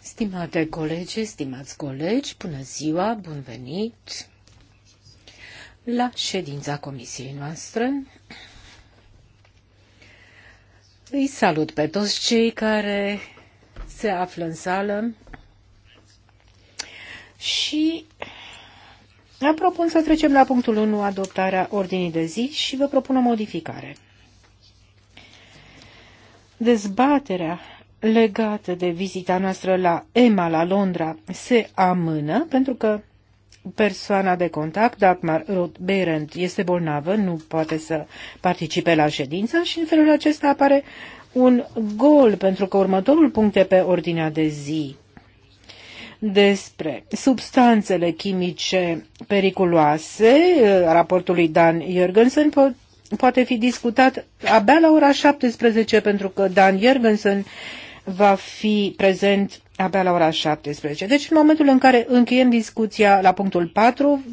Stimate colegi, stimați colegi, bună ziua, bun venit la ședința comisiei noastre. Îi salut pe toți cei care se află în sală și vă propun să trecem la punctul 1, adoptarea ordinii de zi și vă propun o modificare. Dezbaterea legată de vizita noastră la EMA la Londra se amână pentru că persoana de contact, Dagmar roth behrendt este bolnavă, nu poate să participe la ședință și în felul acesta apare un gol pentru că următorul punct e pe ordinea de zi despre substanțele chimice periculoase, uh, raportului Dan Jorgensen po poate fi discutat abia la ora 17 pentru că Dan Jorgensen va fi prezent abia la ora 17. Deci în momentul în care încheiem discuția la punctul 4,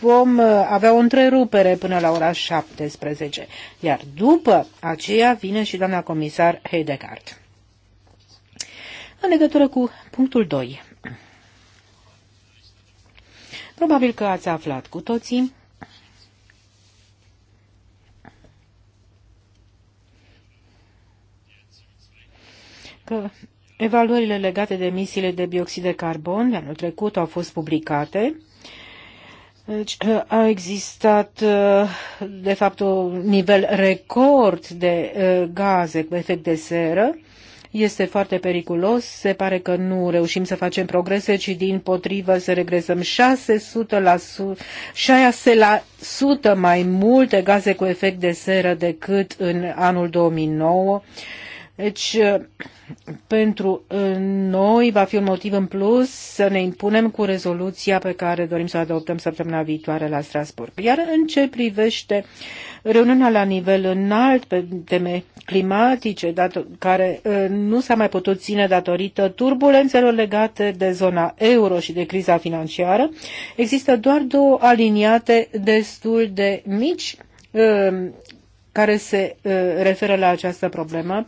vom uh, avea o întrerupere până la ora 17. Iar după aceea vine și doamna comisar Heidegard. În legătură cu punctul 2. Probabil că ați aflat cu toții că evaluările legate de emisiile de bioxid de carbon de anul trecut au fost publicate. Deci uh, a existat, uh, de fapt, un nivel record de uh, gaze cu efect de seră. Este foarte periculos. Se pare că nu reușim să facem progrese, ci din potrivă să regresăm 600%, la su- 6% mai multe gaze cu efect de seră decât în anul 2009. Deci pentru uh, noi va fi un motiv în plus să ne impunem cu rezoluția pe care dorim să o adoptăm săptămâna viitoare la Strasburg. Iar în ce privește reuniunea la nivel înalt pe teme climatice, care uh, nu s-a mai putut ține datorită turbulențelor legate de zona euro și de criza financiară, există doar două aliniate destul de mici uh, care se referă la această problemă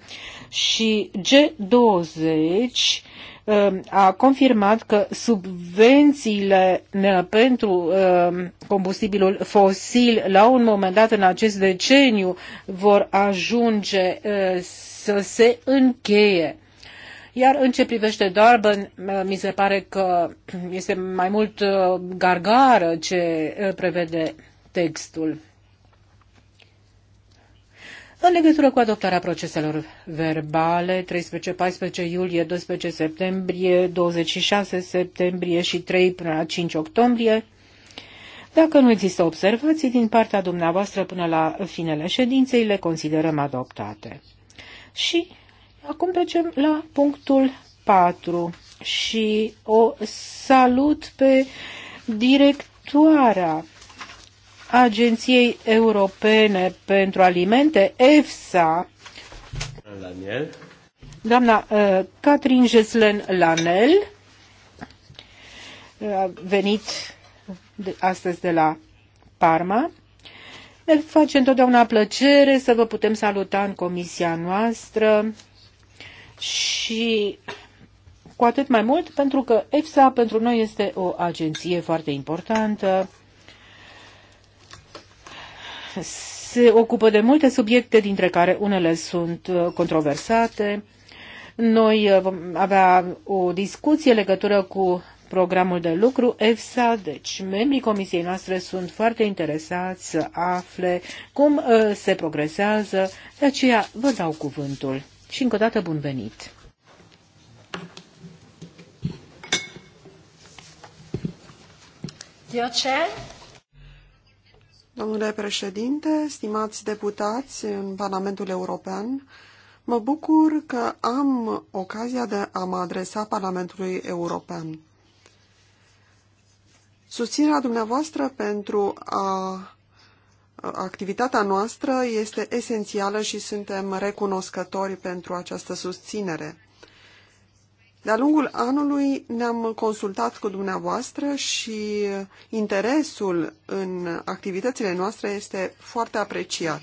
și G20 um, a confirmat că subvențiile uh, pentru um, combustibilul fosil la un moment dat în acest deceniu vor ajunge uh, să se încheie. Iar în ce privește Durban, uh, mi se pare că este mai mult gargară ce prevede textul. În legătură cu adoptarea proceselor verbale, 13-14 iulie, 12 septembrie, 26 septembrie și 3 până la 5 octombrie, dacă nu există observații din partea dumneavoastră până la finele ședinței, le considerăm adoptate. Și acum trecem la punctul 4 și o salut pe directoarea Agenției Europene pentru Alimente, EFSA, Laniel. doamna uh, Catherine Jeslen Lanel, uh, a venit de, astăzi de la Parma. Ne face întotdeauna plăcere să vă putem saluta în comisia noastră și cu atât mai mult pentru că EFSA pentru noi este o agenție foarte importantă se ocupă de multe subiecte, dintre care unele sunt uh, controversate. Noi uh, vom avea o discuție legătură cu programul de lucru EFSA, deci membrii comisiei noastre sunt foarte interesați să afle cum uh, se progresează, de aceea vă dau cuvântul. Și încă o dată bun venit! Dear Chair, Domnule președinte, stimați deputați în Parlamentul European, mă bucur că am ocazia de a mă adresa Parlamentului European. Susținerea dumneavoastră pentru a, activitatea noastră este esențială și suntem recunoscători pentru această susținere. De-a lungul anului ne-am consultat cu dumneavoastră și interesul în activitățile noastre este foarte apreciat.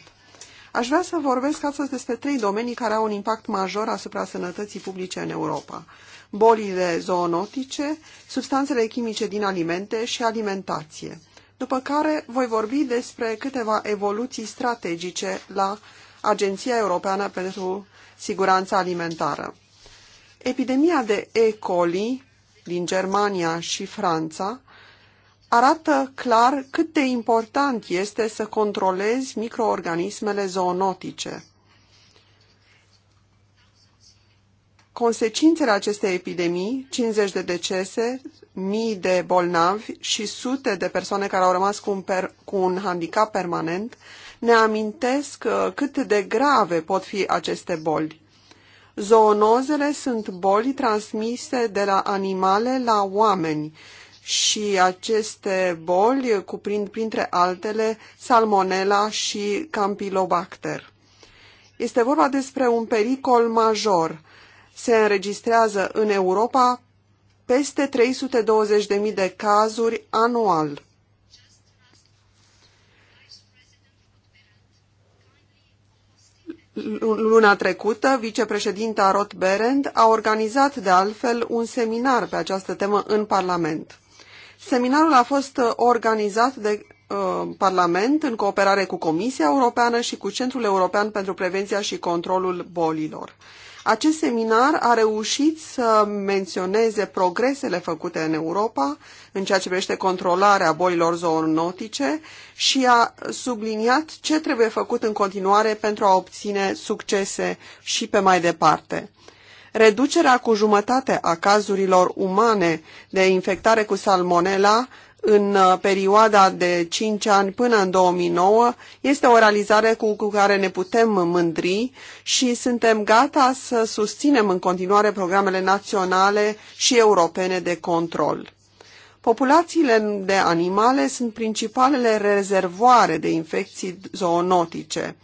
Aș vrea să vorbesc astăzi despre trei domenii care au un impact major asupra sănătății publice în Europa. Bolile zoonotice, substanțele chimice din alimente și alimentație. După care voi vorbi despre câteva evoluții strategice la Agenția Europeană pentru Siguranța Alimentară. Epidemia de E. coli din Germania și Franța arată clar cât de important este să controlezi microorganismele zoonotice. Consecințele acestei epidemii, 50 de decese, mii de bolnavi și sute de persoane care au rămas cu un, per, cu un handicap permanent, ne amintesc uh, cât de grave pot fi aceste boli. Zoonozele sunt boli transmise de la animale la oameni și aceste boli cuprind printre altele salmonella și campylobacter. Este vorba despre un pericol major. Se înregistrează în Europa peste 320.000 de cazuri anual. Luna trecută, vicepreședinta Roth Berend a organizat de altfel un seminar pe această temă în Parlament. Seminarul a fost uh, organizat de uh, Parlament în cooperare cu Comisia Europeană și cu Centrul European pentru Prevenția și Controlul Bolilor. Acest seminar a reușit să menționeze progresele făcute în Europa în ceea ce privește controlarea bolilor zoonotice și a subliniat ce trebuie făcut în continuare pentru a obține succese și pe mai departe. Reducerea cu jumătate a cazurilor umane de infectare cu salmonela în uh, perioada de 5 ani până în 2009 este o realizare cu, care ne putem mândri și suntem gata să susținem în continuare programele naționale și europene de control. Populațiile de animale sunt principalele rezervoare de infecții zoonotice.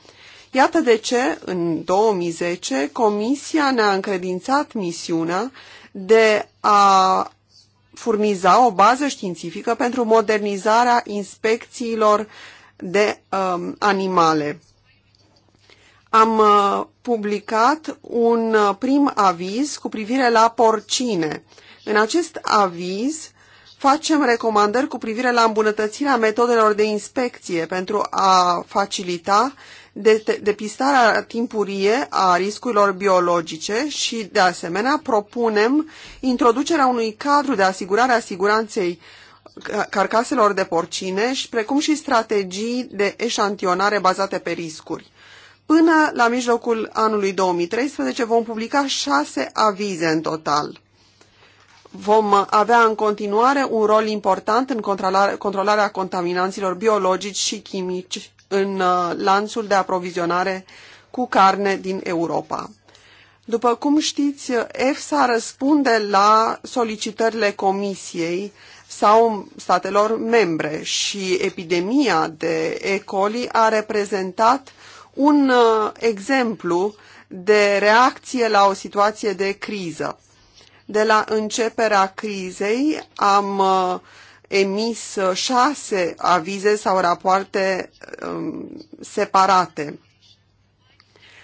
Iată de ce, în 2010, Comisia ne-a încredințat misiunea de a furniza o bază științifică pentru modernizarea inspecțiilor de um, animale. Am uh, publicat un uh, prim aviz cu privire la porcine. În acest aviz facem recomandări cu privire la îmbunătățirea metodelor de inspecție pentru a facilita uh, depistarea timpurie a riscurilor biologice și, de asemenea, propunem introducerea unui cadru de asigurare a siguranței carcaselor de porcine, și precum și strategii de eșantionare bazate pe riscuri. Până la mijlocul anului 2013 vom publica șase avize în total. Vom avea în continuare un rol important în controlarea contaminanților biologici și chimici în uh, lanțul de aprovizionare cu carne din Europa. După cum știți, EFSA răspunde la solicitările Comisiei sau statelor membre și epidemia de E. coli a reprezentat un uh, exemplu de reacție la o situație de criză. De la începerea crizei am uh, emis uh, șase avize sau rapoarte um, separate.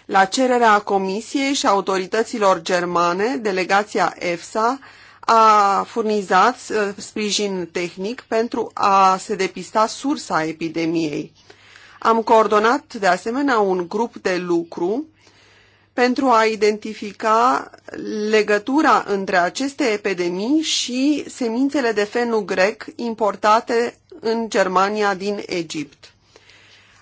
La cererea Comisiei și autorităților germane, delegația EFSA a furnizat uh, sprijin tehnic pentru a se depista sursa epidemiei. Am coordonat de asemenea un grup de lucru pentru a identifica legătura între aceste epidemii și semințele de fenul grec importate în Germania din Egipt.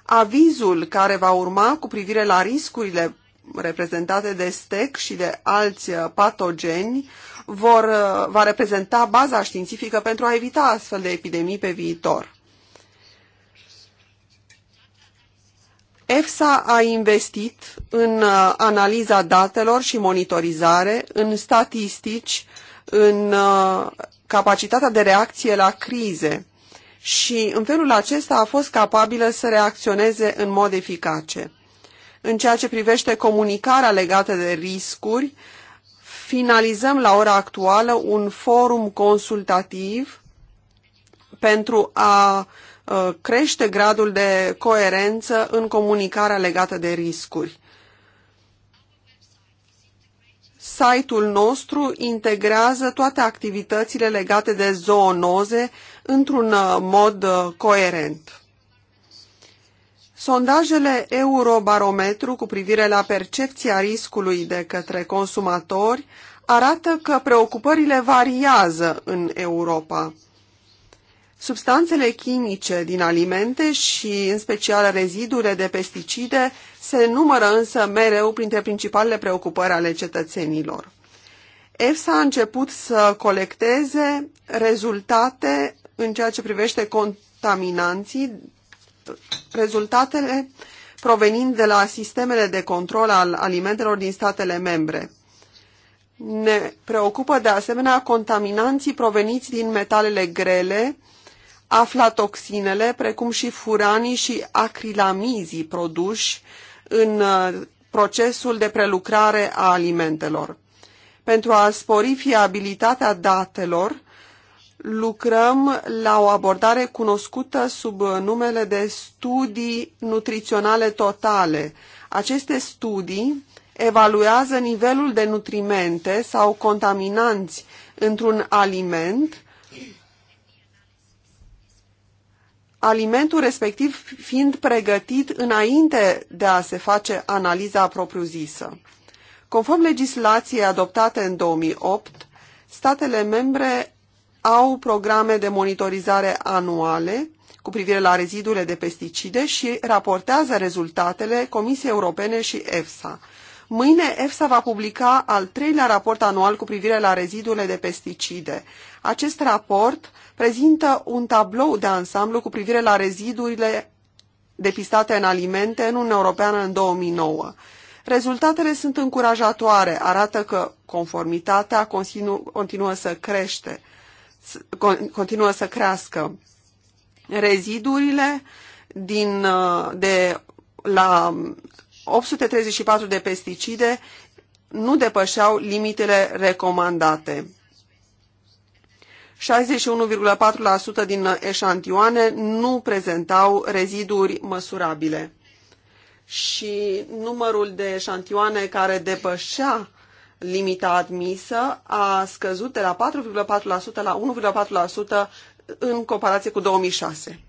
Avizul care va urma cu privire la riscurile reprezentate de STEC și de alți uh, patogeni vor, uh, va reprezenta baza științifică pentru a evita astfel de epidemii pe viitor. EFSA a investit în uh, analiza datelor și monitorizare, în statistici, în uh, capacitatea de reacție la crize și în felul acesta a fost capabilă să reacționeze în mod eficace. În ceea ce privește comunicarea legată de riscuri, finalizăm la ora actuală un forum consultativ pentru a Uh, crește gradul de coerență în comunicarea legată de riscuri. Site-ul nostru integrează toate activitățile legate de zoonoze într-un uh, mod uh, coerent. Sondajele Eurobarometru cu privire la percepția riscului de către consumatori arată că preocupările variază în Europa. Substanțele chimice din alimente și, în special, rezidurile de pesticide se numără însă mereu printre principalele preocupări ale cetățenilor. EFSA a început să colecteze rezultate în ceea ce privește contaminanții, rezultatele provenind de la sistemele de control al alimentelor din statele membre. Ne preocupă de asemenea contaminanții proveniți din metalele grele, aflatoxinele, precum și furanii și acrilamizii produși în uh, procesul de prelucrare a alimentelor. Pentru a spori fiabilitatea datelor, lucrăm la o abordare cunoscută sub uh, numele de studii nutriționale totale. Aceste studii evaluează nivelul de nutrimente sau contaminanți într-un aliment alimentul respectiv fiind pregătit înainte de a se face analiza propriu-zisă. Conform legislației adoptate în 2008, statele membre au programe de monitorizare anuale cu privire la rezidurile de pesticide și raportează rezultatele Comisiei Europene și EFSA. Mâine EFSA va publica al treilea raport anual cu privire la rezidurile de pesticide. Acest raport prezintă un tablou de ansamblu cu privire la rezidurile depistate în alimente în Uniunea Europeană în 2009. Rezultatele sunt încurajatoare, arată că conformitatea continu continuă să crește, continuă să crească. Rezidurile din, uh, de la 834 de pesticide nu depășeau limitele recomandate. 61,4% din eșantioane nu prezentau reziduri măsurabile și numărul de eșantioane care depășea limita admisă a scăzut de la 4,4% la 1,4% în comparație cu 2006.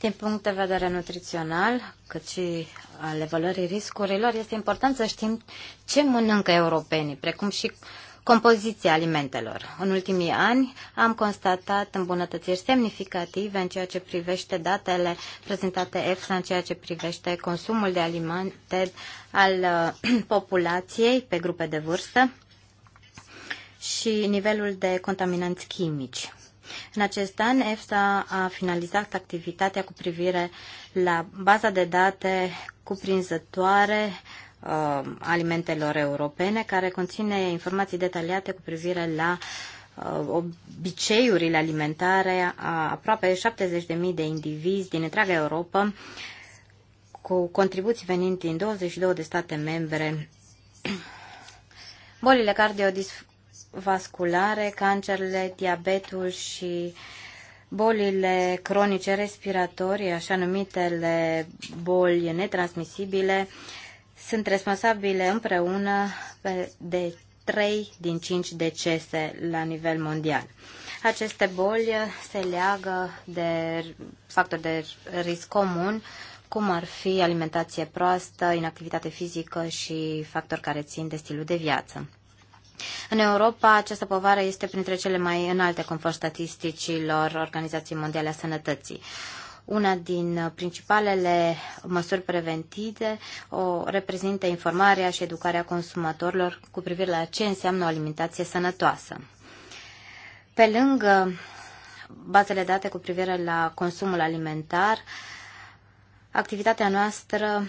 Din punct de vedere nutrițional, cât și al evaluării riscurilor, este important să știm ce mănâncă europenii, precum și uh, compoziția alimentelor. În ultimii ani am constatat îmbunătățiri semnificative în ceea ce privește datele prezentate EFSA, în ceea ce privește consumul de alimente al populației pe grupe de vârstă și nivelul de contaminanți chimici. În acest an, EFSA a finalizat activitatea cu privire la baza de date cuprinzătoare uh, alimentelor europene, care conține informații detaliate cu privire la uh, obiceiurile alimentare a aproape 70.000 de indivizi din întreaga Europa, cu contribuții venind din 22 de state membre. Bolile cardiovasculare, cancerele, diabetul și bolile cronice respiratorii, așa numitele boli netransmisibile, uh, sunt responsabile împreună de 3 din 5 decese la nivel mondial. Aceste boli se leagă de factori de risc comun, cum ar fi alimentație proastă, inactivitate fizică și factori care țin de stilul de viață. În Europa, această povară este printre cele mai înalte conform statisticilor Organizației Mondiale a Sănătății. Una din principalele măsuri preventive o reprezintă informarea și educarea consumatorilor cu privire la ce înseamnă o alimentație sănătoasă. Pe lângă bazele date cu privire la consumul alimentar, activitatea noastră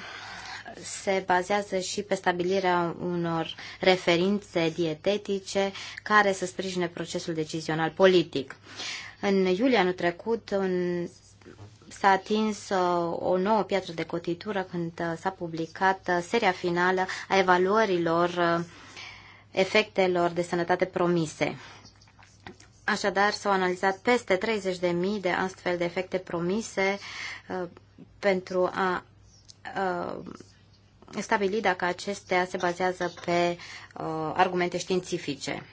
se bazează și pe stabilirea unor referințe dietetice care să sprijine procesul decizional politic. În iulie anul trecut, un s-a atins uh, o nouă piatră de cotitură când uh, s-a publicat uh, seria finală a evaluărilor efectelor de sănătate promise. Așadar, s-au analizat peste 30.000 de astfel de efecte promise pentru a stabili dacă acestea se bazează pe argumente științifice.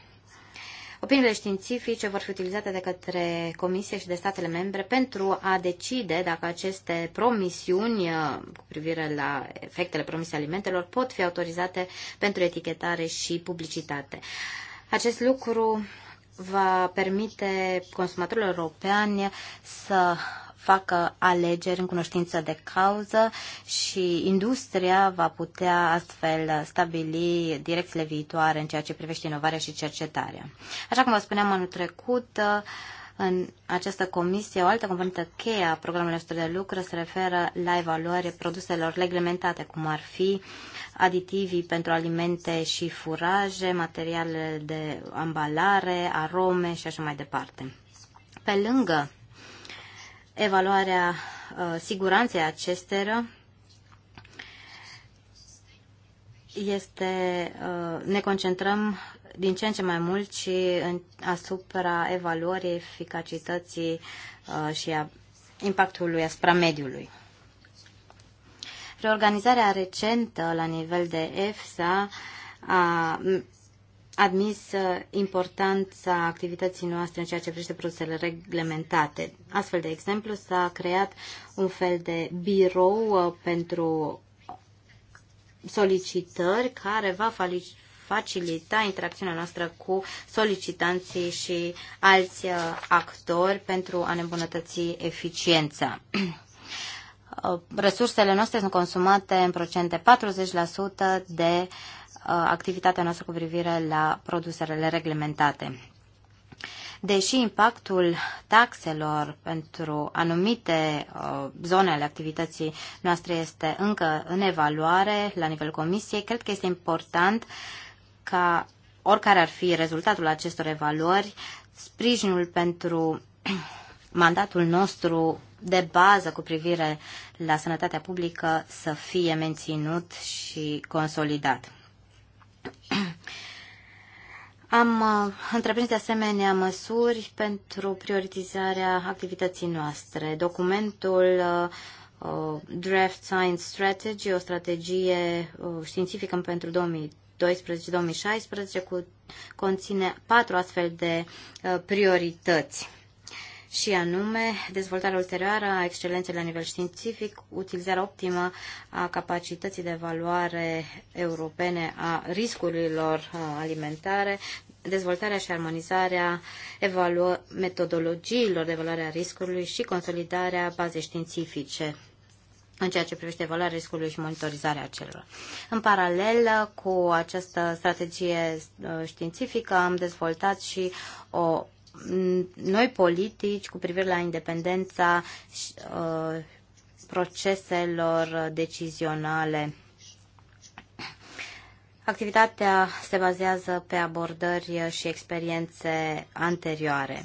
Opiniile științifice vor fi utilizate de către Comisie și de statele membre pentru a decide dacă aceste promisiuni uh, cu privire la efectele promise alimentelor pot fi autorizate pentru etichetare și publicitate. Acest lucru va permite consumatorilor europeani să facă alegeri în cunoștință de cauză și industria va putea astfel stabili direcțiile viitoare în ceea ce privește inovarea și cercetarea. Așa cum vă spuneam anul trecut, în această comisie, o altă componentă cheie a programului nostru de lucru se referă la evaluare produselor reglementate, cum ar fi aditivii pentru alimente și furaje, materiale de ambalare, arome și așa mai departe. Pe lângă evaluarea uh, siguranței acestora este, uh, ne concentrăm din ce în ce mai mult și în, asupra evaluării eficacității uh, și a impactului asupra mediului. Reorganizarea recentă la nivel de EFSA a admis uh, importanța activității noastre în ceea ce privește produsele reglementate. Astfel, de exemplu, s-a creat un fel de birou uh, pentru solicitări care va facilita interacțiunea noastră cu solicitanții și alți uh, actori pentru a ne îmbunătăți eficiența. Resursele noastre sunt consumate în procente 40% de uh, Uh, activitatea noastră cu privire la produsele reglementate. Deși impactul taxelor pentru anumite uh, zone ale activității noastre este încă în evaluare la nivelul comisiei, cred că este important ca oricare ar fi rezultatul acestor evaluări, sprijinul pentru mandatul nostru de bază cu privire la sănătatea publică să fie menținut și consolidat. Am uh, întreprins de asemenea măsuri pentru prioritizarea activității noastre. Documentul uh, uh, Draft Science Strategy, o strategie științifică pentru 2012-2016 conține patru astfel de uh, priorități și anume dezvoltarea ulterioară a excelenței la nivel științific, utilizarea optimă a capacității de evaluare europene a riscurilor uh, alimentare, dezvoltarea și armonizarea evalu- metodologiilor de evaluare a riscului și consolidarea bazei științifice în ceea ce privește evaluarea riscului și monitorizarea acelor. În paralel cu această strategie uh, științifică am dezvoltat și o noi politici cu privire la independența uh, proceselor decizionale. Activitatea se bazează pe abordări și experiențe anterioare.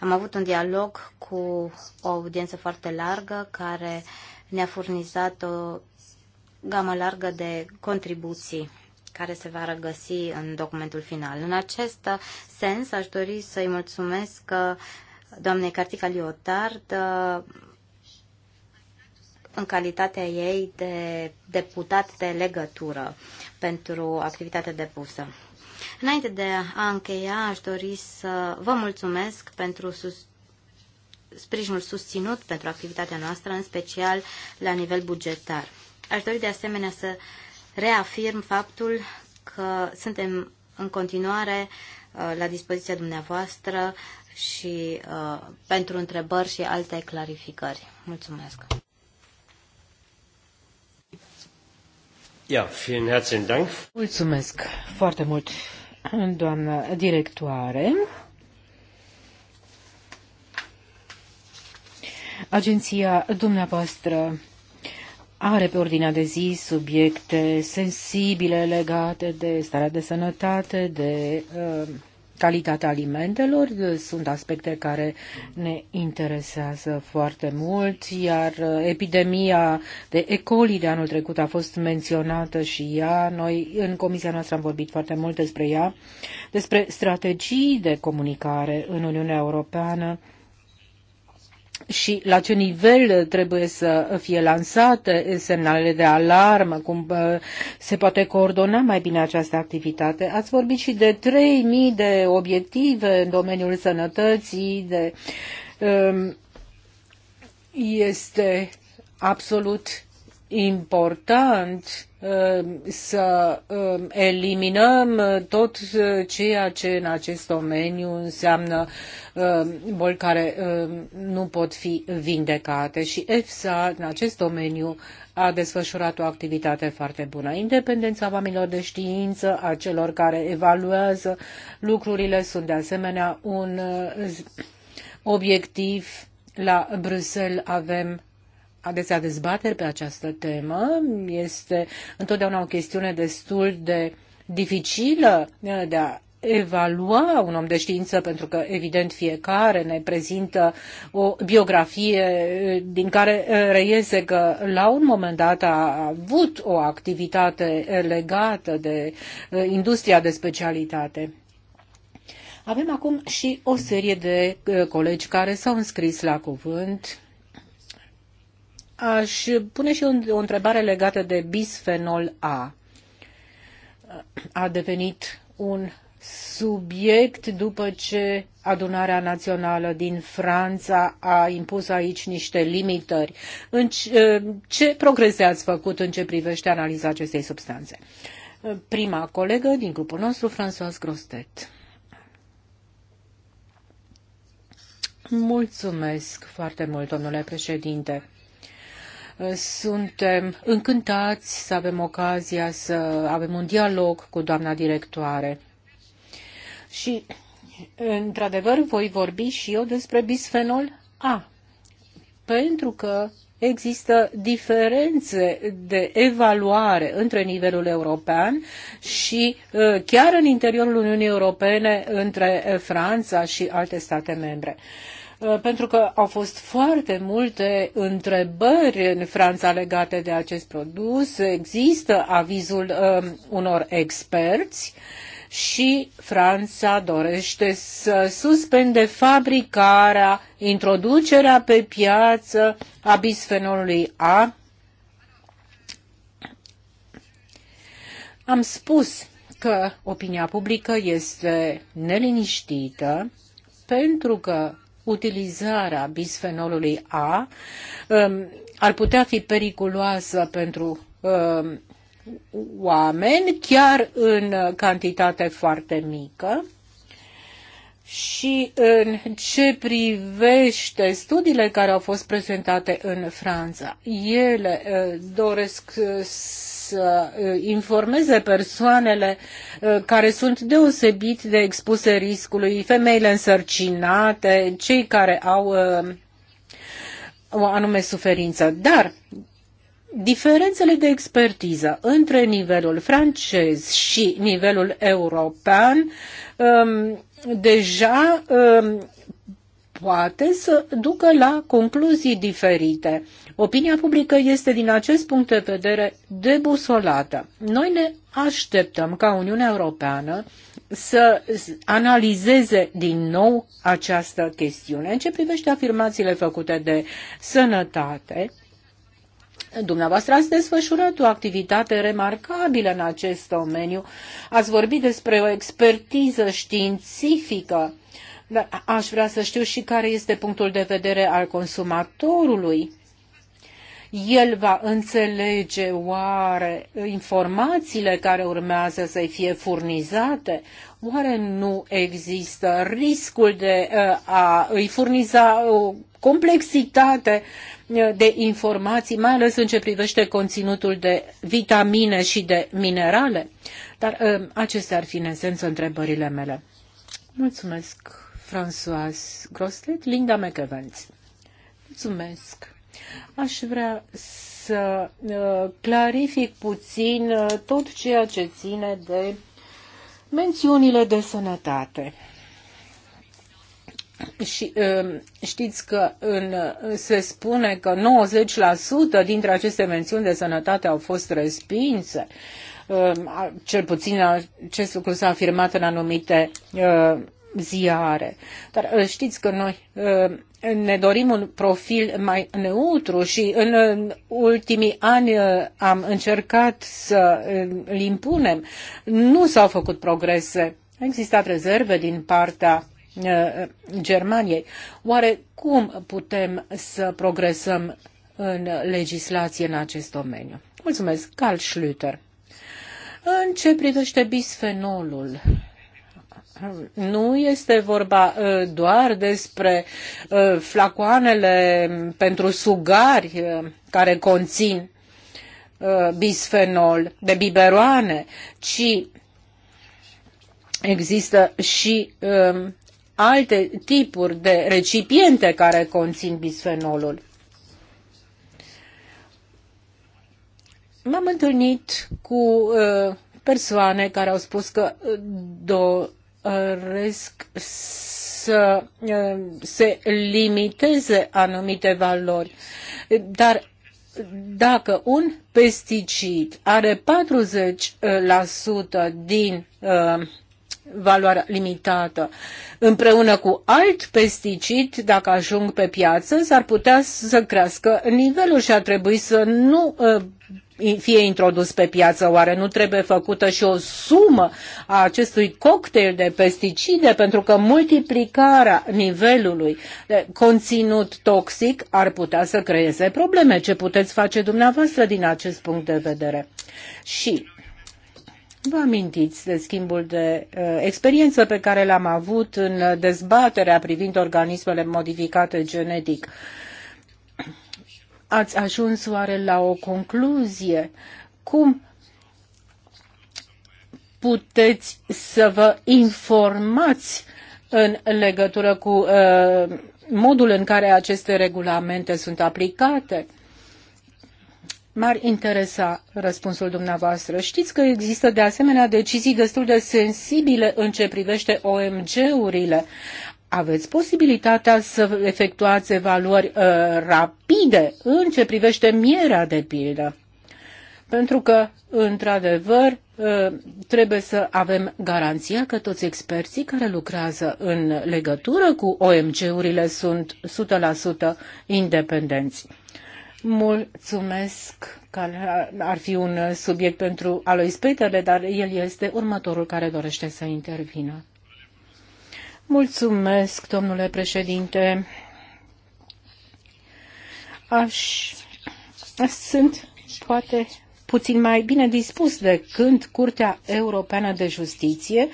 Am avut un dialog cu o audiență foarte largă care ne-a furnizat o gamă largă de contribuții care se va regăsi în documentul final. În acest sens, aș dori să-i mulțumesc uh, doamnei Cartica Liotard uh, în calitatea ei de deputat de legătură pentru activitatea depusă. Înainte de a încheia, aș dori să vă mulțumesc pentru sus sprijinul susținut pentru activitatea noastră, în special la nivel bugetar. Aș dori de asemenea să reafirm faptul că suntem în continuare uh, la dispoziția dumneavoastră și uh, pentru întrebări și alte clarificări. Mulțumesc! Ja, vielen herzlichen Dank. Mulțumesc foarte mult, doamnă directoare. Agenția dumneavoastră are pe ordinea de zi subiecte sensibile legate de starea de sănătate, de uh, calitatea alimentelor. Sunt aspecte care ne interesează foarte mult, iar uh, epidemia de E. coli de anul trecut a fost menționată și ea. Noi în comisia noastră am vorbit foarte mult despre ea, despre strategii de comunicare în Uniunea Europeană și la ce nivel trebuie să fie lansate semnalele de alarmă, cum se poate coordona mai bine această activitate. Ați vorbit și de 3000 de obiective în domeniul sănătății, de, um, este absolut important Ehm, să ehm, eliminăm eh, tot eh, ceea ce în acest domeniu înseamnă ehm, boli care nu pot fi vindecate și EFSA în acest domeniu a desfășurat o activitate foarte bună. Independența oamenilor de știință, a celor care evaluează lucrurile, sunt de asemenea un eh, obiectiv. La Bruxelles avem adesea dezbateri pe această temă. Este întotdeauna o chestiune destul de dificilă eh, de a evalua un om de știință, pentru că, evident, fiecare ne prezintă o biografie eh, din care eh, reiese că, la un moment dat, a avut o activitate legată de industria de specialitate. Avem acum și o serie de colegi care s-au înscris la cuvânt Aș pune și o, o întrebare legată de bisfenol A. A devenit un subiect după ce adunarea națională din Franța a impus aici niște limitări. În ce, eh, ce progrese ați făcut în ce privește analiza acestei substanțe? Prima colegă din grupul nostru, François Grostet. Mulțumesc foarte mult, domnule președinte. Uh, suntem încântați să avem ocazia să avem un dialog cu doamna directoare. Și, într-adevăr, voi vorbi și eu despre bisfenol A, pentru că există diferențe de evaluare între nivelul european și uh, chiar în interiorul Uniunii Europene între uh, Franța și alte state membre. Uh, pentru că au fost foarte multe întrebări în Franța legate de acest produs. Există avizul uh, unor experți și Franța dorește să suspende fabricarea, introducerea pe piață a bisfenolului A. Am spus că opinia publică este neliniștită pentru că utilizarea bisfenolului A um, ar putea fi periculoasă pentru um, oameni, chiar în cantitate foarte mică. Și în ce privește studiile care au fost prezentate în Franța, ele uh, doresc uh, să uh, informeze persoanele uh, care sunt deosebit de expuse riscului, femeile însărcinate, cei care au uh, o anume suferință. Dar diferențele de expertiză între nivelul francez și nivelul european um, deja um, poate să ducă la concluzii diferite. Opinia publică este din acest punct de vedere debusolată. Noi ne așteptăm ca Uniunea Europeană să analizeze din nou această chestiune. În ce privește afirmațiile făcute de sănătate, Dumneavoastră ați desfășurat o activitate remarcabilă în acest domeniu. Ați vorbit despre o expertiză științifică dar aș vrea să știu și care este punctul de vedere al consumatorului. El va înțelege oare informațiile care urmează să-i fie furnizate? Oare nu există riscul de uh, a îi furniza o complexitate uh, de informații, mai ales în ce privește conținutul de vitamine și de minerale? Dar uh, acestea ar fi în esență întrebările mele. Mulțumesc! François Groslet, Linda McEvans. Mulțumesc. Aș vrea să uh, clarific puțin uh, tot ceea ce ține de mențiunile de sănătate. Și uh, știți că în, se spune că 90% dintre aceste mențiuni de sănătate au fost respinse. Cel puțin acest lucru s-a afirmat în anumite ziare. Dar uh, știți că noi uh, ne dorim un profil mai neutru și în uh, ultimii ani am încercat să îl impunem. Nu s-au făcut progrese. A existat rezerve din partea Germaniei. Oare cum putem să progresăm în legislație în acest domeniu? Mulțumesc, Carl Schlüter. În ce privește bisfenolul, nu este vorba uh, doar despre uh, flacoanele pentru sugari uh, care conțin bisfenol de biberoane, ci există și um, alte tipuri de recipiente care conțin bisfenolul. M-am întâlnit cu persoane care au spus că do- doresc să se limiteze anumite valori. Dar dacă un pesticid are 40% din valoarea limitată. Împreună cu alt pesticid, dacă ajung pe piață, s-ar putea să crească nivelul și ar trebui să nu uh, fie introdus pe piață. Oare nu trebuie făcută și o sumă a acestui cocktail de pesticide? Pentru că multiplicarea nivelului de conținut toxic ar putea să creeze probleme. Ce puteți face dumneavoastră din acest punct de vedere? Și Vă amintiți de schimbul de uh, experiență pe care l-am avut în dezbaterea privind organismele modificate genetic. Uh, ați ajuns oare la o concluzie? Cum puteți să vă informați în legătură cu uh, modul în care aceste regulamente sunt aplicate? M-ar interesa răspunsul dumneavoastră. Știți că există de asemenea decizii destul de sensibile în ce privește OMG-urile aveți posibilitatea să efectuați evaluări uh, rapide în ce privește mierea de pildă. Pentru că, într-adevăr, uh, trebuie să avem garanția că toți experții care lucrează în legătură cu OMG-urile sunt 100% independenți. Mulțumesc că ar fi un subiect pentru Alois Peterle, dar el este următorul care dorește să intervină. Mulțumesc, domnule președinte. Aș... Sunt poate puțin mai bine dispus de când Curtea Europeană de Justiție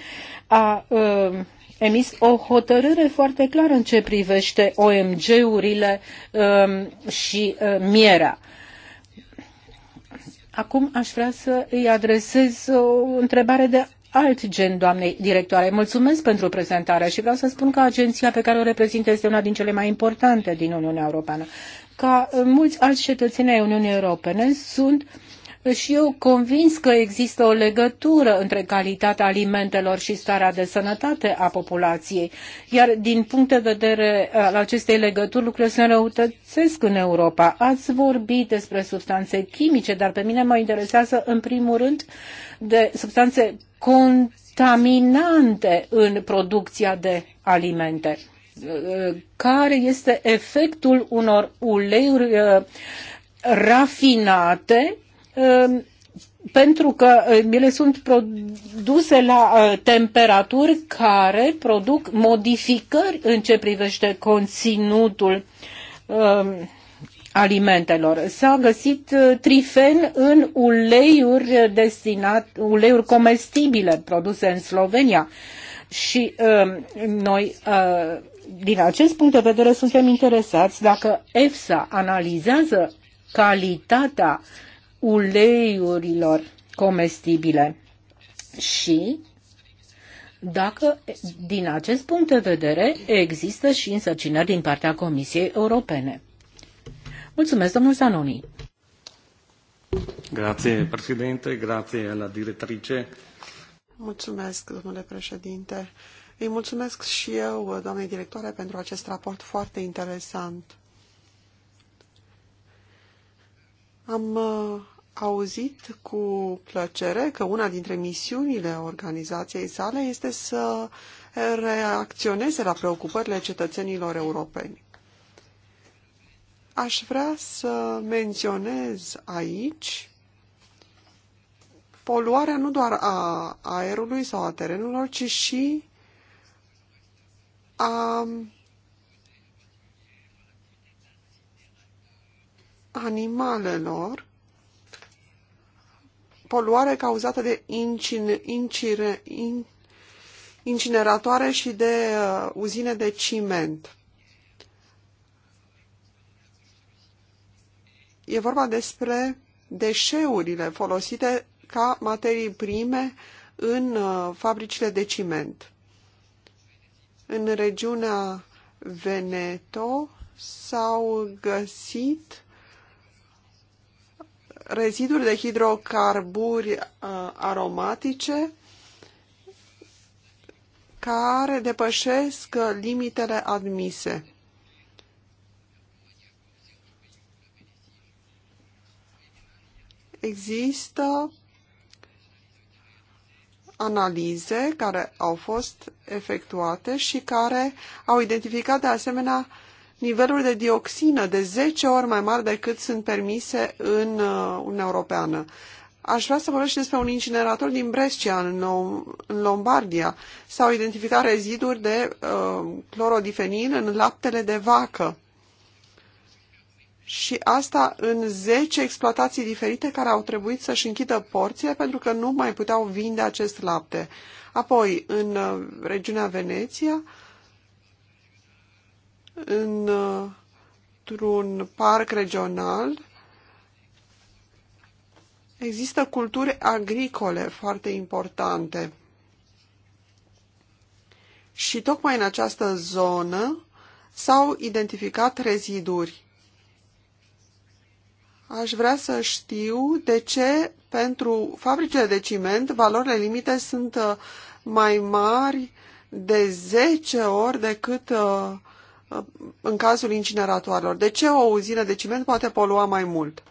a uh, emis o hotărâre foarte clară în ce privește OMG-urile uh, um, și uh, mierea. Acum aș vrea să îi adresez o întrebare de alt gen doamnei directoare. Mulțumesc pentru prezentare și vreau să spun că agenția pe care o reprezintă este una din cele mai importante din Uniunea Europeană. Ca uh, mulți alți cetățeni ai Uniunii Europene sunt uh, și eu convins că există o legătură între calitatea alimentelor și starea de sănătate a populației, iar din punct de vedere uh, al acestei legături lucrurile se înrăutățesc în Europa. Ați vorbit despre substanțe chimice, dar pe mine mă interesează în primul rând de substanțe contaminante în producția de alimente. Care este efectul unor uleiuri uh, rafinate uh, pentru că uh, ele sunt produse la temperaturi care produc modificări în ce privește conținutul alimentelor. S-a găsit uh, trifen în uleiuri destinat, uleiuri comestibile produse în Slovenia și uh, noi uh, din acest punct de vedere suntem interesați dacă EFSA analizează calitatea uleiurilor comestibile și dacă din acest punct de vedere există și însărcinări din partea Comisiei Europene. Mulțumesc, domnul Zanoni. președinte, la directrice. Mulțumesc, domnule președinte. Îi mulțumesc și eu, doamnei directoare, pentru acest raport foarte interesant. Am uh, auzit cu plăcere că una dintre misiunile organizației sale este să reacționeze la preocupările cetățenilor europeni. Aș vrea să menționez aici poluarea nu doar a aerului sau a terenurilor, ci și a animalelor, poluare cauzată de incine, incine, in, incineratoare și de uh, uzine de ciment. E vorba despre deșeurile folosite ca materii prime în uh, fabricile de ciment. În regiunea Veneto s-au găsit reziduri de hidrocarburi uh, aromatice care depășesc limitele admise. există analize care au fost efectuate și care au identificat de asemenea niveluri de dioxină de 10 ori mai mari decât sunt permise în uh, Uniunea Europeană. Aș vrea să vorbesc despre un incinerator din Brescia, în, în Lombardia. S-au identificat reziduri de uh, clorodifenil în laptele de vacă și asta în 10 exploatații diferite care au trebuit să-și închidă porțile pentru că nu mai puteau vinde acest lapte. Apoi, în uh, regiunea Veneția, uh, într-un parc regional, există culturi agricole foarte importante. Și tocmai în această zonă s-au identificat reziduri Aș vrea să știu de ce pentru fabricile de ciment valorile limite sunt uh, mai mari de 10 ori decât uh, uh, în cazul incineratoarelor. De ce o uzină de ciment poate polua mai mult?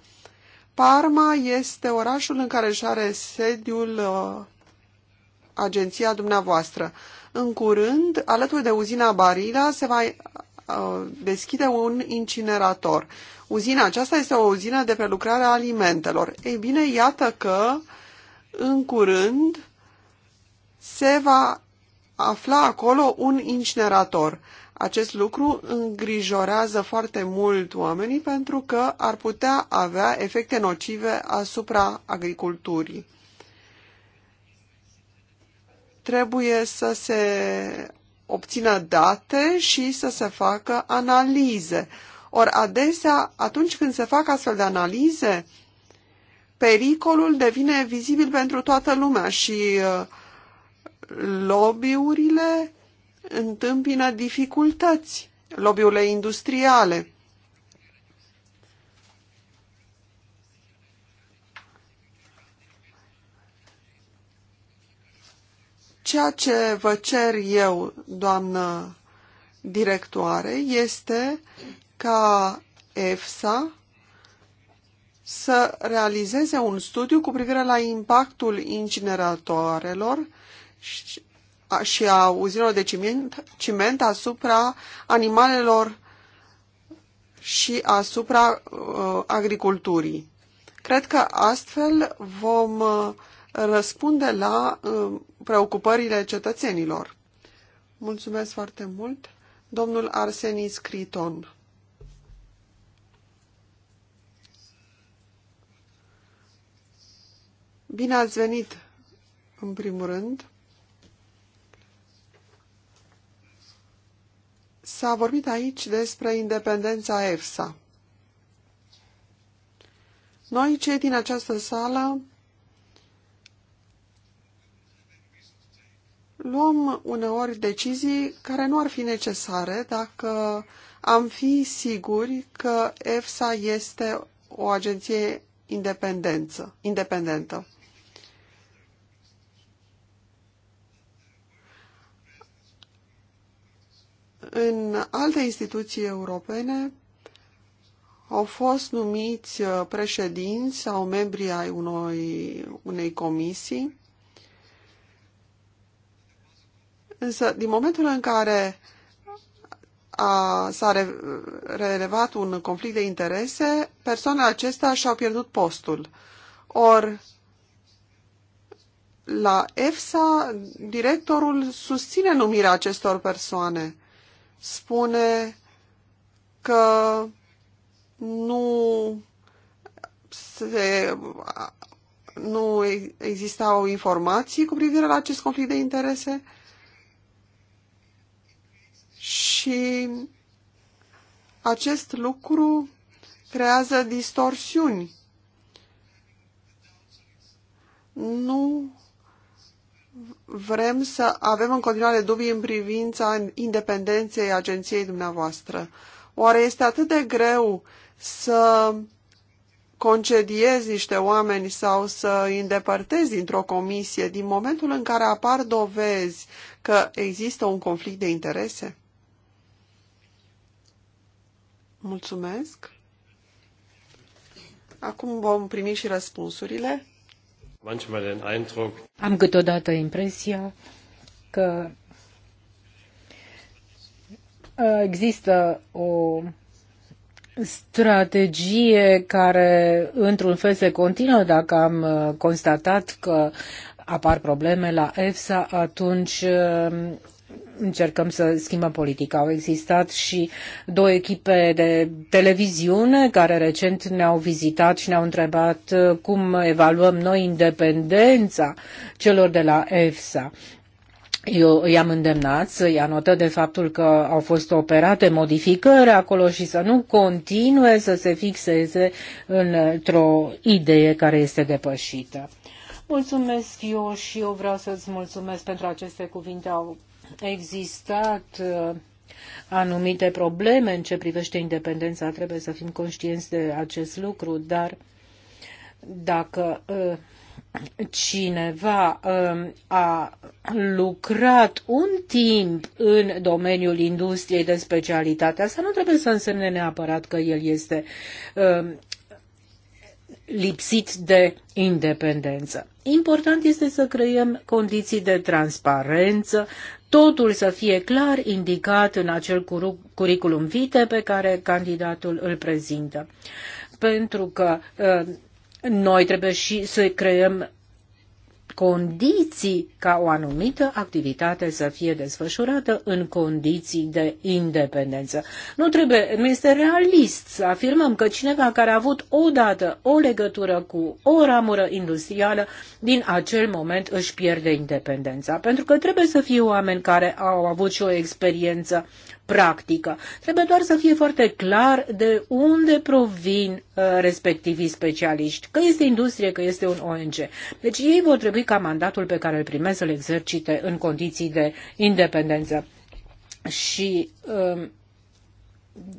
Parma este orașul în care își are sediul agenția dumneavoastră. În curând, alături de uzina Barila, se va Uh, deschide un incinerator. Uzina aceasta este o uzină de prelucrare a alimentelor. Ei bine, iată că în curând se va afla acolo un incinerator. Acest lucru îngrijorează foarte mult oamenii pentru că ar putea avea efecte nocive asupra agriculturii. Trebuie să se obțină date și să se facă analize. Ori adesea, atunci când se fac astfel de analize, pericolul devine vizibil pentru toată lumea și uh, lobbyurile întâmpină dificultăți, lobbyurile industriale. Ceea ce vă cer eu, doamnă directoare, este ca EFSA să realizeze un studiu cu privire la impactul incineratoarelor și a uzinelor de ciment, ciment asupra animalelor și asupra uh, agriculturii. Cred că astfel vom uh, răspunde la uh, preocupările cetățenilor. Mulțumesc foarte mult, domnul Arsenis Criton. Bine ați venit, în primul rând. S-a vorbit aici despre independența EFSA. Noi, cei din această sală, luăm uneori decizii care nu ar fi necesare dacă am fi siguri că EFSA este o agenție independență, independentă. În alte instituții europene au fost numiți președinți sau membri ai unui, unei comisii Însă, din momentul în care s-a re, relevat un conflict de interese, persoanele acestea și-au pierdut postul. Or, la EFSA, directorul susține numirea acestor persoane. Spune că nu se, nu existau informații cu privire la acest conflict de interese și acest lucru creează distorsiuni. Nu vrem să avem în continuare dubii în privința independenței agenției dumneavoastră. Oare este atât de greu să concediezi niște oameni sau să îi îndepărtezi dintr-o comisie din momentul în care apar dovezi că există un conflict de interese? Mulțumesc. Acum vom primi și răspunsurile. Am câteodată impresia că ă, există o strategie care într-un fel se continuă dacă am ă, constatat că apar probleme la EFSA, atunci ă, încercăm să schimbăm politica. Au existat și două echipe de televiziune care recent ne-au vizitat și ne-au întrebat uh, cum evaluăm noi independența celor de la EFSA. Eu i-am îndemnat să ia notă de faptul că au fost operate modificări acolo și să nu continue să se fixeze într-o idee care este depășită. Mulțumesc eu și eu vreau să-ți mulțumesc pentru aceste cuvinte existat uh, anumite probleme în ce privește independența, trebuie să fim conștienți de acest lucru, dar dacă uh, cineva uh, a lucrat un timp în domeniul industriei de specialitate, asta nu trebuie să însemne neapărat că el este lipsit de independență. Important este să creăm condiții de transparență, totul să fie clar indicat în acel curriculum vitae pe care candidatul îl prezintă. Pentru că uh, noi trebuie și să creăm condiții ca o anumită activitate să fie desfășurată în condiții de independență. Nu trebuie, nu este realist să afirmăm că cineva care a avut odată o legătură cu o ramură industrială, din acel moment își pierde independența, pentru că trebuie să fie oameni care au avut și o experiență practică. Trebuie doar să fie foarte clar de unde provin uh, respectivii specialiști, că este industrie, că este un ONG. Deci ei vor trebui ca mandatul pe care îl primesc să-l exercite în condiții de independență. Și uh,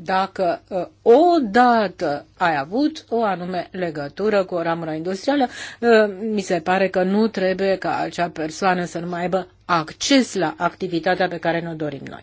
dacă uh, odată ai avut o anume legătură cu o ramură industrială, uh, mi se pare că nu trebuie ca acea persoană să nu mai aibă acces la activitatea pe care ne-o dorim noi.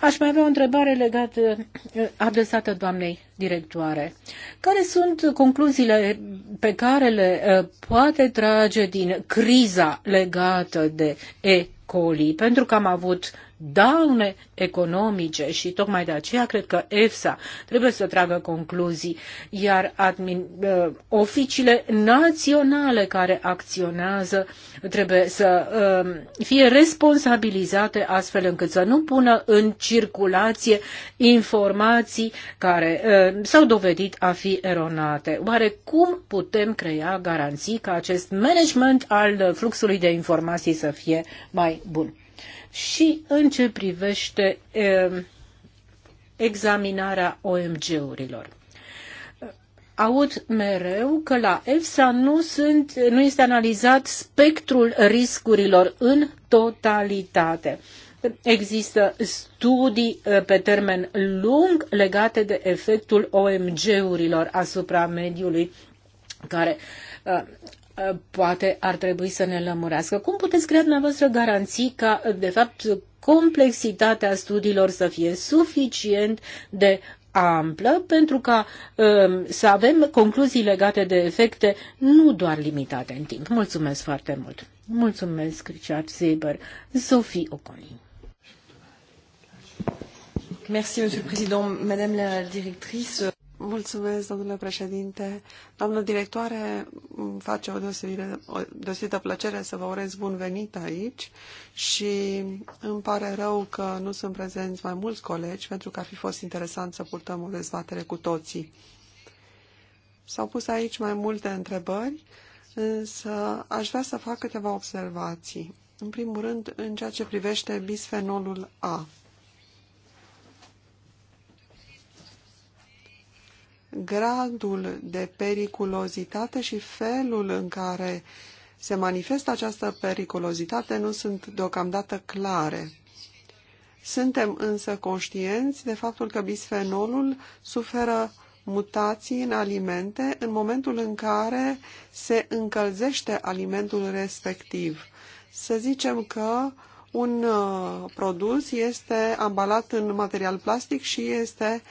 Aș mai avea o întrebare legată, uh, adresată doamnei directoare. Care sunt concluziile pe care le poate trage din criza legată de E. coli? Pentru că am avut daune economice și tocmai de aceea cred că EFSA trebuie să tragă concluzii, iar admin, uh, oficiile naționale care acționează trebuie să um, fie responsabilizate astfel încât să nu pună în circulație informații care uh, s-au dovedit a fi eronate. Oare cum putem crea garanții ca acest management al fluxului de informații să fie mai bun? și în ce privește examinarea OMG-urilor. Aud mereu că la EFSA nu, sunt, nu este analizat spectrul riscurilor în totalitate. Există studii pe termen lung legate de efectul OMG-urilor asupra mediului care Eh, poate ar trebui să ne lămurească. Cum puteți crea dumneavoastră garanții ca, de fapt, complexitatea studiilor să fie suficient de amplă pentru ca um, să avem concluzii legate de efecte nu doar limitate în timp. Mulțumesc foarte mult. Mulțumesc, Richard Zeber. Sophie Oconi. Merci, Monsieur le Président, Madame la Directrice. Mulțumesc, domnule președinte. Doamnă directoare, îmi face o deosebită plăcere să vă urez bun venit aici și îmi pare rău că nu sunt prezenți mai mulți colegi pentru că ar fi fost interesant să purtăm o dezbatere cu toții. S-au pus aici mai multe întrebări, însă aș vrea să fac câteva observații. În primul rând, în ceea ce privește bisfenolul A. gradul de periculozitate și felul în care se manifestă această periculozitate nu sunt deocamdată clare. Suntem însă conștienți de faptul că bisfenolul suferă mutații în alimente în momentul în care se încălzește alimentul respectiv. Să zicem că un uh, produs este ambalat în material plastic și este uh,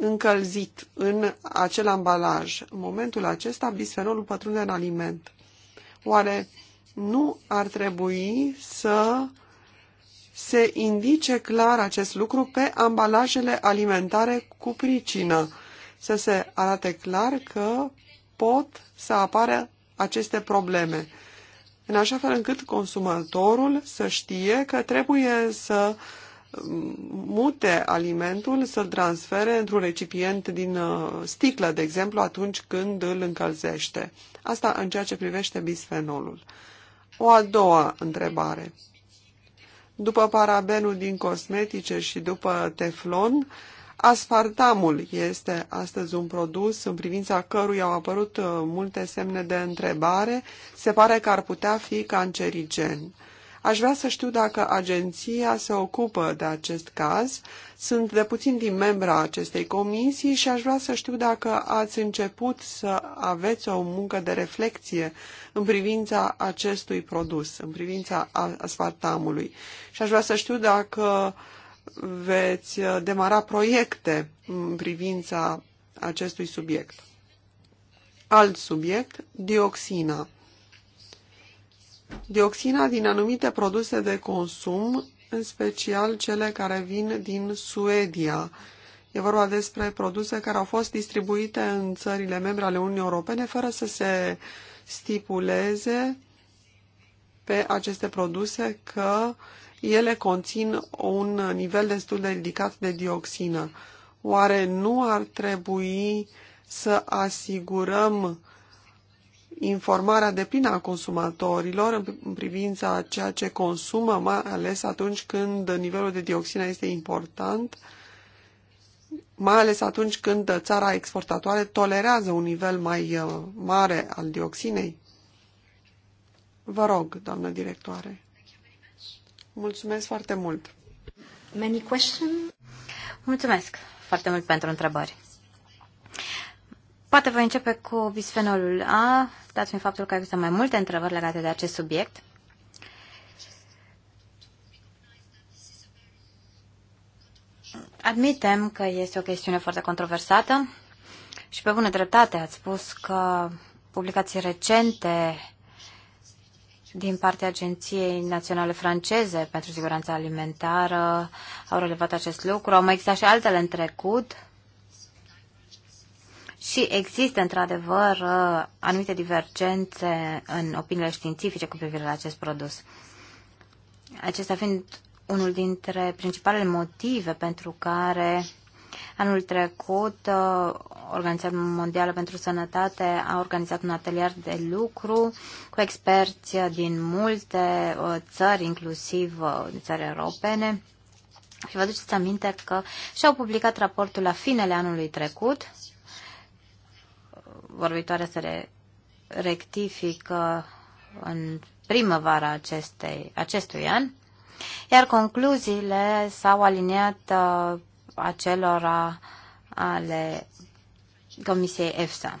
încălzit în acel ambalaj. În momentul acesta, bisfenolul pătrunde în aliment. Oare nu ar trebui să se indice clar acest lucru pe ambalajele alimentare cu pricină, să se arate clar că pot să apară aceste probleme, în așa fel încât consumatorul să știe că trebuie să uh, mute alimentul, să-l transfere într-un recipient din uh, sticlă, de exemplu, atunci când îl încălzește. Asta în ceea ce privește bisfenolul. O a doua întrebare. După parabenul din cosmetice și după teflon, aspartamul este astăzi un produs în privința căruia au apărut uh, multe semne de întrebare. Se pare că ar putea fi cancerigen. Aș vrea să știu dacă agenția se ocupă de acest caz. Sunt de puțin din membra acestei comisii și aș vrea să știu dacă ați început să aveți o muncă de reflexie în privința acestui produs, în privința asfaltamului. Și aș vrea să știu dacă veți uh, demara proiecte în privința acestui subiect. Alt subiect, dioxina. Dioxina din anumite produse de consum, în special cele care vin din Suedia. E vorba despre produse care au fost distribuite în țările membre ale Uniunii Europene fără să se stipuleze pe aceste produse că ele conțin un nivel destul de ridicat de dioxină. Oare nu ar trebui să asigurăm informarea deplină a consumatorilor în privința ceea ce consumă, mai ales atunci când nivelul de dioxină este important, mai ales atunci când țara exportatoare tolerează un nivel mai uh, mare al dioxinei? Vă rog, doamnă directoare. Mulțumesc foarte mult. Many questions. Mulțumesc foarte mult pentru întrebări. Poate voi începe cu bisfenolul A, dat fiind faptul că există mai multe întrebări legate de acest subiect. Admitem că este o chestiune foarte controversată și pe bună dreptate ați spus că publicații recente din partea Agenției Naționale Franceze pentru Siguranța Alimentară au relevat acest lucru. Au mai existat și altele în trecut și există într-adevăr uh, anumite divergențe în opiniile științifice cu privire la acest produs. Acesta fiind unul dintre principalele motive pentru care anul trecut uh, Organizația Mondială pentru Sănătate a organizat un atelier de lucru cu experți din multe uh, țări, inclusiv țări europene. Și vă aduceți aminte că și-au publicat raportul la finele anului trecut vorbitoare să re- rectifică în primăvara acestei, acestui an, iar concluziile s-au aliniat uh, acelora ale Comisiei EFSA.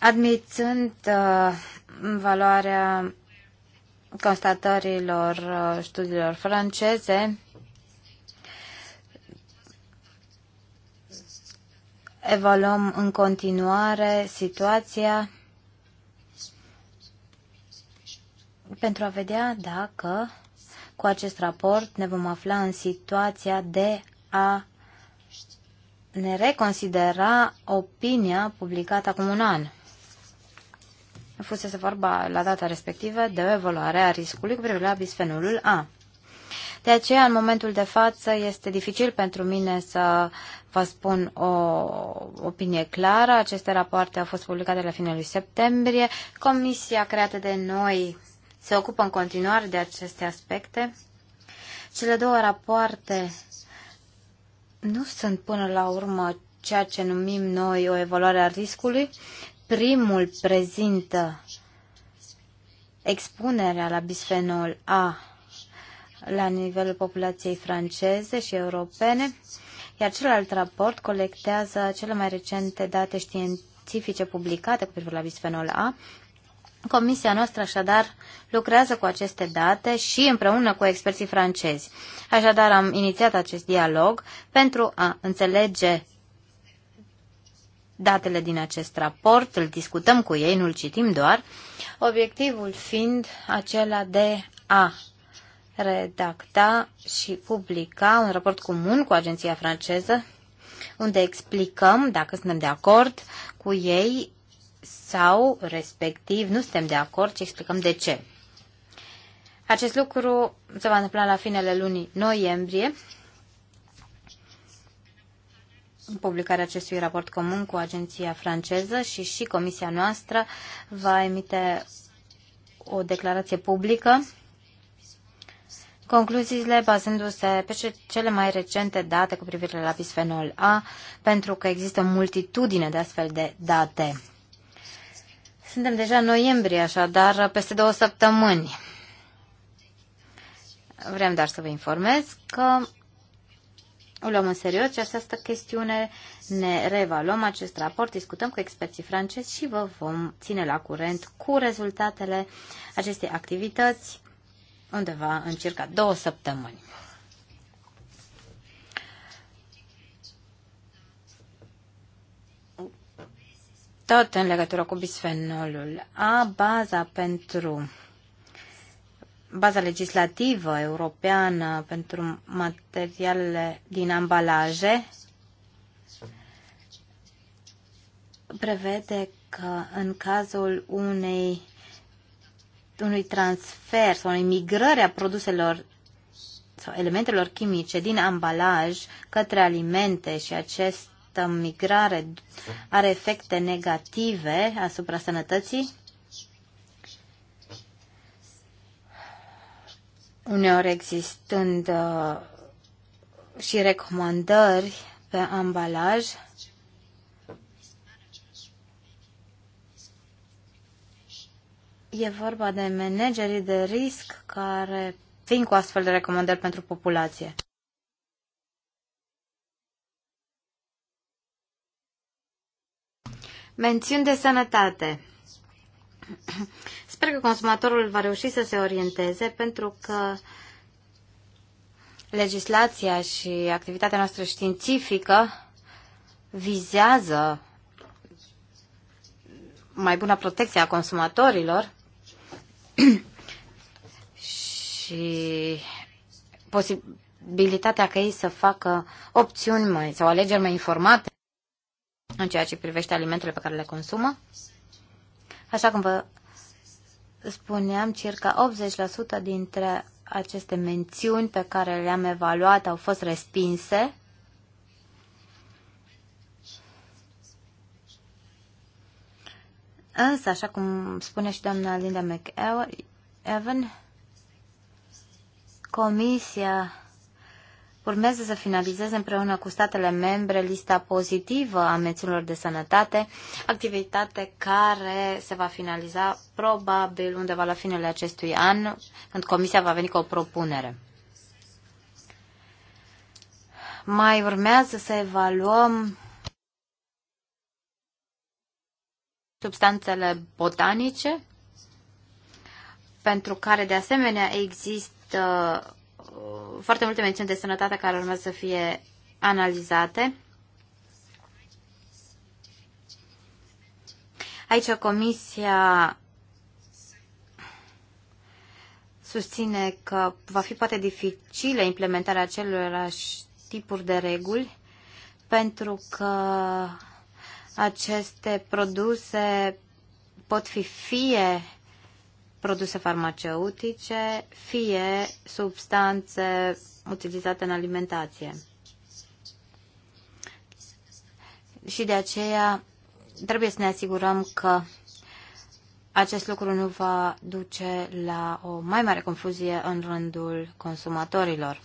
Admițând uh, valoarea constatărilor uh, studiilor franceze, evaluăm în continuare situația pentru a vedea dacă cu acest raport ne vom afla în situația de a ne reconsidera opinia publicată acum un an. Fusese vorba la data respectivă de o evaluare a riscului cu privire la bisfenolul A. De aceea, în momentul de față, este dificil pentru mine să vă spun o opinie clară. Aceste rapoarte au fost publicate la finalul septembrie. Comisia creată de noi se ocupă în continuare de aceste aspecte. Cele două rapoarte nu sunt până la urmă ceea ce numim noi o evaluare a riscului. Primul prezintă expunerea la bisfenol A la nivelul populației franceze și europene, iar celălalt raport colectează cele mai recente date științifice publicate cu privire la bisfenol A. Comisia noastră așadar lucrează cu aceste date și împreună cu experții francezi. Așadar am inițiat acest dialog pentru a înțelege datele din acest raport, îl discutăm cu ei, nu-l citim doar, obiectivul fiind acela de a redacta și publica un raport comun cu agenția franceză unde explicăm dacă suntem de acord cu ei sau, respectiv, nu suntem de acord și explicăm de ce. Acest lucru se va întâmpla la finele lunii noiembrie, publicarea acestui raport comun cu agenția franceză și și comisia noastră va emite o declarație publică Concluziile bazându-se pe cele mai recente date cu privire la bisfenol A, pentru că există multitudine de astfel de date. Suntem deja în noiembrie, așadar peste două săptămâni. Vrem doar să vă informez că o luăm în serios și această chestiune, ne reevaluăm acest raport, discutăm cu experții francezi și vă vom ține la curent cu rezultatele acestei activități undeva în circa două săptămâni. Tot în legătură cu bisfenolul A, baza pentru baza legislativă europeană pentru materialele din ambalaje prevede că în cazul unei unui transfer sau unei migrări a produselor sau elementelor chimice din ambalaj către alimente și această migrare are efecte negative asupra sănătății? Uneori existând uh, și recomandări pe ambalaj E vorba de managerii de risc care vin cu astfel de recomandări pentru populație. Mențiuni de sănătate. Sper că consumatorul va reuși să se orienteze pentru că legislația și activitatea noastră științifică vizează mai bună protecție a consumatorilor și posibilitatea ca ei să facă opțiuni mai sau alegeri mai informate în ceea ce privește alimentele pe care le consumă. Așa cum vă spuneam, circa 80% dintre aceste mențiuni pe care le-am evaluat au fost respinse Însă, așa cum spune și doamna Linda McEwan, Comisia urmează să finalizeze împreună cu statele membre lista pozitivă a mențiunilor de sănătate, activitate care se va finaliza probabil undeva la finele acestui an, când Comisia va veni cu o propunere. Mai urmează să evaluăm substanțele botanice, pentru care de asemenea există uh, foarte multe mențiuni de sănătate care urmează să fie analizate. Aici Comisia susține că va fi poate dificilă implementarea acelorași tipuri de reguli pentru că aceste produse pot fi fie produse farmaceutice, fie substanțe utilizate în alimentație. Și de aceea trebuie să ne asigurăm că acest lucru nu va duce la o mai mare confuzie în rândul consumatorilor.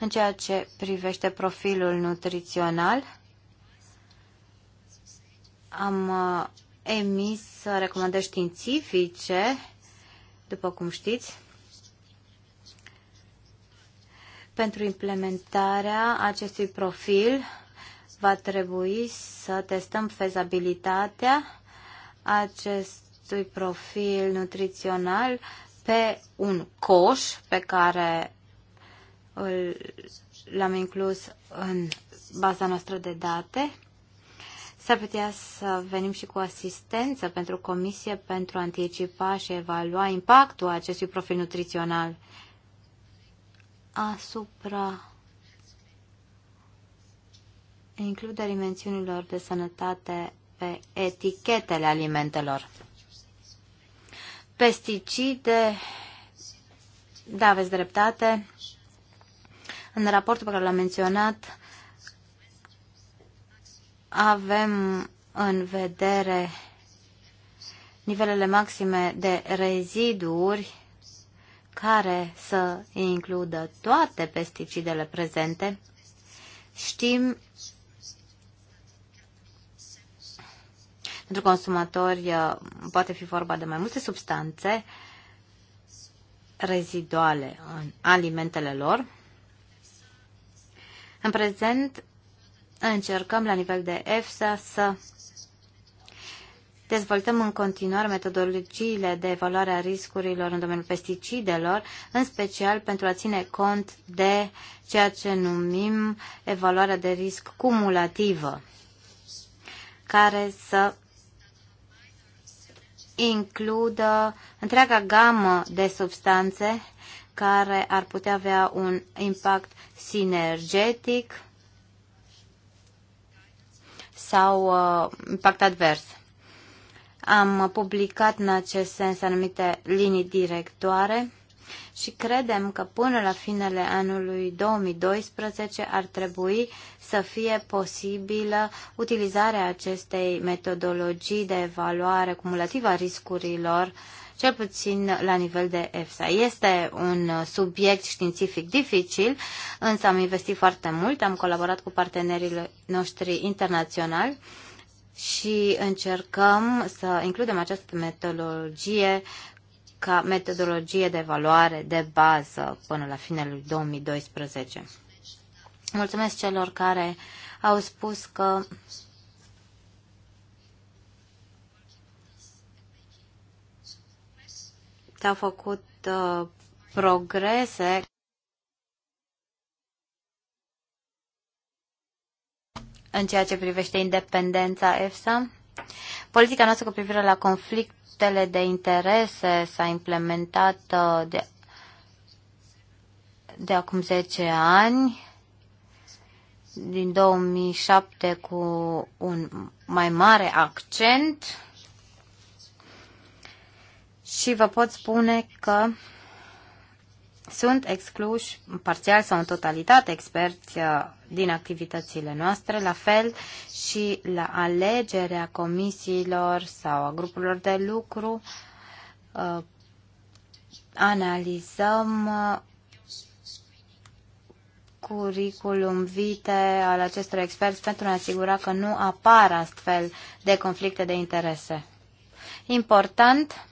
În ceea ce privește profilul nutrițional, am uh, emis recomandări științifice, după cum știți, pentru implementarea acestui profil va trebui să testăm fezabilitatea acestui profil nutrițional pe un coș pe care l-am inclus în baza noastră de date S-ar putea să venim și cu asistență pentru comisie pentru a anticipa și evalua impactul acestui profil nutrițional asupra includerii mențiunilor de sănătate pe etichetele alimentelor. Pesticide, da, aveți dreptate. În raportul pe care l-am menționat, avem în vedere nivelele maxime de reziduri care să includă toate pesticidele prezente, știm pentru consumatori uh, poate fi vorba de mai multe substanțe reziduale în alimentele lor. În prezent încercăm la nivel de EFSA să dezvoltăm în continuare metodologiile de evaluare a riscurilor în domeniul pesticidelor, în special pentru a ține cont de ceea ce numim evaluarea de risc cumulativă, care să includă întreaga gamă de substanțe care ar putea avea un impact sinergetic sau uh, impact advers. Am publicat în acest sens anumite linii directoare și credem că până la finele anului 2012 ar trebui să fie posibilă utilizarea acestei metodologii de evaluare cumulativă a riscurilor uh, cel puțin la nivel de EFSA. Este un subiect științific dificil, însă am investit foarte mult, am colaborat cu partenerii noștri internaționali și încercăm să includem această metodologie ca metodologie de evaluare de bază până la finalul 2012. Mulțumesc celor care au spus că S-au făcut uh, progrese în ceea ce privește independența EFSA. Politica noastră cu privire la conflictele de interese s-a implementat uh, de, de acum 10 ani, din 2007 cu un mai mare accent și vă pot spune că sunt excluși parțial sau în totalitate experți uh, din activitățile noastre, la fel și la alegerea comisiilor sau a grupurilor de lucru uh, analizăm uh, curriculum vitae al acestor experți pentru a asigura că nu apar astfel de conflicte de interese. Important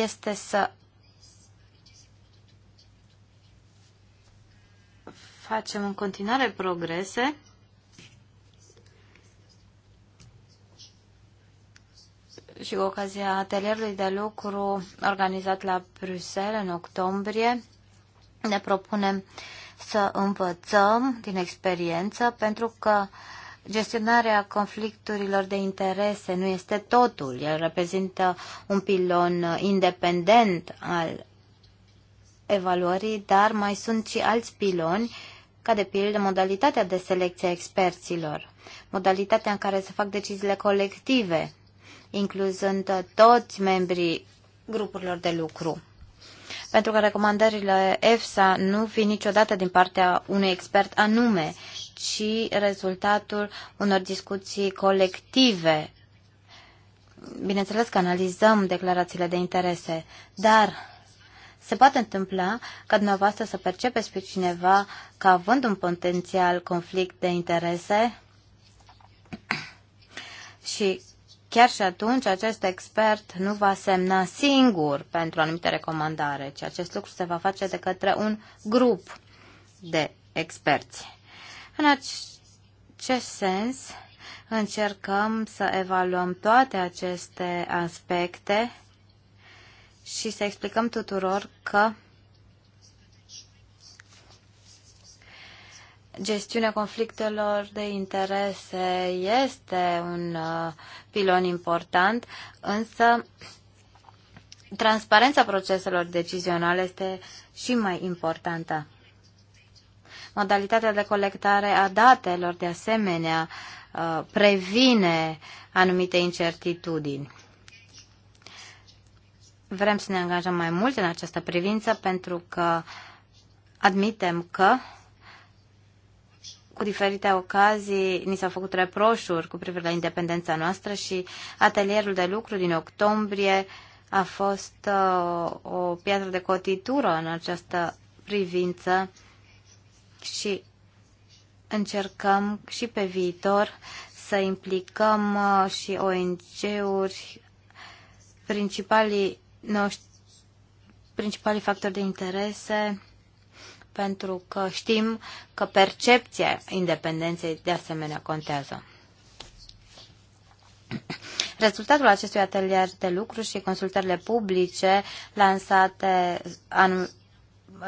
este să facem în continuare progrese și cu ocazia atelierului de lucru organizat la Bruxelles în octombrie ne propunem să învățăm din experiență pentru că uh, Gestionarea conflicturilor de interese nu este totul. El reprezintă un pilon independent al evaluării, dar mai sunt și alți piloni, ca de pildă modalitatea de selecție a experților, modalitatea în care se fac deciziile colective, incluzând toți membrii grupurilor de lucru. Pentru că recomandările EFSA nu vin niciodată din partea unui expert anume, ci rezultatul unor discuții colective. Bineînțeles că analizăm declarațiile de interese, dar se poate întâmpla ca dumneavoastră să percepeți pe cineva ca având un potențial conflict de interese și chiar și atunci acest expert nu va semna singur pentru anumite recomandare, ci acest lucru se va face de către un grup de experți. În acest sens, încercăm să evaluăm toate aceste aspecte și să explicăm tuturor că gestiunea conflictelor de interese este un uh, pilon important, însă transparența proceselor decizionale este și mai importantă. Modalitatea de colectare a datelor, de asemenea, uh, previne anumite incertitudini. Vrem să ne angajăm mai mult în această privință pentru că admitem că cu diferite ocazii ni s-au făcut reproșuri cu privire la independența noastră și atelierul de lucru din octombrie a fost uh, o piatră de cotitură în această privință și încercăm și pe viitor să implicăm uh, și ONG-uri, principalii, noștri, principalii factori de interese, pentru că știm că percepția independenței de asemenea contează. Rezultatul acestui atelier de lucru și consultările publice lansate anul,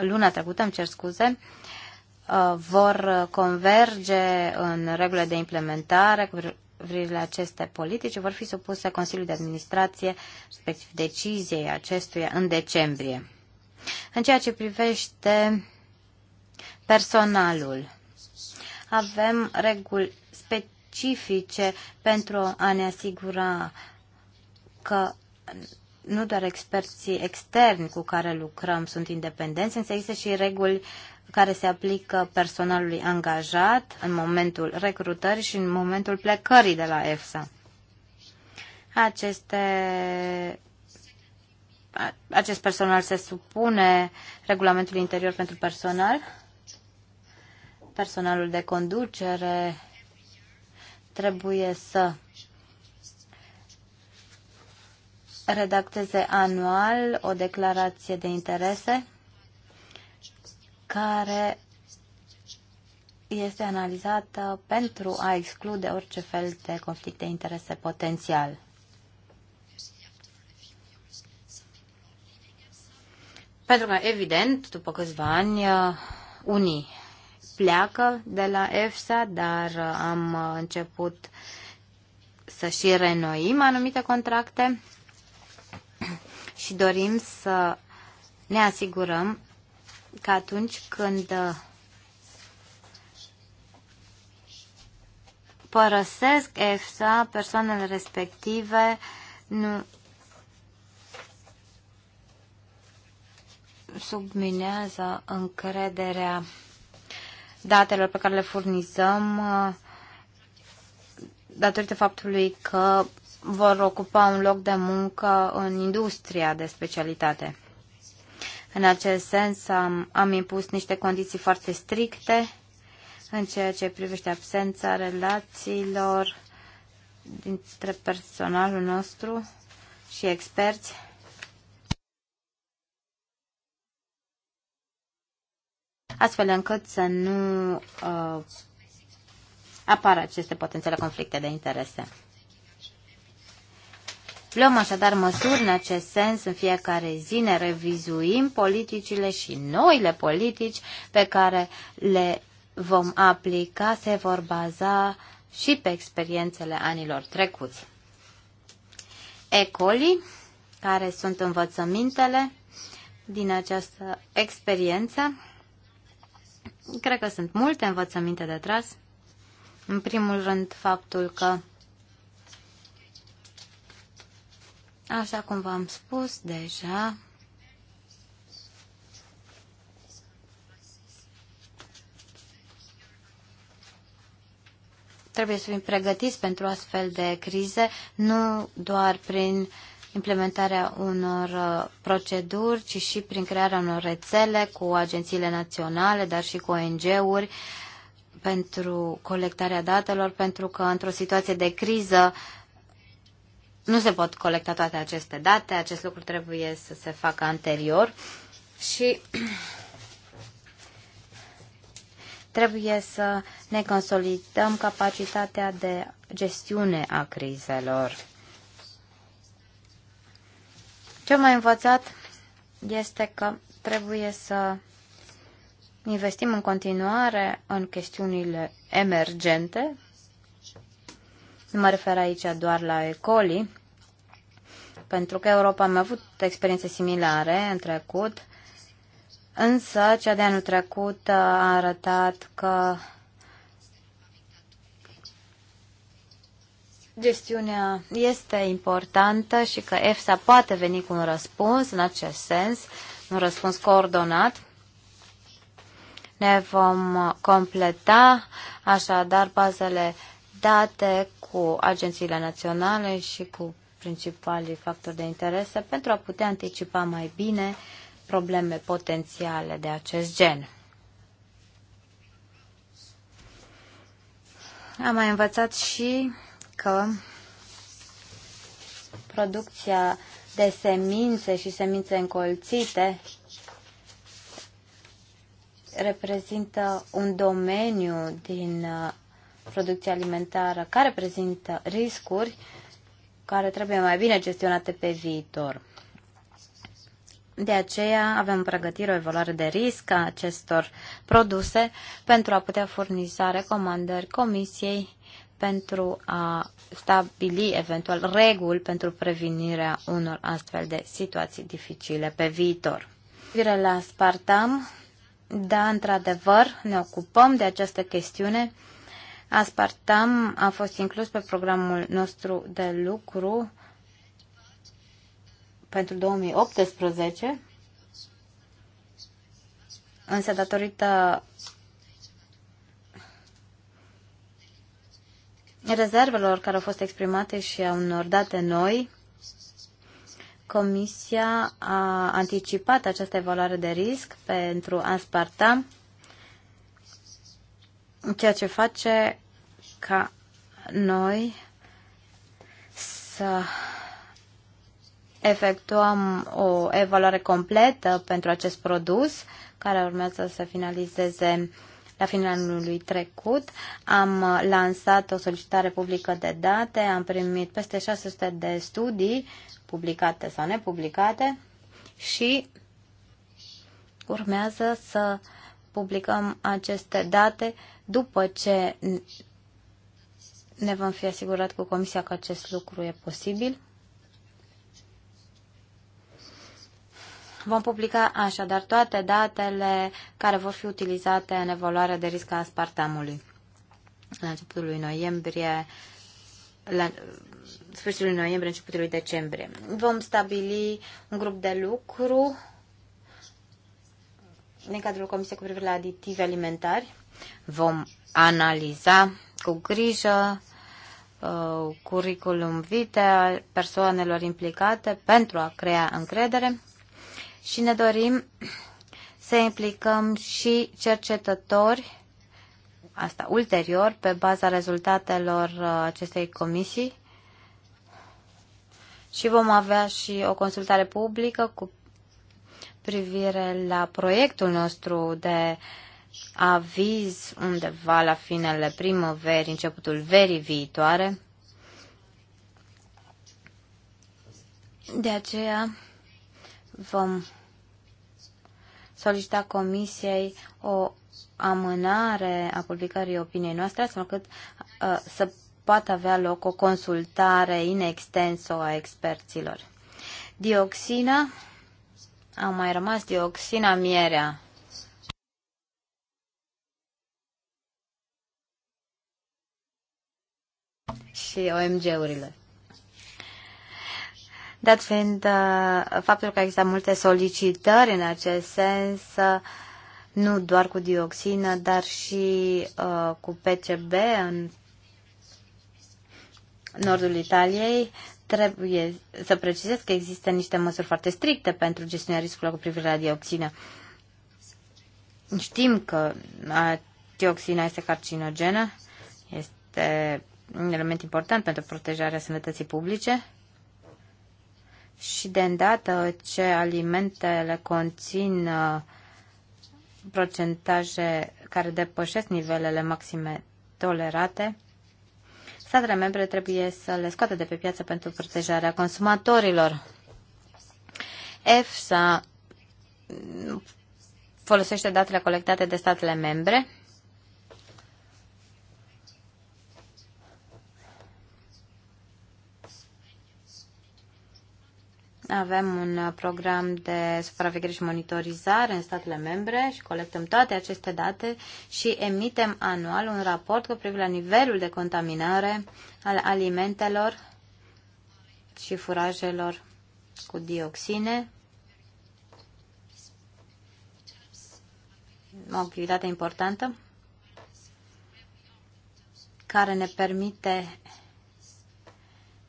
luna trecută, îmi cer scuze, Uh, vor converge în regulile de implementare cu privire la aceste politici, vor fi supuse Consiliului de Administrație, respectiv deciziei acestuia, în decembrie. În ceea ce privește personalul, avem reguli specifice pentru a ne asigura că nu doar experții externi cu care lucrăm sunt independenți, însă există și reguli care se aplică personalului angajat în momentul recrutării și în momentul plecării de la EFSA. Aceste, acest personal se supune regulamentului interior pentru personal. Personalul de conducere trebuie să redacteze anual o declarație de interese care este analizată pentru a exclude orice fel de conflict de interese potențial. Pentru că, evident, după câțiva ani, uh, unii pleacă de la EFSA, dar uh, am uh, început să și renoim anumite contracte și dorim să ne asigurăm că atunci când uh, părăsesc EFSA, persoanele respective nu subminează încrederea datelor pe care le furnizăm uh, datorită faptului că vor ocupa un loc de muncă în industria de specialitate. În acest sens am, am impus niște condiții foarte stricte în ceea ce privește absența relațiilor dintre personalul nostru și experți. astfel încât să nu uh, apară aceste potențiale conflicte de interese. Luăm așadar măsuri în acest sens în fiecare zi, ne revizuim politicile și noile politici pe care le vom aplica se vor baza și pe experiențele anilor trecuți. Ecoli, care sunt învățămintele din această experiență, cred că sunt multe învățăminte de tras. În primul rând, faptul că Așa cum v-am spus deja, trebuie să fim pregătiți pentru astfel de crize, nu doar prin implementarea unor uh, proceduri, ci și prin crearea unor rețele cu agențiile naționale, dar și cu ONG-uri pentru colectarea datelor, pentru că într-o situație de criză nu se pot colecta toate aceste date, acest lucru trebuie să se facă anterior și trebuie să ne consolidăm capacitatea de gestiune a crizelor. Ce am mai învățat este că trebuie să investim în continuare în chestiunile emergente, nu mă refer aici doar la ecoli, coli, pentru că Europa a avut experiențe similare în trecut, însă cea de anul trecut a arătat că gestiunea este importantă și că EFSA poate veni cu un răspuns în acest sens, un răspuns coordonat. Ne vom completa așadar bazele date cu agențiile naționale și cu principalii factori de interese pentru a putea anticipa mai bine probleme potențiale de acest gen. Am mai învățat și că producția de semințe și semințe încolțite reprezintă un domeniu din uh, producție alimentară care prezintă riscuri care trebuie mai bine gestionate pe viitor. De aceea avem pregătire o evaluare de risc a acestor produse pentru a putea furniza recomandări Comisiei pentru a stabili eventual reguli pentru prevenirea unor astfel de situații dificile pe viitor. Vire la Spartam, da, într-adevăr, ne ocupăm de această chestiune Aspartam a fost inclus pe programul nostru de lucru pentru 2018, însă datorită rezervelor care au fost exprimate și a unor date noi, Comisia a anticipat această evaluare de risc pentru Aspartam ceea ce face ca noi să efectuăm o evaluare completă pentru acest produs care urmează să finalizeze la finalul anului trecut. Am lansat o solicitare publică de date, am primit peste 600 de studii publicate sau nepublicate și urmează să publicăm aceste date după ce ne vom fi asigurat cu Comisia că acest lucru e posibil. Vom publica așadar toate datele care vor fi utilizate în evaluarea de risc a aspartamului. La începutul lui noiembrie, la sfârșitul lui noiembrie, începutul lui decembrie. Vom stabili un grup de lucru din cadrul Comisiei cu privire la aditivi alimentari Vom analiza cu grijă uh, curriculum vitae al persoanelor implicate pentru a crea încredere și ne dorim să implicăm și cercetători, asta ulterior, pe baza rezultatelor uh, acestei comisii și vom avea și o consultare publică cu privire la proiectul nostru de uh, aviz undeva la finele primăverii, începutul verii viitoare. De aceea vom solicita Comisiei o amânare a publicării opiniei noastre, astfel încât uh, să poată avea loc o consultare in extenso a experților. Dioxina, a mai rămas dioxina mierea și OMG-urile. Dat fiind uh, faptul că există multe solicitări în acest sens, uh, nu doar cu dioxină, dar și uh, cu PCB în nordul Italiei, trebuie să precizez că există niște măsuri foarte stricte pentru gestionarea riscului cu privire la dioxină. Știm că uh, dioxina este carcinogenă, este un element important pentru protejarea sănătății publice și de îndată ce alimentele conțin uh, procentaje care depășesc nivelele maxime tolerate, statele membre trebuie să le scoată de pe piață pentru protejarea consumatorilor. EFSA folosește datele colectate de statele membre Avem un program de supraveghere și monitorizare în statele membre și colectăm toate aceste date și emitem anual un raport cu privire la nivelul de contaminare al alimentelor și furajelor cu dioxine. O activitate importantă care ne permite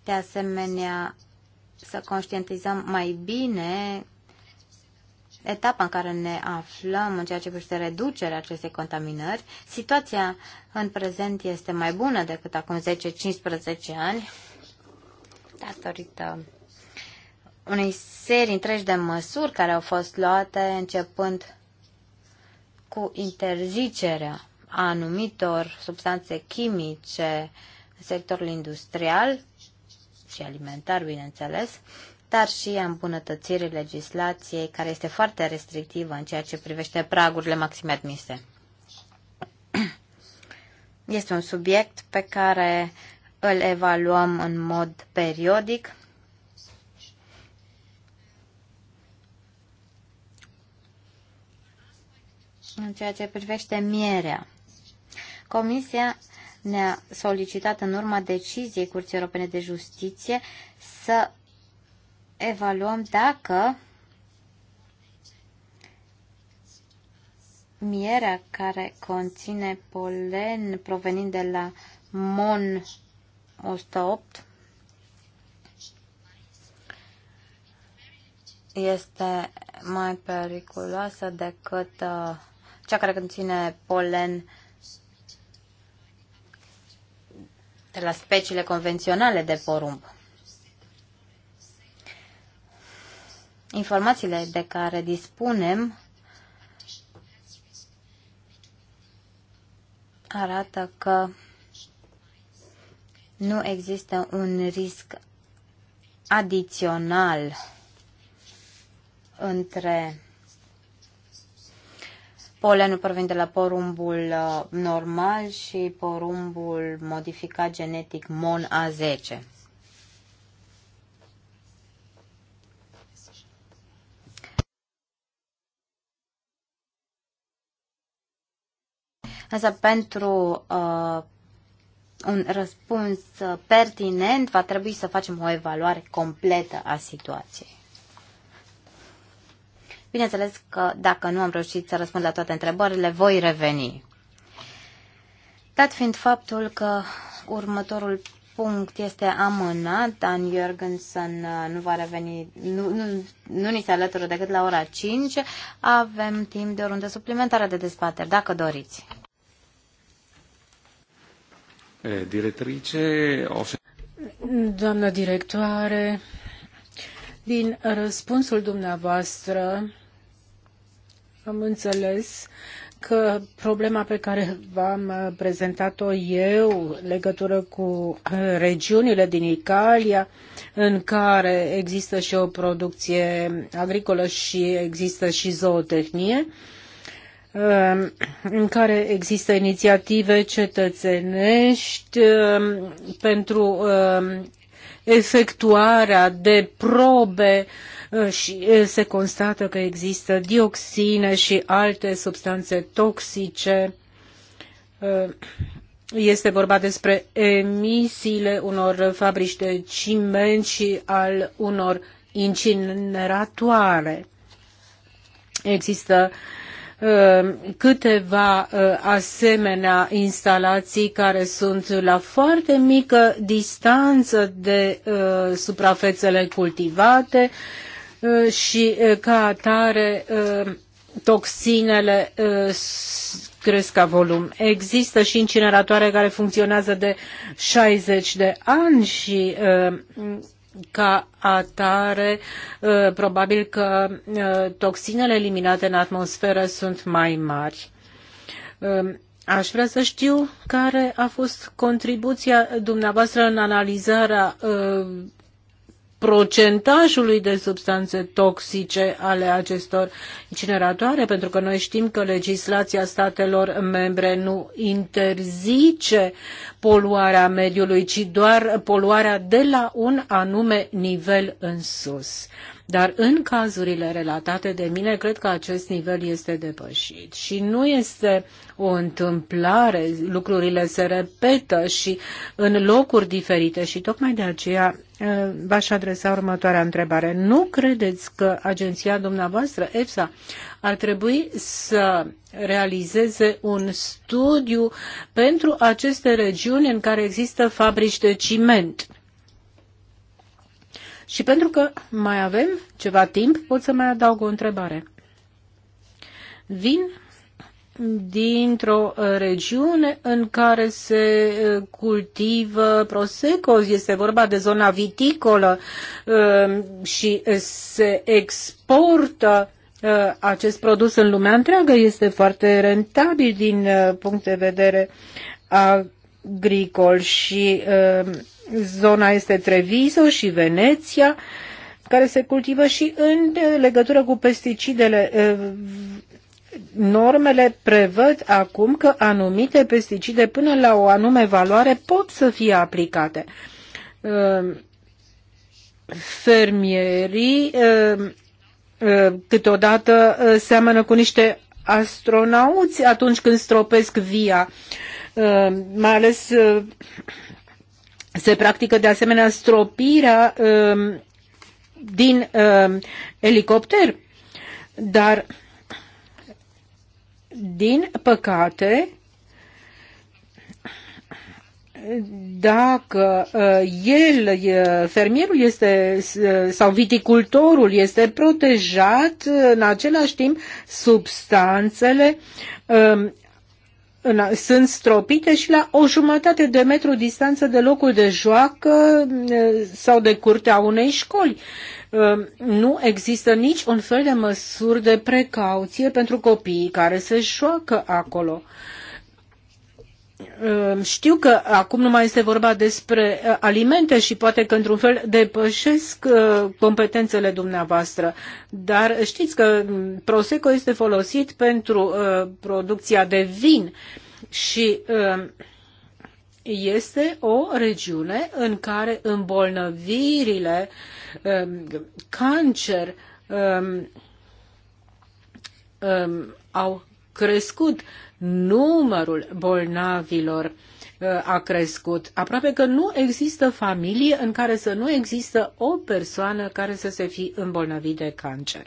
de asemenea să conștientizăm mai bine etapa în care ne aflăm în ceea ce privește reducerea acestei contaminări. Situația în prezent este mai bună decât acum 10-15 ani datorită unei serii întregi de măsuri care au fost luate începând cu interzicerea anumitor substanțe chimice în sectorul industrial, și alimentar, bineînțeles, dar și a îmbunătățirii legislației, care este foarte restrictivă în ceea ce privește pragurile maxime admise. Este un subiect pe care îl evaluăm în mod periodic. În ceea ce privește mierea, Comisia ne-a solicitat în urma deciziei Curții Europene de Justiție să evaluăm dacă mierea care conține polen provenind de la MON 108 este mai periculoasă decât uh, cea care conține polen de la speciile convenționale de porumb. Informațiile de care dispunem arată că nu există un risc adițional între Polenul provin de la porumbul uh, normal și porumbul modificat genetic MON A10. Asta pentru uh, un răspuns pertinent va trebui să facem o evaluare completă a situației. Bineînțeles că dacă nu am reușit să răspund la toate întrebările, voi reveni. Dat fiind faptul că următorul punct este amânat, Dan Jorgensen uh, nu va reveni, nu, nu, nu ni se alătură decât la ora 5, avem timp de o rundă suplimentară de dezbateri, dacă doriți. Eh, directrice, o... Doamnă directoare, din răspunsul dumneavoastră am înțeles că problema pe care v-am uh, prezentat-o eu, legătură cu uh, regiunile din Italia, în care există și o producție agricolă și există și zootehnie, uh, în care există inițiative cetățenești pentru efectuarea de probe uh, Uh, și uh, se constată că există dioxine și alte substanțe toxice. Uh, este vorba despre emisiile unor fabrici de ciment și al unor incineratoare. Există câteva asemenea instalații care sunt la foarte mică distanță de suprafețele cultivate Uh, și uh, ca atare uh, toxinele cresc ca volum. Există și incineratoare care funcționează de 60 de ani și ca atare, probabil că toxinele eliminate în atmosferă sunt mai mari. Aș vrea să știu care a fost contribuția dumneavoastră în analizarea procentajului de substanțe toxice ale acestor incineratoare, pentru că noi știm că legislația statelor membre nu interzice poluarea mediului, ci doar poluarea de la un anume nivel în sus. Dar în cazurile relatate de mine, cred că acest nivel este depășit și nu este o întâmplare, lucrurile se repetă și în locuri diferite și tocmai de aceea eh, v-aș adresa următoarea întrebare. Nu credeți că agenția dumneavoastră, EFSA, ar trebui să realizeze un studiu pentru aceste regiuni în care există fabrici de ciment? Și pentru că mai avem ceva timp, pot să mai adaug o întrebare. Vin dintr-o uh, regiune în care se uh, cultivă prosecco, este vorba de zona viticolă uh, și se exportă acest produs în lumea întreagă, este foarte rentabil din punct de vedere agricol și Zona este Treviso și Veneția, care se cultivă și în legătură cu pesticidele. Normele prevăd acum că anumite pesticide până la o anume valoare pot să fie aplicate. Fermierii câteodată seamănă cu niște astronauți atunci când stropesc via, mai ales se practică de asemenea stropirea um, din um, elicopter, dar din păcate dacă uh, el, uh, fermierul este uh, sau viticultorul este protejat în același timp substanțele um, sunt stropite și la o jumătate de metru distanță de locul de joacă mm, sau de curtea unei școli. Ehm, nu există nici un fel de măsuri de precauție pentru copiii care se joacă acolo. Știu că acum nu mai este vorba despre uh, alimente și poate că într-un fel depășesc uh, competențele dumneavoastră, dar știți că mm, Prosecco este folosit pentru uh, producția de vin și este o regiune în care îmbolnăvirile, um, cancer, um, um, au crescut numărul bolnavilor uh, a crescut. Aproape că nu există familie în care să nu există o persoană care să se fi îmbolnăvit de cancer.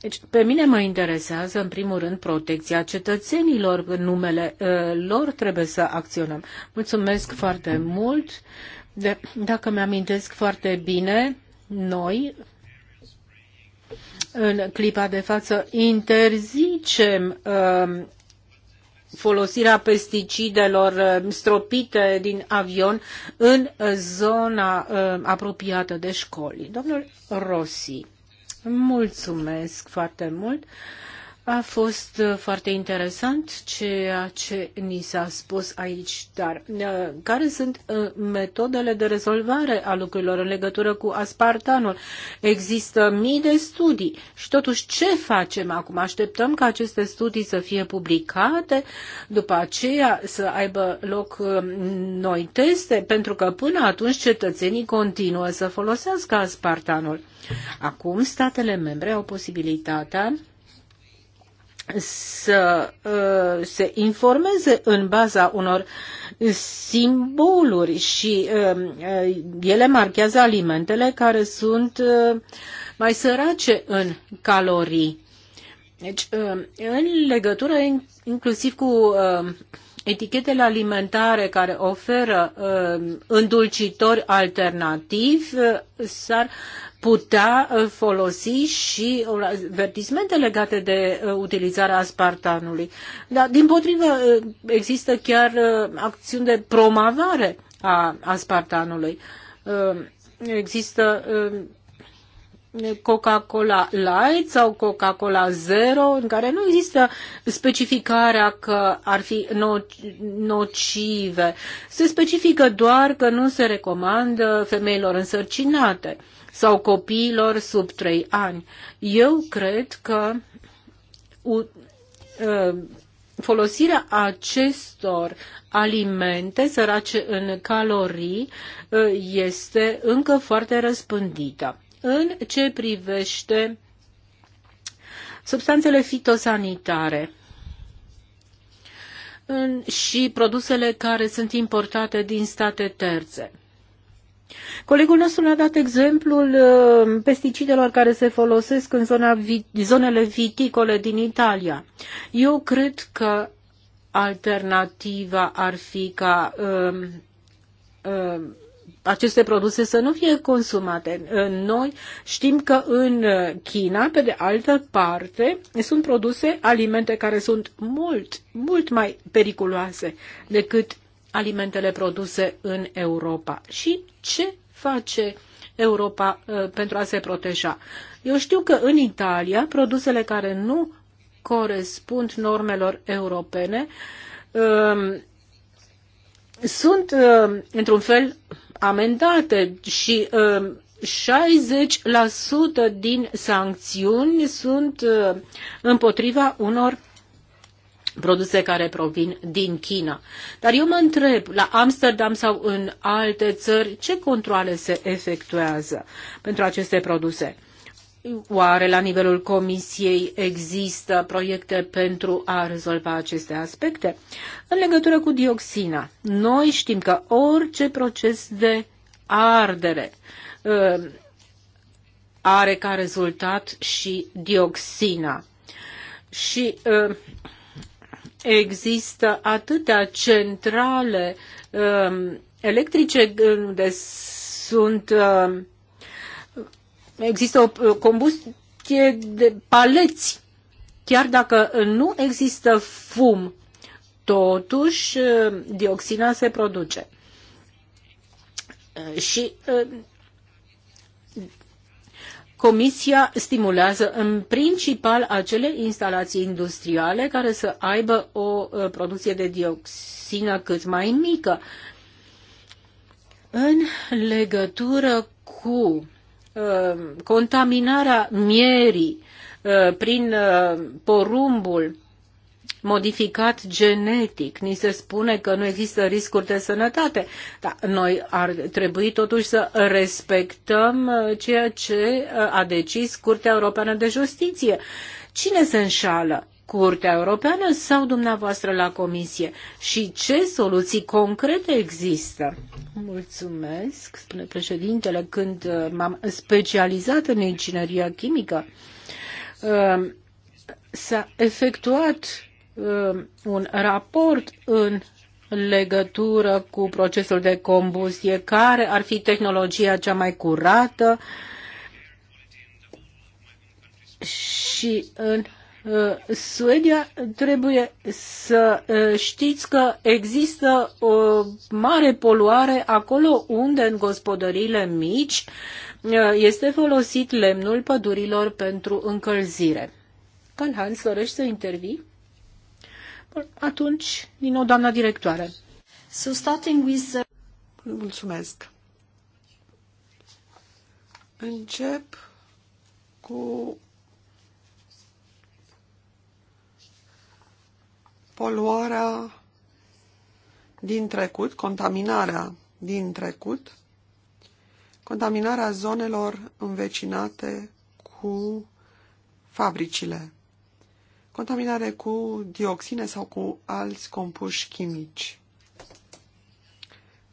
Deci, pe mine mă interesează, în primul rând, protecția cetățenilor. În numele uh, lor trebuie să acționăm. Mulțumesc foarte mult. De, dacă mi-amintesc foarte bine, noi, în clipa de față, interzicem uh, folosirea pesticidelor uh, stropite din avion în zona uh, apropiată de școli. Domnul Rossi, mulțumesc foarte mult. A fost uh, foarte interesant ceea ce ni s-a spus aici, dar uh, care sunt uh, metodele de rezolvare a lucrurilor în legătură cu aspartanul? Există mii de studii și totuși ce facem acum? Așteptăm ca aceste studii să fie publicate, după aceea să aibă loc noi teste, pentru că până atunci cetățenii continuă să folosească aspartanul. Acum statele membre au posibilitatea să uh, se informeze în baza unor simboluri și um, uh, ele marchează alimentele care sunt uh, mai sărace în calorii. Deci, uh, în legătură inclusiv cu uh, etichetele alimentare care oferă uh, îndulcitori alternativi, uh, s-ar putea uh, folosi și uh, avertismente legate de uh, utilizarea aspartanului. Dar, din potrivă, există chiar acțiuni de promovare a aspartanului. Există Coca-Cola Light sau Coca-Cola Zero, în care nu există specificarea că ar fi no- nocive. Se specifică doar că nu se recomandă femeilor însărcinate. Uh, sau copiilor sub 3 ani. Eu cred că ă, folosirea acestor alimente sărace în calorii ă, este încă foarte răspândită. În ce privește substanțele fitosanitare și produsele care sunt importate din state terțe. Colegul nostru ne-a dat exemplul uh, pesticidelor care se folosesc în zona, zonele viticole din Italia. Eu cred că alternativa ar fi ca uh, uh, aceste produse să nu fie consumate. Noi știm că în China, pe de altă parte, sunt produse alimente care sunt mult, mult mai periculoase decât alimentele produse în Europa și ce face Europa uh, pentru a se proteja. Eu știu că în Italia produsele care nu corespund normelor europene uh, sunt uh, într-un fel amendate și 60% um, din sancțiuni sunt uh, împotriva unor produse care provin din China. Dar eu mă întreb, la Amsterdam sau în alte țări, ce controle se efectuează pentru aceste produse? Oare la nivelul Comisiei există proiecte pentru a rezolva aceste aspecte? În legătură cu dioxina, noi știm că orice proces de ardere uh, are ca rezultat și dioxina. Și uh, există atâtea centrale um, electrice unde sunt um, există o combustie de paleți. Chiar dacă nu există fum, totuși um, dioxina se produce. Și Comisia stimulează în principal acele instalații industriale care să aibă o uh, producție de dioxină cât mai mică. În legătură cu uh, contaminarea mierii uh, prin uh, porumbul modificat genetic. Ni se spune că nu există riscuri de sănătate, dar noi ar trebui totuși să respectăm uh, ceea ce uh, a decis Curtea Europeană de Justiție. Cine se înșală? Curtea Europeană sau dumneavoastră la Comisie? Și ce soluții concrete există? Mulțumesc, spune președintele, când uh, m-am specializat în ingineria chimică, s-a efectuat Um, un raport în legătură cu procesul de combustie, care ar fi tehnologia cea mai curată și în uh, Suedia trebuie să uh, știți că există o mare poluare acolo unde în gospodăriile mici uh, este folosit lemnul pădurilor pentru încălzire. Hans dorești să intervii? Atunci, din nou, doamna directoare. So starting with the... Mulțumesc. Încep cu poluarea din trecut, contaminarea din trecut, contaminarea zonelor învecinate cu fabricile contaminare cu dioxine sau cu alți compuși chimici.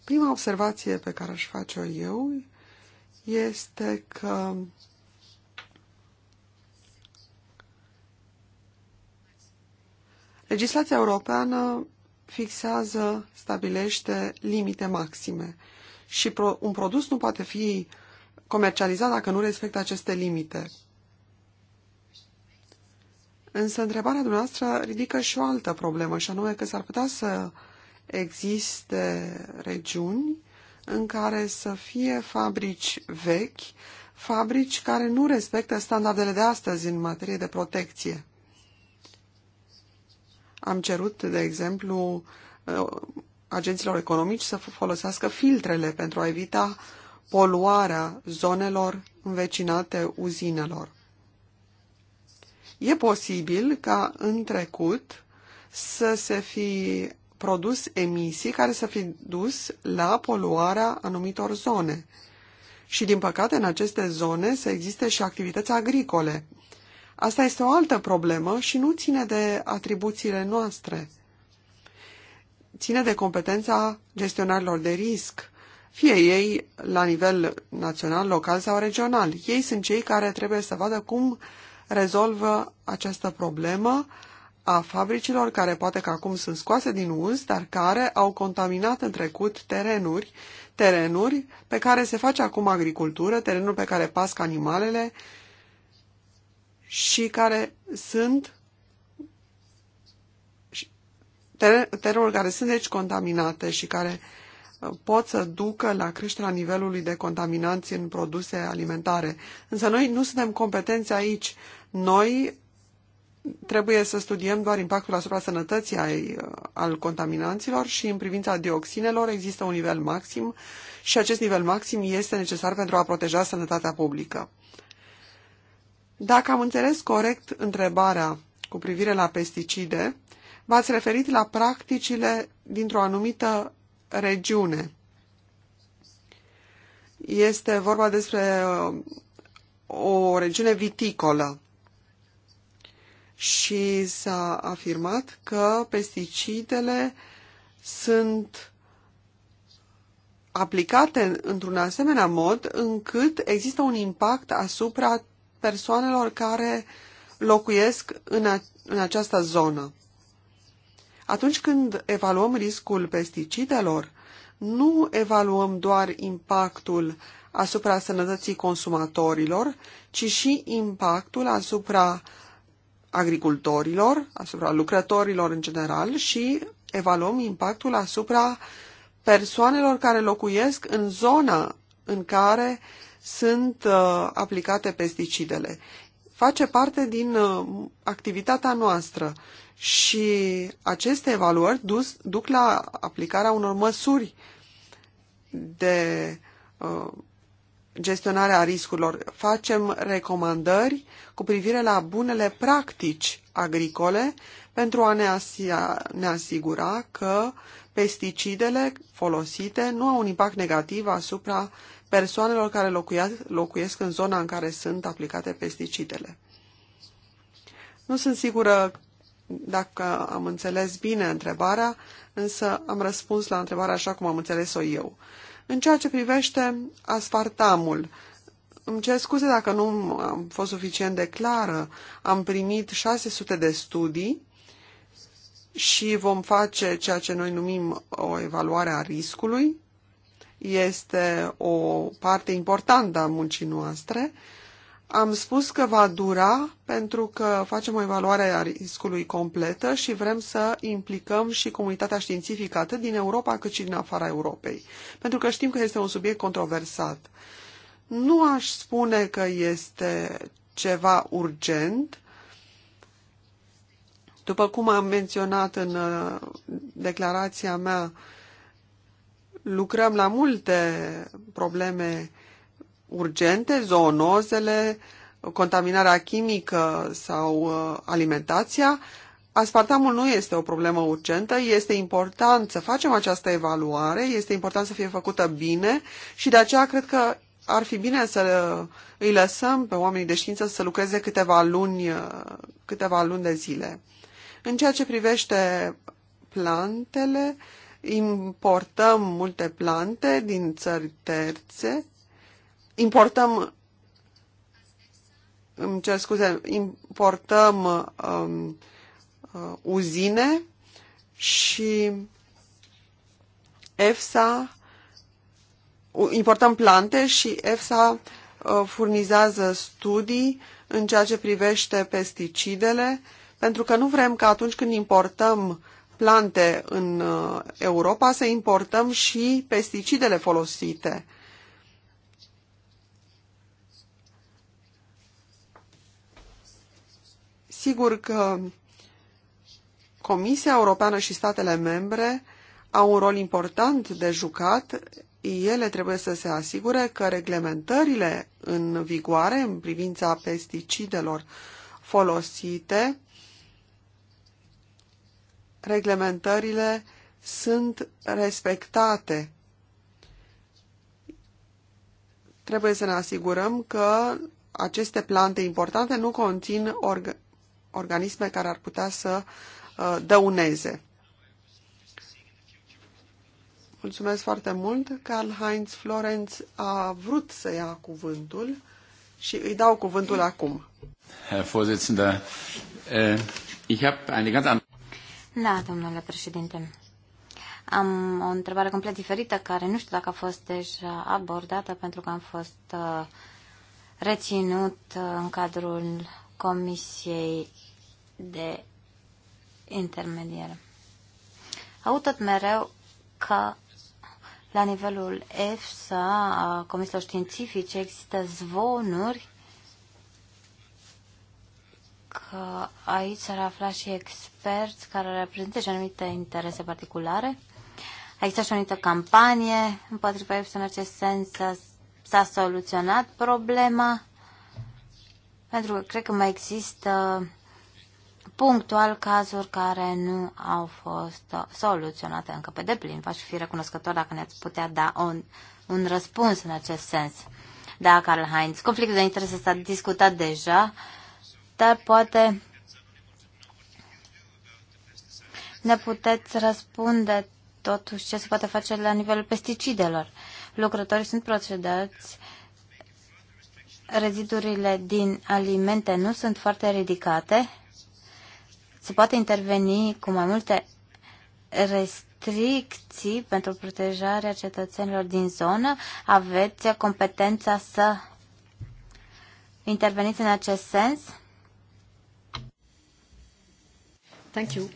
Prima observație pe care aș face-o eu este că legislația europeană fixează, stabilește limite maxime și un produs nu poate fi comercializat dacă nu respectă aceste limite. Însă întrebarea dumneavoastră ridică și o altă problemă, și anume că s-ar putea să existe regiuni în care să fie fabrici vechi, fabrici care nu respectă standardele de astăzi în materie de protecție. Am cerut, de exemplu, uh, agenților economici să folosească filtrele pentru a evita poluarea zonelor învecinate uzinelor. E posibil ca în trecut să se fi produs emisii care să fi dus la poluarea anumitor zone. Și, din păcate, în aceste zone să existe și activități agricole. Asta este o altă problemă și nu ține de atribuțiile noastre. Ține de competența gestionarilor de risc, fie ei la nivel național, local sau regional. Ei sunt cei care trebuie să vadă cum rezolvă această problemă a fabricilor care poate că acum sunt scoase din uz, dar care au contaminat în trecut terenuri, terenuri pe care se face acum agricultură, terenuri pe care pasc animalele și care sunt terenuri care sunt deci contaminate și care uh, pot să ducă la creșterea nivelului de contaminanți în produse alimentare. Însă noi nu suntem competenți aici. Noi trebuie să studiem doar impactul asupra sănătății ai, al contaminanților și în privința dioxinelor există un nivel maxim și acest nivel maxim este necesar pentru a proteja sănătatea publică. Dacă am înțeles corect întrebarea cu privire la pesticide, v-ați referit la practicile dintr-o anumită regiune. Este vorba despre uh, o regiune viticolă și s-a afirmat că pesticidele sunt aplicate într-un asemenea mod încât există un impact asupra persoanelor care locuiesc în, a, în această zonă. Atunci când evaluăm riscul pesticidelor, nu evaluăm doar impactul asupra sănătății consumatorilor, ci și impactul asupra uh, agricultorilor, asupra lucrătorilor în general și evaluăm impactul asupra persoanelor care locuiesc în zona în care sunt uh, aplicate pesticidele. Face parte din uh, activitatea noastră și aceste evaluări dus, duc la aplicarea unor măsuri de uh, gestionarea riscurilor. Facem recomandări cu privire la bunele practici agricole pentru a ne, asia, ne asigura că pesticidele folosite nu au un impact negativ asupra persoanelor care locuiesc, locuiesc în zona în care sunt aplicate pesticidele. Nu sunt sigură dacă am înțeles bine întrebarea, însă am răspuns la întrebare așa cum am înțeles-o eu. În ceea ce privește aspartamul, îmi cer scuze dacă nu am fost suficient de clară. Am primit 600 de studii și vom face ceea ce noi numim o evaluare a riscului. Este o parte importantă a muncii noastre am spus că va dura pentru că facem o evaluare a riscului completă și vrem să implicăm și comunitatea științifică atât din Europa cât și din afara Europei, pentru că știm că este un subiect controversat. Nu aș spune că este ceva urgent, după cum am menționat în uh, declarația mea, lucrăm la multe probleme urgente, zoonozele, contaminarea chimică sau uh, alimentația, aspartamul nu este o problemă urgentă, este important să facem această evaluare, este important să fie făcută bine și de aceea cred că ar fi bine să îi lăsăm pe oamenii de știință să lucreze câteva luni, uh, câteva luni de zile. În ceea ce privește plantele, importăm multe plante din țări terțe, importăm îmi cer scuze, importăm um, uh, uzine și EFSA importăm plante și EFSA uh, furnizează studii în ceea ce privește pesticidele, pentru că nu vrem că atunci când importăm plante în uh, Europa să importăm și pesticidele folosite. Sigur că Comisia Europeană și statele membre au un rol important de jucat. Ele trebuie să se asigure că reglementările în vigoare în privința pesticidelor folosite, reglementările sunt respectate. Trebuie să ne asigurăm că aceste plante importante nu conțin organe organisme care ar putea să uh, dăuneze. Mulțumesc foarte mult. Karl-Heinz Florenz a vrut să ia cuvântul și îi dau cuvântul acum. Herr Vorsitzender, äh, ich habe eine ganz andere... Da, domnule președinte. Am o întrebare complet diferită, care nu știu dacă a fost deja abordată, pentru că am fost uh, reținut uh, în cadrul Comisiei de Intermediere. Au tot mereu că la nivelul EFSA, a comisiilor științifice, există zvonuri că aici s-ar afla și experți care reprezintă și anumite interese particulare. Aici și o anumită campanie împotriva EFSA în acest sens. S-a soluționat problema pentru că cred că mai există punctual cazuri care nu au fost soluționate încă pe deplin. V-aș fi recunoscător dacă ne-ați putea da un, un răspuns în acest sens. Da, Karl Heinz, conflictul de interese s-a discutat deja, dar poate ne puteți răspunde totuși ce se poate face la nivelul pesticidelor. Lucrătorii sunt procedați uh, rezidurile din alimente nu sunt foarte ridicate, se poate interveni cu mai multe restricții pentru protejarea cetățenilor din zonă. Aveți competența să interveniți în acest sens? Thank you.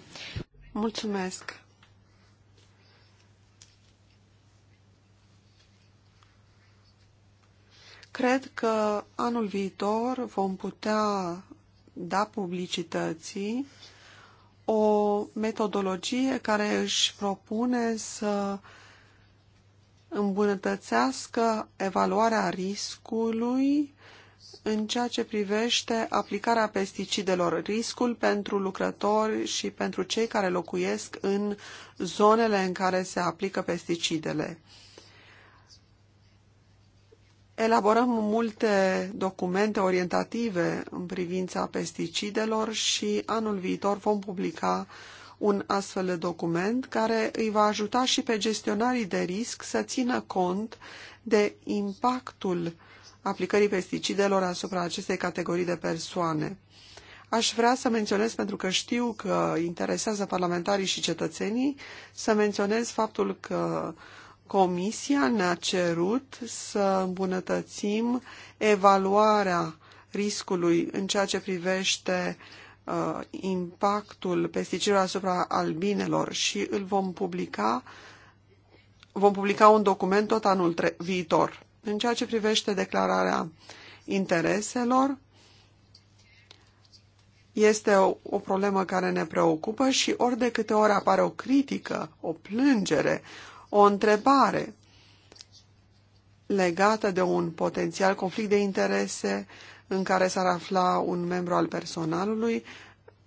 Mulțumesc. Cred că anul viitor vom putea da publicității o metodologie care își propune să îmbunătățească evaluarea riscului în ceea ce privește aplicarea pesticidelor, riscul pentru lucrători și pentru cei care locuiesc în zonele în care se aplică pesticidele elaborăm multe documente orientative în privința pesticidelor și anul viitor vom publica un astfel de document care îi va ajuta și pe gestionarii de risc să țină cont de impactul aplicării pesticidelor asupra acestei categorii de persoane. Aș vrea să menționez, pentru că știu că interesează parlamentarii și cetățenii, să menționez faptul că Comisia ne-a cerut să îmbunătățim evaluarea riscului în ceea ce privește uh, impactul pesticidelor asupra albinelor și îl vom publica vom publica un document tot anul viitor. În ceea ce privește declararea intereselor, este o, o problemă care ne preocupă și ori de câte ori apare o critică, o plângere, o întrebare legată de un potențial conflict de interese în care s-ar afla un membru al personalului,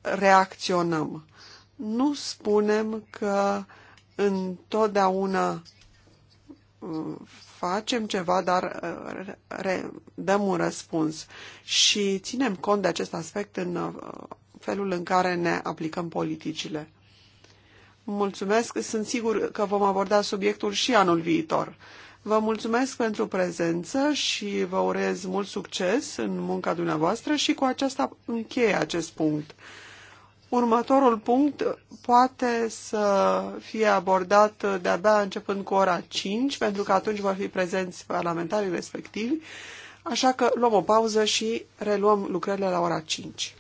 reacționăm. Nu spunem că întotdeauna uh, facem ceva, dar uh, dăm un răspuns și ținem cont de acest aspect în uh, felul în care ne aplicăm politicile. Mulțumesc, sunt sigur că vom aborda subiectul și anul viitor. Vă mulțumesc pentru prezență și vă urez mult succes în munca dumneavoastră și cu aceasta încheie acest punct. Următorul punct poate să fie abordat de-abia începând cu ora 5, pentru că atunci vor fi prezenți parlamentarii respectivi, așa că luăm o pauză și reluăm lucrările la ora 5.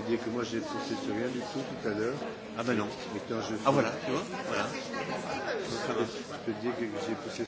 te dire que moi j'ai poussé sur rien du tout tout à l'heure. Ah ben non. Mais quand je... Ah voilà, tu vois Voilà. Je peux te dire que j'ai poussé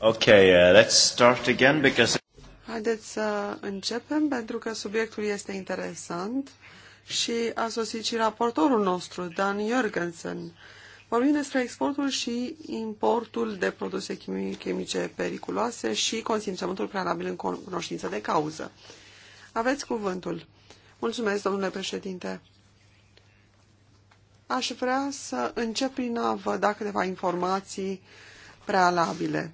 Ok, uh, let's start again because... Haideți să începem pentru că subiectul este interesant și a sosit și raportorul nostru, Dan Jorgensen. Vorbim despre exportul și importul de produse chimice periculoase și consimțământul prealabil în cunoștință de cauză. Aveți cuvântul. Mulțumesc, domnule președinte. Aș vrea să încep prin a vă da câteva informații prealabile.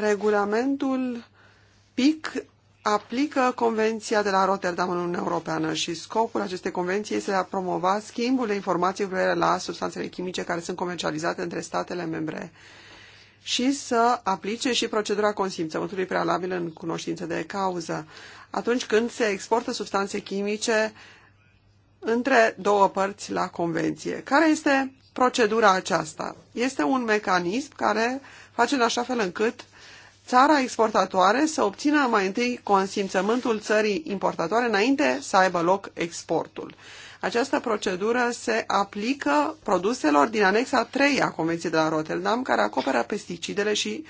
Regulamentul PIC aplică Convenția de la Rotterdam în Uniunea Europeană și scopul acestei convenții este de a promova schimbul de informații cu privire la substanțele chimice care sunt comercializate între statele membre și să aplice și procedura consimțământului prealabil în cunoștință de cauză atunci când se exportă substanțe chimice între două părți la convenție. Care este procedura aceasta? Este un mecanism care face în așa fel încât uh, țara exportatoare să obțină mai întâi consimțământul țării importatoare înainte să aibă loc exportul. Această procedură se aplică produselor din anexa 3 a Convenției de la Rotterdam, care acoperă pesticidele și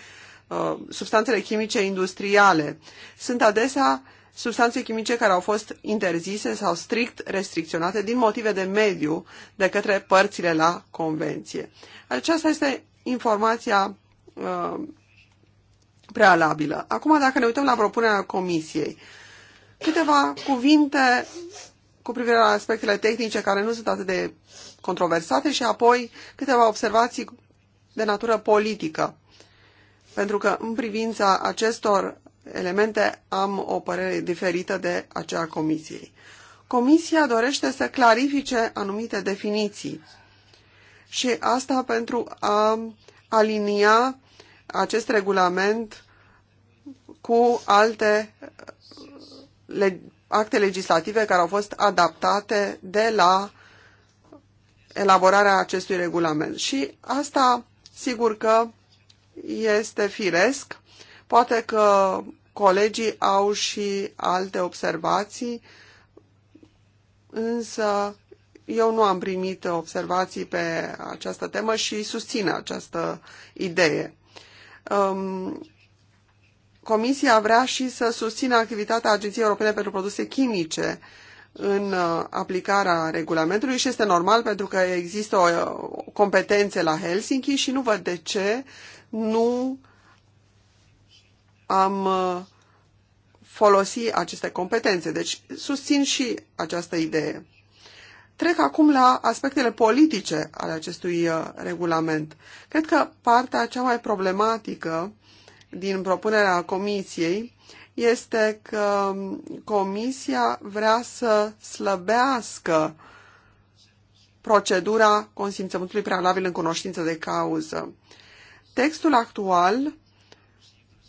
uh, substanțele chimice industriale. Sunt adesea substanțe chimice care au fost interzise sau strict restricționate din motive de mediu de către părțile la convenție. Aceasta este informația uh, prealabilă. Acum, dacă ne uităm la propunerea Comisiei, câteva cuvinte cu privire la aspectele tehnice care nu sunt atât de controversate și apoi câteva observații de natură politică. Pentru că în privința acestor elemente am o părere diferită de aceea comisiei. Comisia dorește să clarifice anumite definiții și asta pentru a alinia acest regulament cu alte le, acte legislative care au fost adaptate de la elaborarea acestui regulament. Și asta, sigur că este firesc. Poate că colegii au și alte observații, însă eu nu am primit observații pe această temă și susțin această idee. Um, Comisia vrea și să susțină activitatea Agenției Europene pentru Produse Chimice în uh, aplicarea regulamentului și este normal pentru că există o competențe la Helsinki și nu văd de ce nu am uh, folosi aceste competențe. Deci susțin și această idee. Trec acum la aspectele politice ale acestui uh, regulament. Cred că partea cea mai problematică din propunerea comisiei este că comisia vrea să slăbească procedura consimțământului prealabil în cunoștință de cauză. Textul actual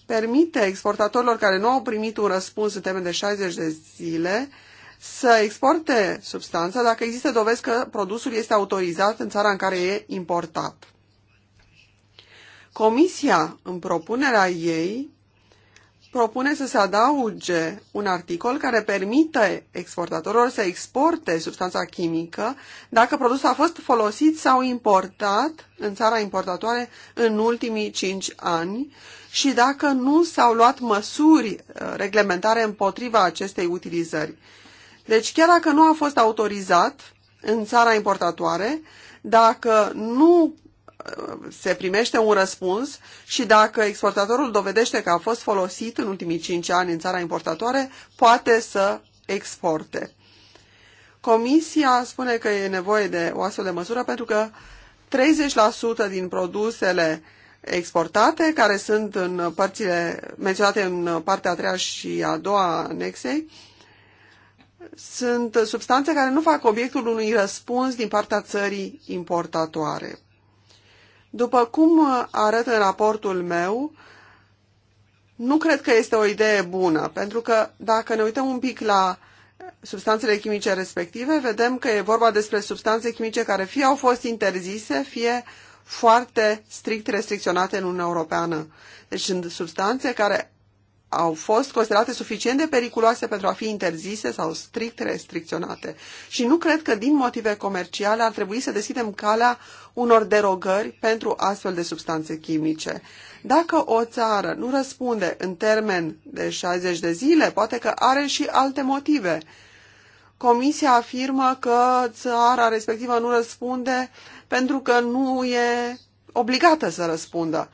permite exportatorilor care nu au primit un răspuns în termen de 60 de zile să exporte substanța dacă există dovezi că produsul este autorizat în țara în care e importat. Comisia, în propunerea ei, propune să se adauge un articol care permite exportatorilor să exporte substanța chimică dacă produsul a fost folosit sau importat în țara importatoare în ultimii 5 ani și dacă nu s-au luat măsuri uh, reglementare împotriva acestei utilizări. Deci chiar dacă nu a fost autorizat în țara importatoare, dacă nu se primește un răspuns și dacă exportatorul dovedește că a fost folosit în ultimii 5 ani în țara importatoare, poate să exporte. Comisia spune că e nevoie de o astfel de măsură pentru că 30% din produsele exportate, care sunt în părțile menționate în partea a treia și a doua anexei, sunt substanțe care nu fac obiectul unui răspuns din partea țării importatoare. După cum uh, arată raportul meu, nu cred că este o idee bună, pentru că dacă ne uităm un pic la substanțele chimice respective, vedem că e vorba despre substanțe chimice care fie au fost interzise, fie foarte strict restricționate în Uniunea Europeană. Deci sunt substanțe care au fost considerate suficient de periculoase pentru a fi interzise sau strict restricționate. Și nu cred că din motive comerciale ar trebui să deschidem calea unor derogări pentru astfel de substanțe chimice. Dacă o țară nu răspunde în termen de 60 de zile, poate că are și alte motive. Comisia afirmă că țara respectivă nu răspunde pentru că nu e obligată să răspundă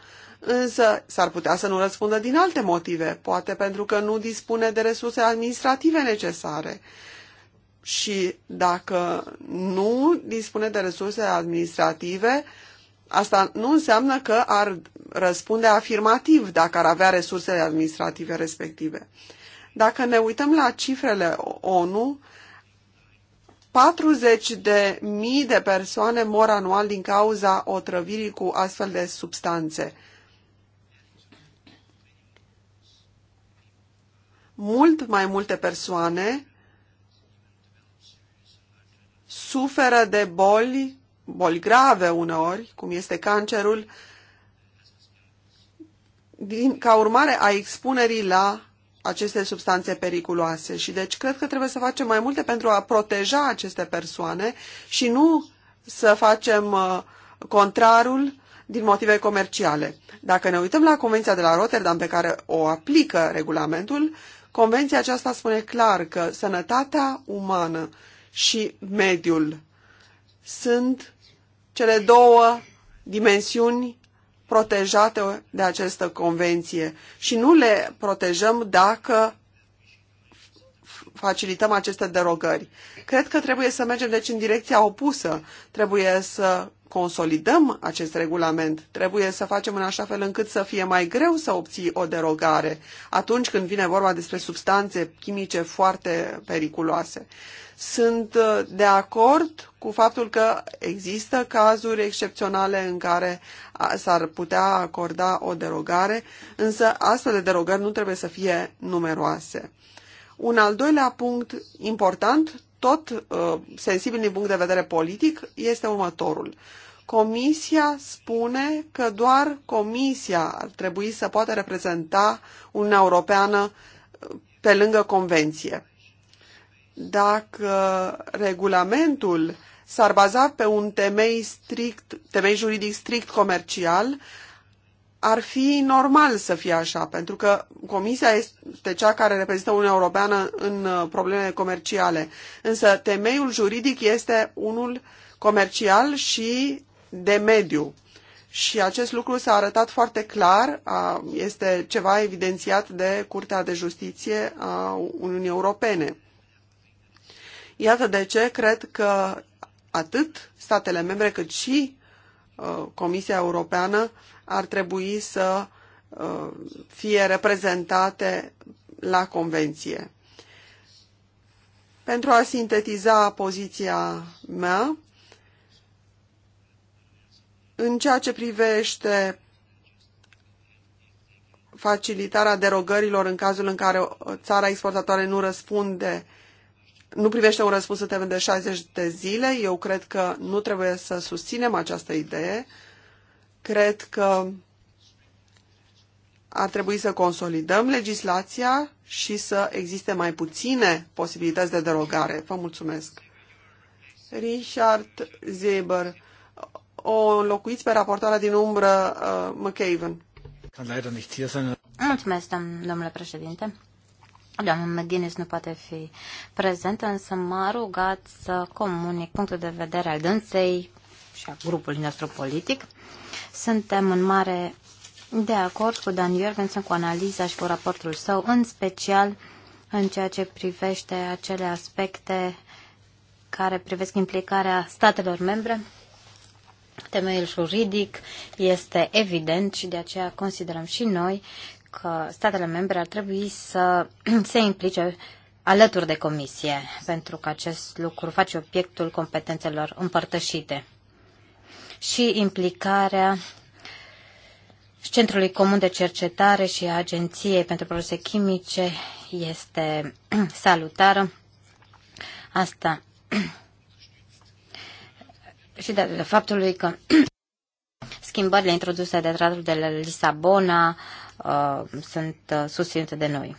însă s-ar putea să nu răspundă din alte motive, poate pentru că nu dispune de resurse administrative necesare. Și dacă nu dispune de resurse administrative, asta nu înseamnă că ar răspunde afirmativ dacă ar avea resursele administrative respective. Dacă ne uităm la cifrele ONU, 40 de mii de persoane mor anual din cauza otrăvirii cu astfel de substanțe. mult mai multe persoane suferă de boli, boli grave uneori, cum este cancerul, din, ca urmare a expunerii la aceste substanțe periculoase. Și deci cred că trebuie să facem mai multe pentru a proteja aceste persoane și nu să facem uh, contrarul din motive comerciale. Dacă ne uităm la Convenția de la Rotterdam pe care o aplică regulamentul, Convenția aceasta spune clar că sănătatea umană și mediul sunt cele două dimensiuni protejate de această convenție și nu le protejăm dacă facilităm aceste derogări. Cred că trebuie să mergem deci în direcția opusă. Trebuie să consolidăm acest regulament. Trebuie să facem în așa fel încât să fie mai greu să obții o derogare atunci când vine vorba despre substanțe chimice foarte periculoase. Sunt uh, de acord cu faptul că există cazuri excepționale în care s-ar putea acorda o derogare, însă astfel de derogări nu trebuie să fie numeroase. Un al doilea punct important, tot uh, sensibil din punct de vedere politic, este următorul. Comisia spune că doar Comisia ar trebui să poată reprezenta Uniunea Europeană uh, pe lângă Convenție. Dacă regulamentul s-ar baza pe un temei, strict, temei juridic strict comercial, ar fi normal să fie așa, pentru că Comisia este cea care reprezintă Uniunea Europeană în uh, problemele comerciale. Însă temeiul juridic este unul comercial și de mediu. Și acest lucru s-a arătat foarte clar, este ceva evidențiat de Curtea de Justiție a Uniunii Europene. Iată de ce cred că atât statele membre cât și uh, Comisia Europeană ar trebui să uh, fie reprezentate la convenție. Pentru a sintetiza poziția mea, în ceea ce privește facilitarea derogărilor în cazul în care țara exportatoare nu răspunde, nu privește un răspuns în termen de 60 de zile, eu cred că nu trebuie să susținem această idee. Cred că ar trebui să consolidăm legislația și să existe mai puține posibilități de derogare. Vă mulțumesc. Richard Zeber, o locuiți pe raportoarea din umbră uh, McAven. Mulțumesc, domnule președinte. Doamna McGuinness nu poate fi prezentă, însă m-a rugat să comunic punctul de vedere al dânsei și a grupului nostru politic. Suntem în mare de acord cu Dan Jorgensen, cu analiza și cu raportul său, în special în ceea ce privește acele aspecte care privesc implicarea statelor membre. Temeiul juridic este evident și de aceea considerăm și noi că statele membre ar trebui să se implice alături de comisie, pentru că acest lucru face obiectul competențelor împărtășite și implicarea Centrului Comun de Cercetare și Agenției pentru Produse Chimice este salutară. Asta și de faptului că schimbările introduse de tratatul de la Lisabona uh, sunt uh, susținute de noi.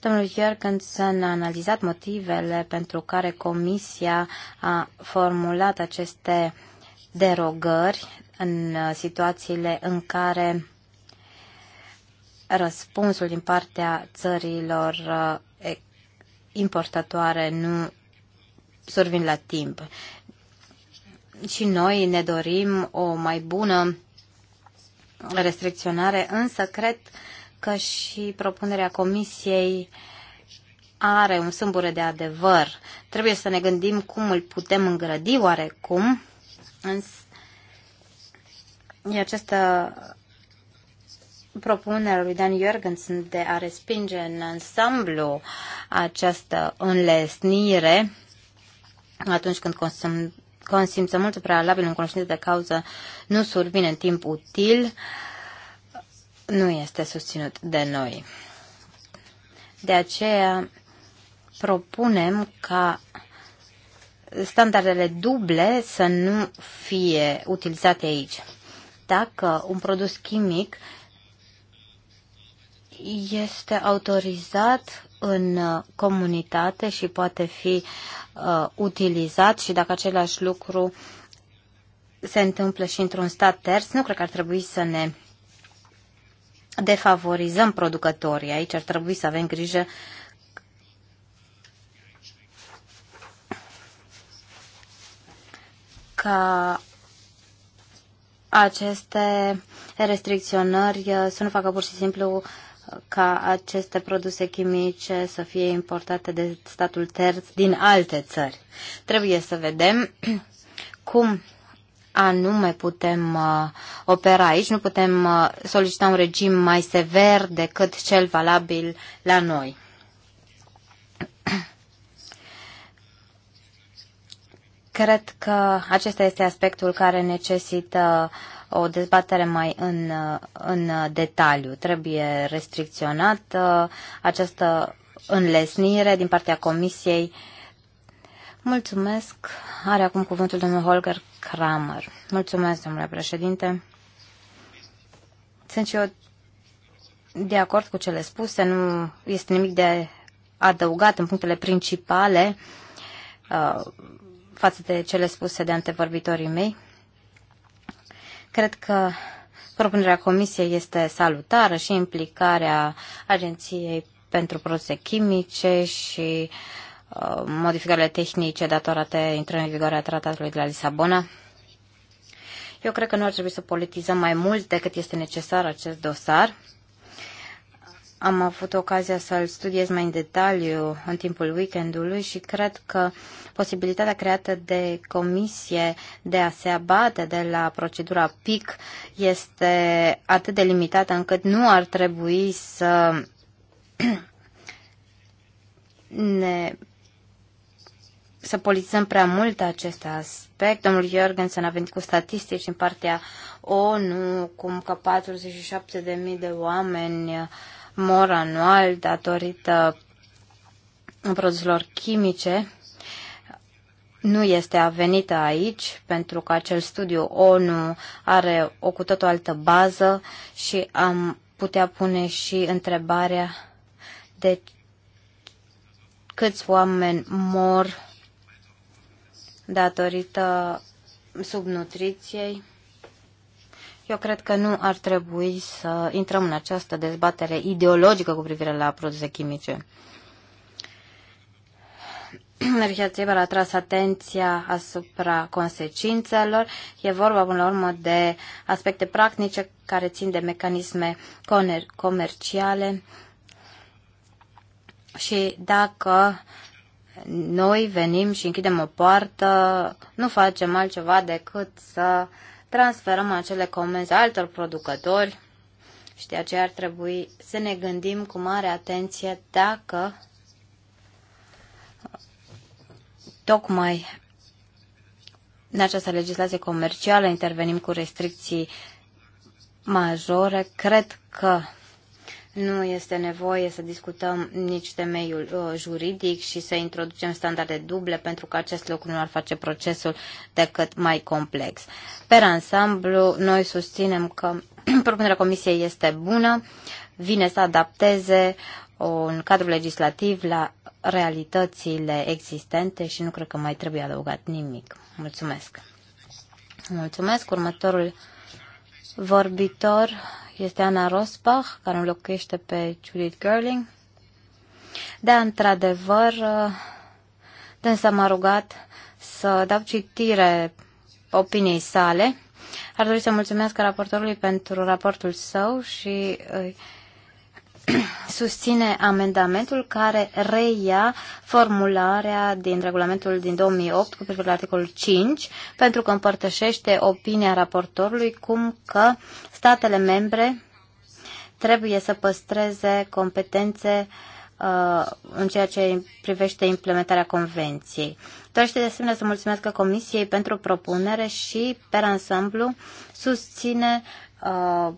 Domnul Jorgensen a analizat motivele pentru care Comisia a formulat aceste uh, derogări în uh, situațiile în care răspunsul din partea țărilor uh, importatoare nu survin la timp. Și noi ne dorim o mai bună restricționare, însă cred că și propunerea Comisiei are un sâmbure de adevăr. Trebuie să ne gândim cum îl putem îngrădi oarecum Însă, această propunerea lui Dan Jorgensen de a respinge în ansamblu această înlesnire atunci când consum, consimțământul prealabil în conștiință de cauză nu survine în timp util, nu este susținut de noi. De aceea propunem ca standardele duble să nu fie utilizate aici. Dacă un produs chimic este autorizat în uh, comunitate și poate fi uh, utilizat și dacă același lucru se întâmplă și într-un stat terț, nu cred că ar trebui să ne defavorizăm producătorii. Aici ar trebui să avem grijă ca aceste restricționări uh, să nu facă pur și simplu uh, ca aceste produse chimice să fie importate de statul terț din alte țări. Trebuie să vedem cum anume putem uh, opera aici, nu putem uh, solicita un regim mai sever decât cel valabil la noi. Cred că acesta este aspectul care necesită o dezbatere mai în, în detaliu. Trebuie restricționată uh, această înlesnire din partea Comisiei. Mulțumesc. Are acum cuvântul domnul Holger Kramer. Mulțumesc, domnule președinte. Sunt și eu de acord cu cele spuse. Nu este nimic de adăugat în punctele principale. Uh, față de cele spuse de antevorbitorii mei. Cred că propunerea Comisiei este salutară și implicarea Agenției pentru produse chimice și uh, modificările tehnice datorate intrării în vigoare a tratatului de la Lisabona. Eu cred că nu ar trebui să politizăm mai mult decât este necesar acest dosar. Am avut ocazia să-l studiez mai în detaliu în timpul weekendului și cred că posibilitatea creată de comisie de a se abate de la procedura PIC este atât de limitată încât nu ar trebui să ne să politizăm prea mult acest aspect. Domnul Jorgensen a venit cu statistici în partea ONU, cum că 47.000 de oameni mor anual datorită produselor chimice nu este avenită aici, pentru că acel studiu ONU are o cu totul altă bază și am putea pune și întrebarea de câți oameni mor datorită subnutriției. Eu cred că nu ar trebui să intrăm în această dezbatere ideologică cu privire la produse chimice. Energia Sieber a tras atenția asupra consecințelor. E vorba, până la urmă, de aspecte practice care țin de mecanisme comerciale și dacă noi venim și închidem o poartă, nu facem altceva decât să uh, transferăm acele comenzi altor producători și de aceea ar trebui să ne gândim cu mare atenție dacă tocmai în această legislație comercială intervenim cu restricții majore. Cred că nu este nevoie să discutăm nici temeiul uh, juridic și să introducem standarde duble pentru că acest lucru nu ar face procesul decât mai complex. Per ansamblu, noi susținem că propunerea Comisiei este bună, vine să adapteze un cadru legislativ la realitățile existente și nu cred că mai trebuie adăugat nimic. Mulțumesc! Mulțumesc! Următorul vorbitor este Ana Rosbach, care înlocuiește pe Judith Gerling. a da, într-adevăr, dânsa m-a rugat să dau citire opiniei sale. Ar dori să mulțumesc raportorului pentru raportul său și îi uh, susține amendamentul care reia formularea din regulamentul din 2008 cu privire la articolul 5, pentru că împărtășește opinia raportorului cum că statele membre trebuie să păstreze competențe uh, în ceea ce privește implementarea convenției. Dorește de asemenea să mulțumesc Comisiei pentru propunere și, pe ansamblu, susține uh,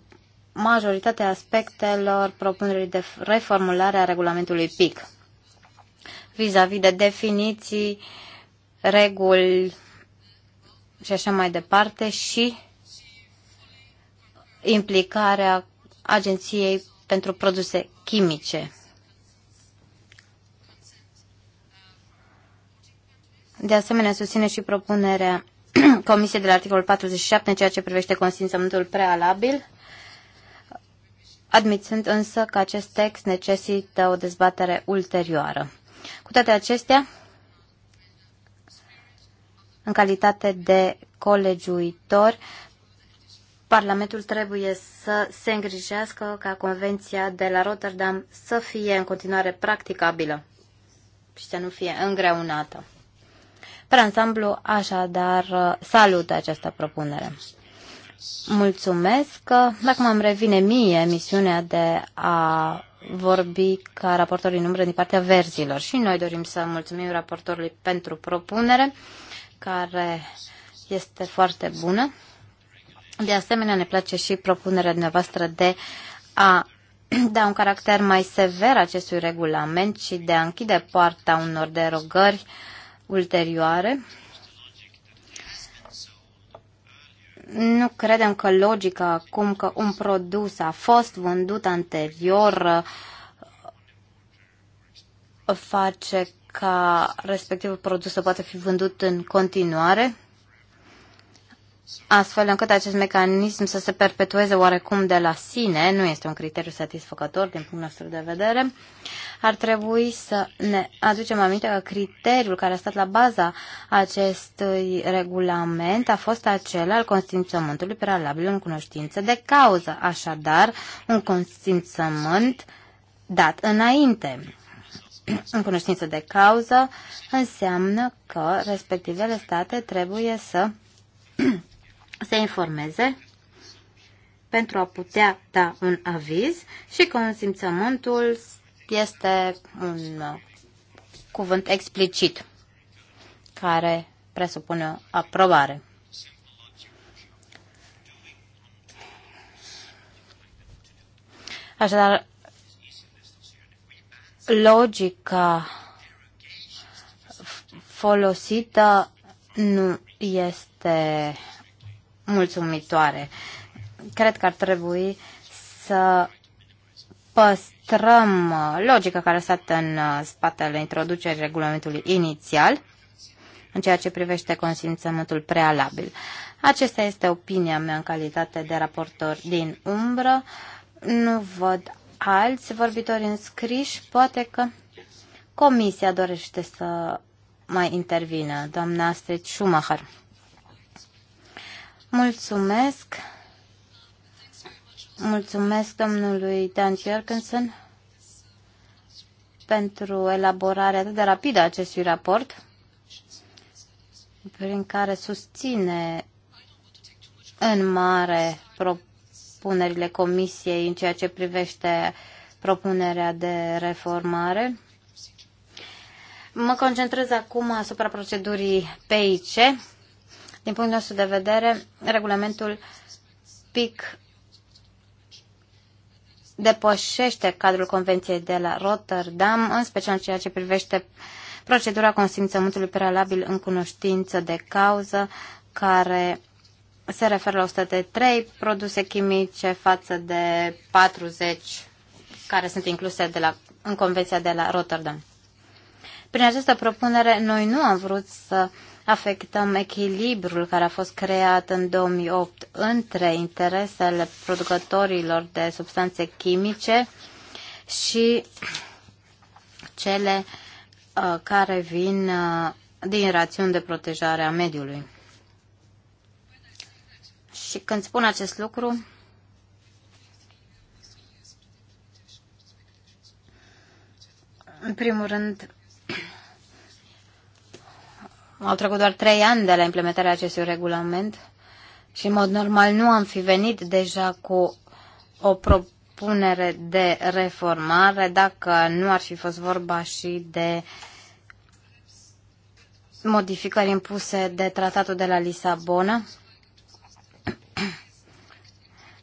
majoritatea aspectelor propunerii de reformulare a regulamentului PIC vis-a-vis -vis de definiții, reguli și așa mai departe și implicarea Agenției pentru Produse Chimice. De asemenea, susține și propunerea Comisiei de la articolul 47 în ceea ce privește consimțământul prealabil admițând însă că acest text necesită o dezbatere ulterioară. Cu toate acestea, în calitate de colegiuitor, Parlamentul trebuie să se îngrijească ca Convenția de la Rotterdam să fie în continuare practicabilă și să nu fie îngreunată. Pe ansamblu, așadar, salut această propunere. Mulțumesc. Dacă mă revine mie misiunea de a vorbi ca raportor în umbră din partea verzilor și noi dorim să mulțumim raportorului pentru propunere care este foarte bună. De asemenea, ne place și propunerea dumneavoastră de a da un caracter mai sever acestui regulament și de a închide poarta unor derogări ulterioare nu credem că logica acum că un produs a fost vândut anterior uh, face ca respectivul produs să poată fi vândut în continuare astfel încât acest mecanism să se perpetueze oarecum de la sine, nu este un criteriu satisfăcător din punctul nostru de vedere, ar trebui să ne aducem aminte că criteriul care a stat la baza acestui regulament a fost acela al consimțământului prealabil în cunoștință de cauză, așadar un consimțământ dat înainte. În cunoștință de cauză înseamnă că respectivele state trebuie să se informeze pentru a putea da un aviz și consimțământul este un cuvânt explicit care presupune o aprobare. Așadar, logica folosită nu este mulțumitoare. Cred că ar trebui să păstrăm uh, logica care a stat în uh, spatele introducerii regulamentului inițial în ceea ce privește consimțământul prealabil. Acesta este opinia mea în calitate de raportor din umbră. Nu văd alți vorbitori înscriși. Poate că comisia dorește să mai intervină. Doamna Astrid Schumacher. Mulțumesc. Mulțumesc domnului Dan Jorgensen pentru elaborarea atât de rapidă a acestui raport, prin care susține în mare propunerile Comisiei în ceea ce privește propunerea de reformare. Mă concentrez acum asupra procedurii PIC. Din punctul nostru de vedere, regulamentul PIC depășește cadrul Convenției de la Rotterdam, în special în ceea ce privește procedura consimțământului prealabil în cunoștință de cauză, care se referă la 103 produse chimice față de 40 care sunt incluse de la, în Convenția de la Rotterdam. Prin această propunere, noi nu am vrut să afectăm echilibrul care a fost creat în 2008 între interesele producătorilor de substanțe chimice și cele uh, care vin uh, din rațiuni de protejare a mediului. Și când spun acest lucru, în primul rând, au trecut doar trei ani de la implementarea acestui regulament și, în mod normal, nu am fi venit deja cu o propunere de reformare dacă nu ar fi fost vorba și de modificări impuse de tratatul de la Lisabona.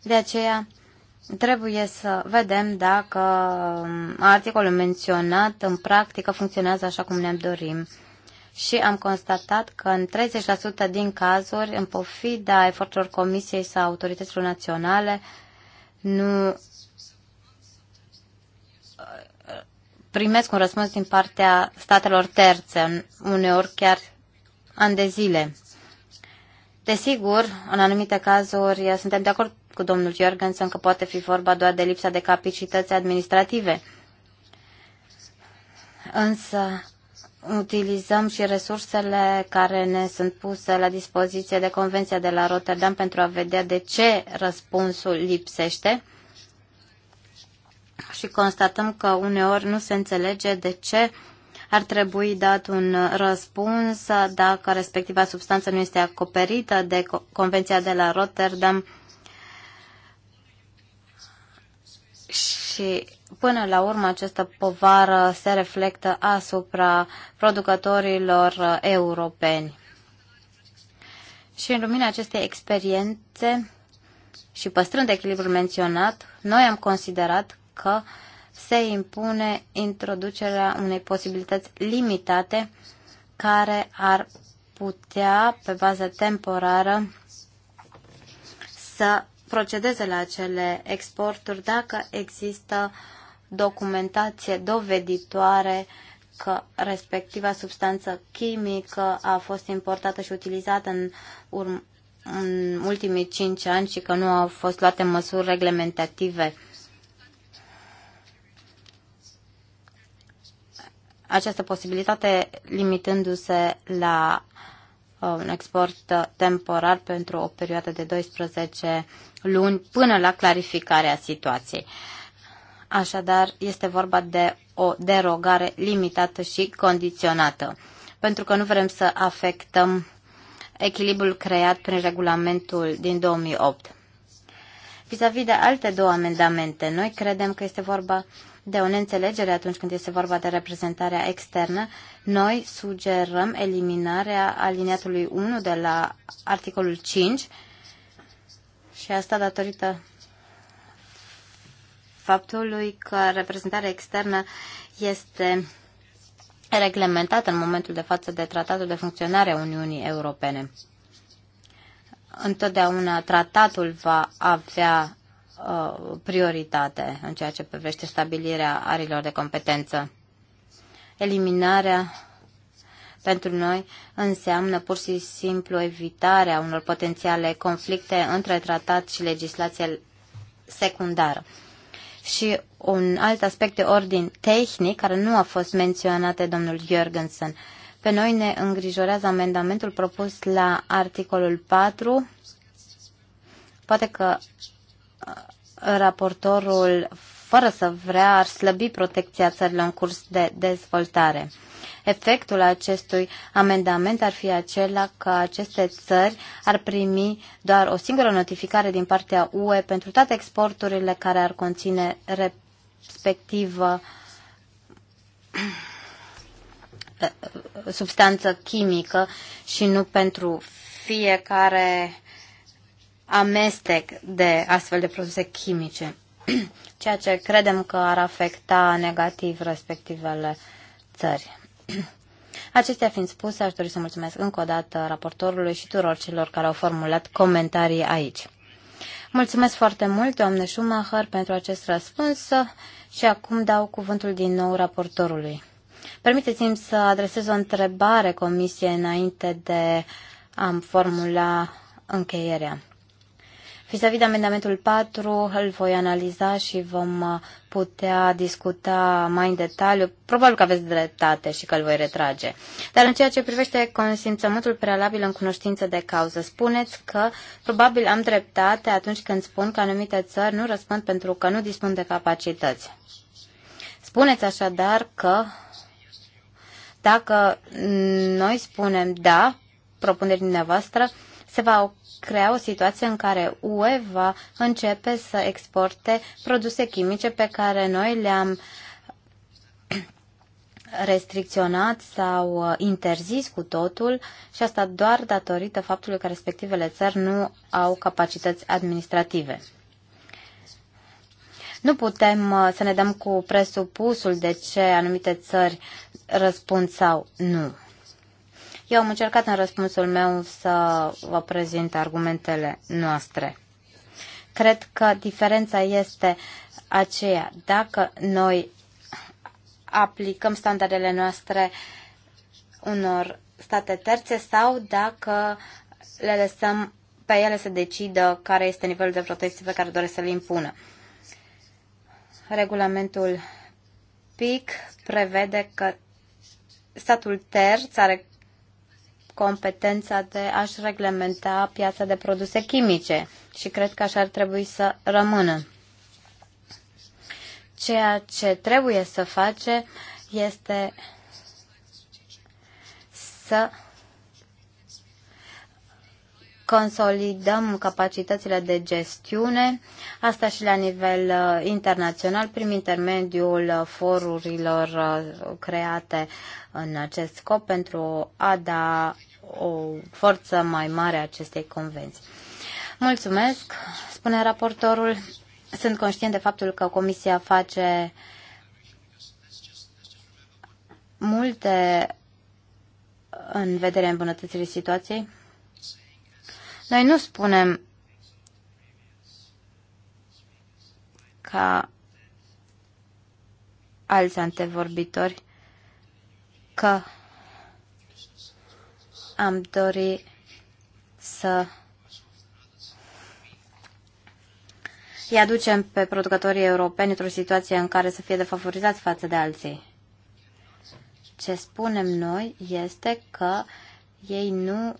De aceea, trebuie să vedem dacă um, articolul menționat în practică funcționează așa cum ne-am dorim și am constatat că în 30% din cazuri, în pofida eforturilor Comisiei sau autorităților naționale, nu primesc un răspuns din partea statelor terțe, uneori chiar ani de zile. Desigur, în anumite cazuri suntem de acord cu domnul Jorgensen că poate fi vorba doar de lipsa de capacități administrative. Însă utilizăm și resursele care ne sunt puse la dispoziție de Convenția de la Rotterdam pentru a vedea de ce răspunsul lipsește și constatăm că uneori nu se înțelege de ce ar trebui dat un răspuns dacă respectiva substanță nu este acoperită de Convenția de la Rotterdam și până la urmă această povară se reflectă asupra producătorilor europeni. Și în lumina acestei experiențe și păstrând echilibrul menționat, noi am considerat că se impune introducerea unei posibilități limitate care ar putea, pe bază temporară, să procedeze la acele exporturi dacă există documentație doveditoare că respectiva substanță chimică a fost importată și utilizată în, urm- în ultimii cinci ani și că nu au fost luate măsuri reglementative. Această posibilitate limitându-se la Uh, un export uh, temporar pentru o perioadă de 12 luni până la clarificarea situației. Așadar, este vorba de o derogare limitată și condiționată, pentru că nu vrem să afectăm echilibrul creat prin regulamentul din 2008. Vis-a-vis -vis de alte două amendamente, noi credem că este vorba de o neînțelegere atunci când este vorba de reprezentarea externă, noi sugerăm eliminarea aliniatului 1 de la articolul 5 și asta datorită faptului că reprezentarea externă este reglementată în momentul de față de Tratatul de Funcționare a Uniunii Europene. Întotdeauna tratatul va avea Uh, prioritate în ceea ce privește stabilirea arilor de competență. Eliminarea pentru noi înseamnă pur și simplu evitarea unor potențiale conflicte între tratat și legislație secundară. Și un alt aspect de ordin tehnic, care nu a fost menționat de domnul Jorgensen. Pe noi ne îngrijorează amendamentul propus la articolul 4. Poate că raportorul, fără să vrea, ar slăbi protecția țărilor în curs de dezvoltare. Efectul acestui amendament ar fi acela că aceste țări ar primi doar o singură notificare din partea UE pentru toate exporturile care ar conține respectivă substanță chimică și nu pentru fiecare amestec de astfel de produse chimice, ceea ce credem că ar afecta negativ respectivele țări. Acestea fiind spuse, aș dori să mulțumesc încă o dată raportorului și tuturor celor care au formulat comentarii aici. Mulțumesc foarte mult, doamne Schumacher, pentru acest răspuns și acum dau cuvântul din nou raportorului. Permiteți-mi să adresez o întrebare comisiei înainte de a formula încheierea. Vis-a-vis de amendamentul 4, îl voi analiza și vom uh, putea discuta mai în detaliu. Probabil că aveți dreptate și că îl voi retrage. Dar în ceea ce privește consimțământul prealabil în cunoștință de cauză, spuneți că probabil am dreptate atunci când spun că anumite țări nu răspund pentru că nu dispun de capacități. Spuneți așadar că dacă noi spunem da, propunerii dumneavoastră, se va crea o situație în care UE va începe să exporte produse chimice pe care noi le-am restricționat sau uh, interzis cu totul și asta doar datorită faptului că respectivele țări nu au capacități administrative. Nu putem uh, să ne dăm cu presupusul de ce anumite țări răspund sau nu. Eu am încercat în răspunsul meu să vă prezint argumentele noastre. Cred că diferența este aceea. Dacă noi aplicăm standardele noastre unor state terțe sau dacă le lăsăm pe ele să decidă care este nivelul de protecție pe care doresc să-l impună. Regulamentul PIC prevede că statul terț are competența de a-și reglementa piața de produse chimice și cred că așa ar trebui să rămână. Ceea ce trebuie să face este să consolidăm capacitățile de gestiune, asta și la nivel uh, internațional, prin intermediul uh, forurilor uh, create în acest scop pentru a da o forță mai mare a acestei convenții. Mulțumesc, spune raportorul. Sunt conștient de faptul că Comisia face multe în vederea îmbunătățirii situației. Noi nu spunem ca alți antevorbitori că am dori să îi aducem pe producătorii europeni într-o situație în care să fie defavorizați față de alții. Ce spunem noi este că ei nu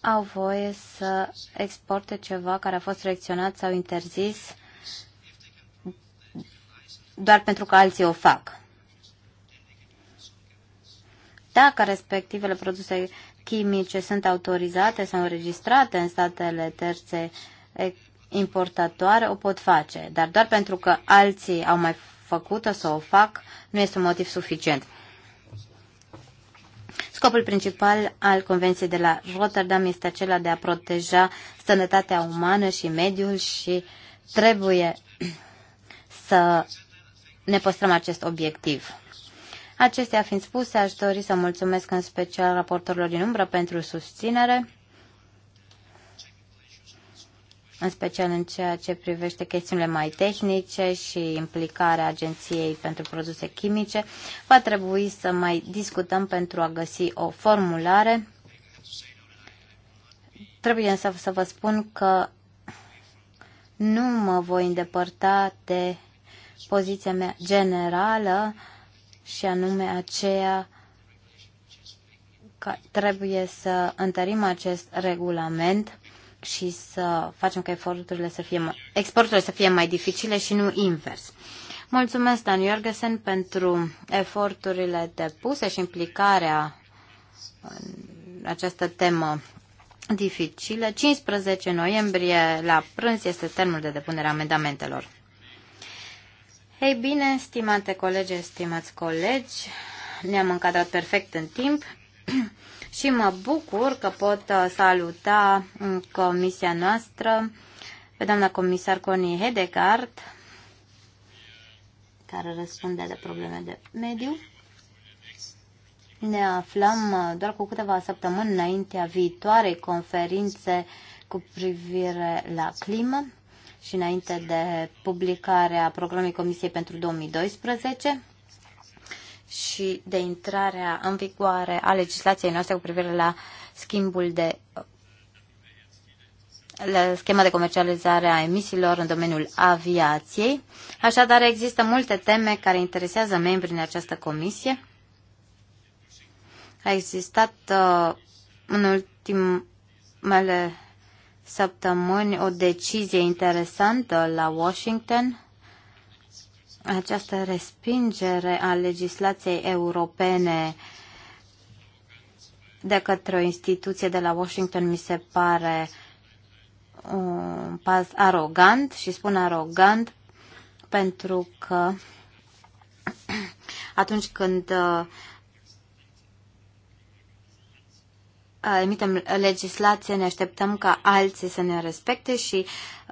au voie să exporte ceva care a fost reacționat sau interzis doar pentru că alții o fac. Dacă respectivele produse chimice sunt autorizate sau înregistrate în statele terțe importatoare, o pot face, dar doar pentru că alții au mai făcut-o să o fac, nu este un motiv suficient. Scopul principal al Convenției de la Rotterdam este acela de a proteja sănătatea umană și mediul și trebuie să ne păstrăm acest obiectiv. Acestea fiind spuse, aș dori să mulțumesc în special raportorilor din umbră pentru susținere în special în ceea ce privește chestiunile mai tehnice și implicarea Agenției pentru Produse Chimice, va trebui să mai discutăm pentru a găsi o formulare. Trebuie însă să vă spun că nu mă voi îndepărta de poziția mea generală și anume aceea că trebuie să întărim acest regulament și să facem ca eforturile să fie, exporturile să fie mai dificile și nu invers. Mulțumesc, Dan Jorgensen, pentru eforturile depuse și implicarea în această temă dificilă. 15 noiembrie la prânz este termenul de depunere a amendamentelor. Ei bine, stimate colegi, stimați colegi, ne-am încadrat perfect în timp și mă bucur că pot uh, saluta în mm, comisia noastră pe doamna comisar Connie Hedegaard, care răspunde de probleme de mediu. Ne aflăm uh, doar cu câteva săptămâni înaintea viitoarei conferințe cu privire la climă și înainte de publicarea programului Comisiei pentru 2012 și de intrarea în vigoare a legislației noastre cu privire la schimbul de la schema de comercializare a emisiilor în domeniul aviației. Așadar, există multe teme care interesează membrii în această comisie. A existat uh, în ultimele săptămâni o decizie interesantă la Washington această respingere a legislației europene de către o instituție de la Washington mi se pare un pas arogant și spun arogant pentru că atunci când uh, Uh, emitem legislație, ne așteptăm ca alții să ne respecte și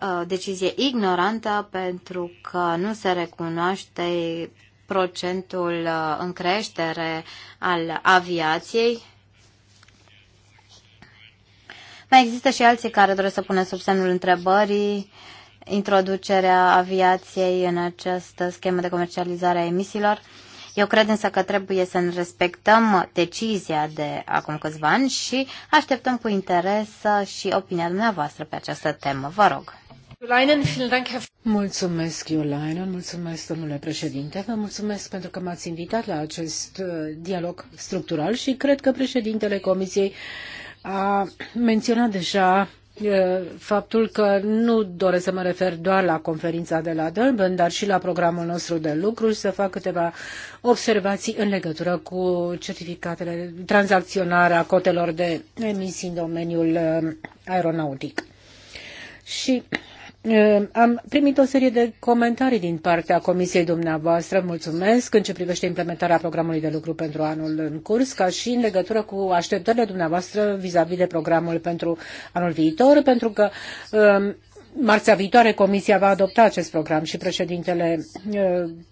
uh, decizie ignorantă pentru că nu se recunoaște procentul uh, în creștere al aviației. Mai există și alții care doresc să pună sub semnul întrebării introducerea aviației în această schemă de comercializare a emisiilor. Eu cred însă că trebuie să ne respectăm decizia de acum câțiva ani și așteptăm cu interes și opinia dumneavoastră pe această temă. Vă rog. Mulțumesc, Iulainen, mulțumesc, domnule președinte, vă mulțumesc pentru că m-ați invitat la acest uh, dialog structural și cred că președintele Comisiei a menționat deja faptul că nu doresc să mă refer doar la conferința de la Durban, dar și la programul nostru de lucru și să fac câteva observații în legătură cu certificatele, tranzacționarea cotelor de emisii în domeniul aeronautic. Și Ehm, am primit o serie de comentarii din partea Comisiei dumneavoastră. Mulțumesc în ce privește implementarea programului de lucru pentru anul în curs, ca și în legătură cu așteptările dumneavoastră vis-a-vis de programul pentru anul viitor, pentru că ehm, marțea viitoare Comisia va adopta acest program și președintele ehm,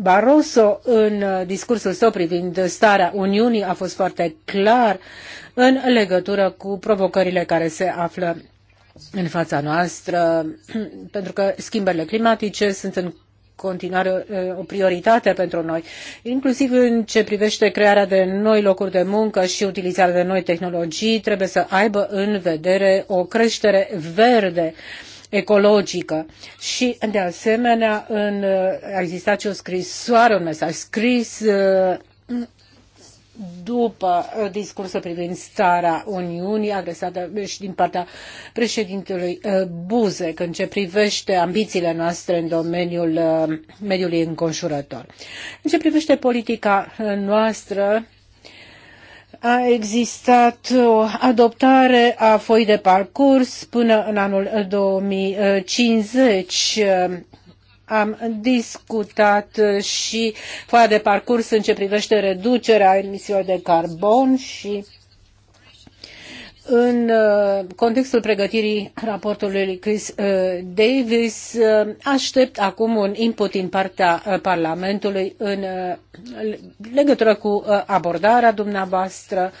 Barroso, în discursul său privind starea Uniunii, a fost foarte clar în legătură cu provocările care se află în fața noastră, pentru că schimbările climatice sunt în continuare o prioritate pentru noi, inclusiv în ce privește crearea de noi locuri de muncă și utilizarea de noi tehnologii, trebuie să aibă în vedere o creștere verde ecologică. Și, de asemenea, în, a existat și o scrisoare, un mesaj scris după uh, discursul privind starea Uniunii adresată uh, și din partea președintelui uh, Buzek în ce privește ambițiile noastre în domeniul mediului înconjurător. În ce privește politica noastră, a existat o adoptare a foi de parcurs până în anul 2050 am discutat uh, și foaia de parcurs în ce privește reducerea emisiilor de carbon și în uh, contextul pregătirii raportului Chris uh, Davis, aștept acum un input din partea Parlamentului în legătură cu abordarea dumneavoastră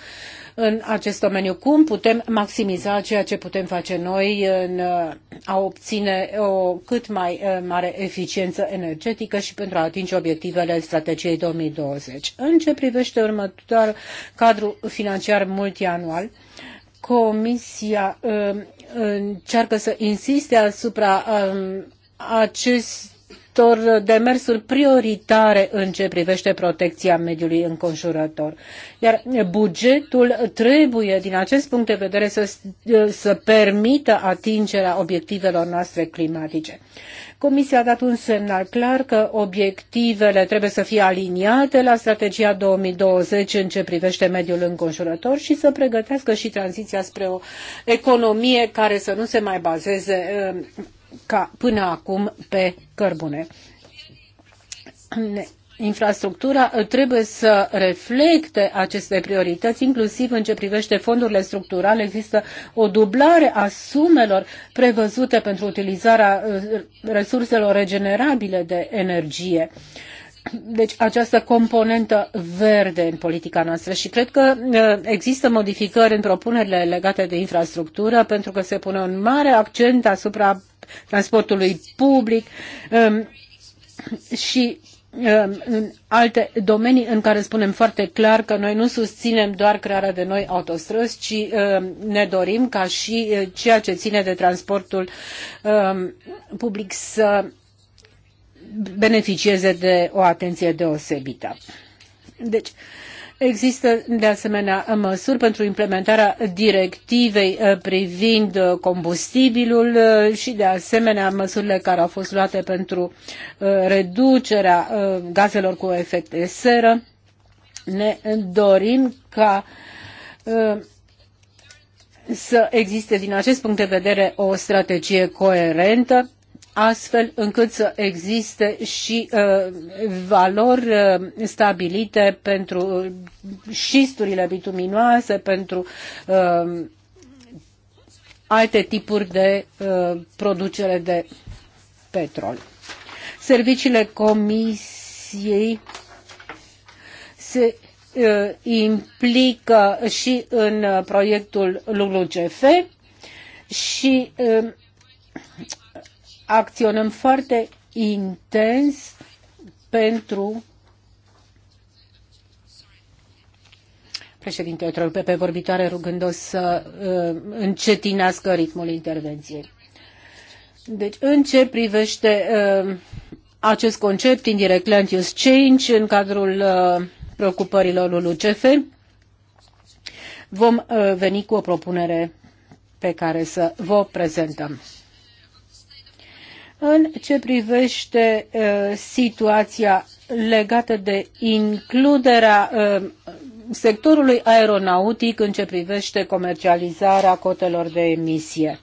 în acest domeniu. Cum putem maximiza ceea ce putem face noi în a obține o cât mai eh, mare eficiență energetică și pentru a atinge obiectivele strategiei 2020. În ce privește următor cadru financiar multianual, Comisia eh, încearcă să insiste asupra eh, acest acestor demersuri prioritare în ce privește protecția mediului înconjurător. Iar bugetul trebuie, din acest punct de vedere, să, să permită atingerea obiectivelor noastre climatice. Comisia a dat un semnal clar că obiectivele trebuie să fie aliniate la strategia 2020 în ce privește mediul înconjurător și să pregătească și tranziția spre o economie care să nu se mai bazeze ca până acum pe cărbune. Infrastructura uh, trebuie să reflecte aceste priorități, inclusiv în ce privește fondurile structurale. Există o dublare a sumelor prevăzute pentru utilizarea uh, resurselor regenerabile de energie. Deci această componentă verde în politica noastră și cred că uh, există modificări în propunerile legate de infrastructură pentru că se pune un mare accent asupra transportului public um, și um, în alte domenii în care spunem foarte clar că noi nu susținem doar crearea de noi autostrăzi, ci um, ne dorim ca și uh, ceea ce ține de transportul public să beneficieze de o atenție deosebită. Deci, Există de asemenea măsuri pentru implementarea directivei uh, privind uh, combustibilul uh, și de asemenea măsurile care au fost luate pentru reducerea gazelor cu efect de seră. Ne dorim ca să existe din acest punct de vedere o strategie coerentă astfel încât să existe și uh, valori uh, stabilite pentru uh, șisturile bituminoase, pentru uh, alte tipuri de uh, producere de petrol. Serviciile comisiei se uh, implică și în uh, proiectul LULUCF și uh, acționăm foarte intens pentru Președinte, o trebuie pe vorbitoare rugându-o să uh, încetinească ritmul intervenției. Deci, în ce privește uh, acest concept, indirect land use change, în cadrul uh, preocupărilor lui UCF, vom uh, veni cu o propunere pe care să vă prezentăm. În ce privește uh, situația legată de includerea uh, sectorului aeronautic în ce privește comercializarea cotelor de emisie.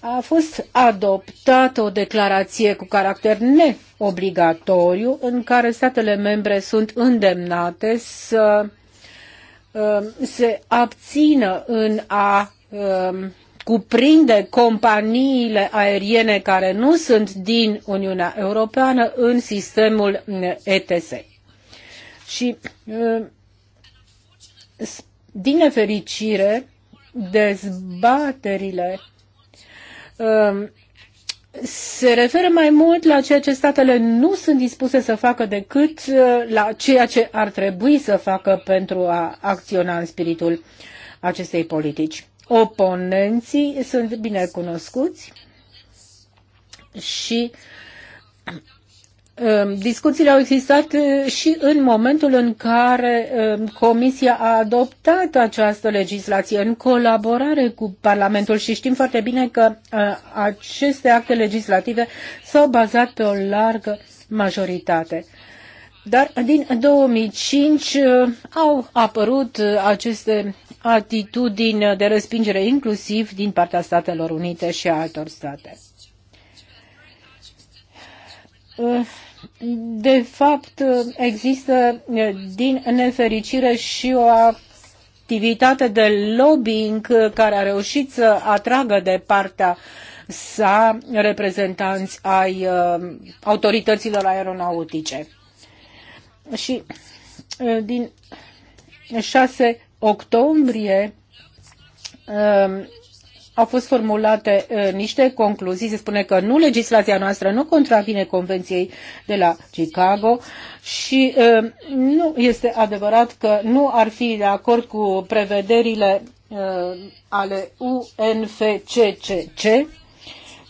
A fost adoptată o declarație cu caracter neobligatoriu în care statele membre sunt îndemnate să uh, se abțină în a um, cuprinde companiile aeriene care nu sunt din Uniunea Europeană în sistemul mm, ETS. Și mm, din nefericire, dezbaterile mm, se referă mai mult la ceea ce statele nu sunt dispuse să facă decât la ceea ce ar trebui să facă pentru a acționa în spiritul acestei politici oponenții sunt bine cunoscuți și um, Discuțiile au existat uh, și în momentul în care um, Comisia a adoptat această legislație în colaborare cu Parlamentul și știm foarte bine că uh, aceste acte legislative s-au bazat pe o largă majoritate. Dar din 2005 uh, au apărut uh, aceste atitudini de respingere, inclusiv din partea Statelor Unite și a altor state. Uh, de fapt, există din nefericire și o activitate de lobbying care a reușit să atragă de partea sa reprezentanți ai autorităților aeronautice și din 6 octombrie au fost formulate niște concluzii. Se spune că nu legislația noastră nu contravine Convenției de la Chicago și nu este adevărat că nu ar fi de acord cu prevederile ale UNFCCC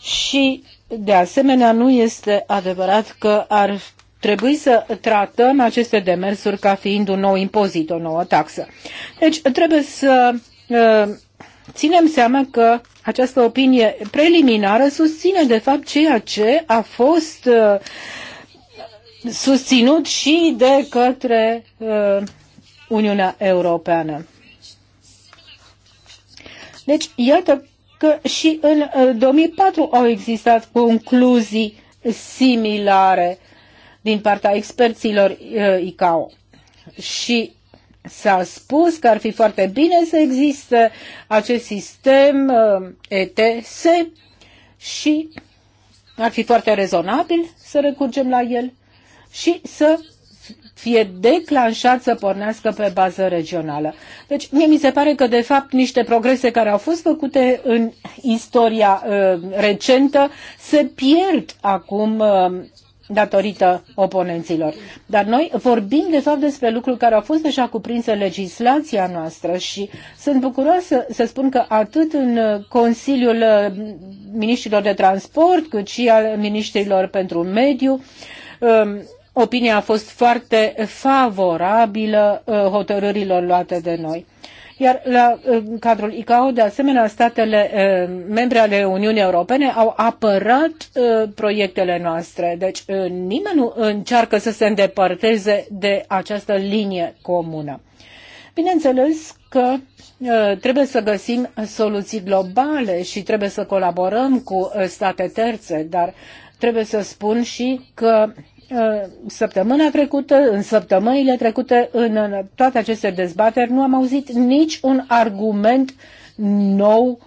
și de asemenea nu este adevărat că ar trebui să tratăm aceste demersuri ca fiind un nou impozit, o nouă taxă. Deci trebuie să ă, ținem seama că această opinie preliminară susține de fapt ceea ce a fost ă, susținut și de către ă, Uniunea Europeană. Deci, iată că și în 2004 au existat concluzii similare din partea experților uh, ICAO. Și s-a spus că ar fi foarte bine să existe acest sistem uh, ETS și ar fi foarte rezonabil să recurgem la el și să fie declanșat să pornească pe bază regională. Deci, mie mi se pare că, de fapt, niște progrese care au fost făcute în istoria uh, recentă se pierd acum uh, datorită oponenților. Dar noi vorbim de fapt despre lucruri care au fost deja cuprinse în legislația noastră și sunt bucuroasă să spun că atât în Consiliul uh, Ministrilor de Transport cât și al Ministrilor pentru Mediu um, opinia a fost foarte favorabilă uh, hotărârilor luate de noi. Iar la, în cadrul ICAO, de asemenea, statele eh, membre ale Uniunii Europene au apărat eh, proiectele noastre. Deci eh, nimeni nu încearcă să se îndepărteze de această linie comună. Bineînțeles că trebuie să găsim soluții globale și trebuie să colaborăm cu state terțe, dar trebuie să spun și că Uh, săptămâna trecută, în săptămânile trecute, în toate aceste dezbateri, nu am auzit nici un argument nou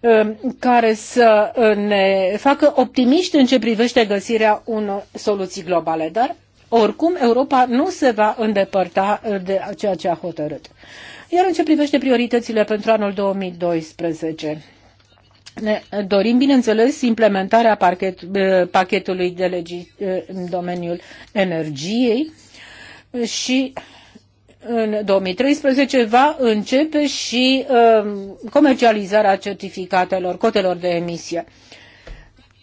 uh, care să uh, ne facă optimiști în ce privește găsirea unor soluții globale. Dar, oricum, Europa nu se va îndepărta de ceea ce a hotărât. Iar în ce privește prioritățile pentru anul 2012, ne dorim, bineînțeles, implementarea parchet, eh, pachetului de legi eh, în domeniul energiei și în 2013 va începe și eh, comercializarea certificatelor, cotelor de emisie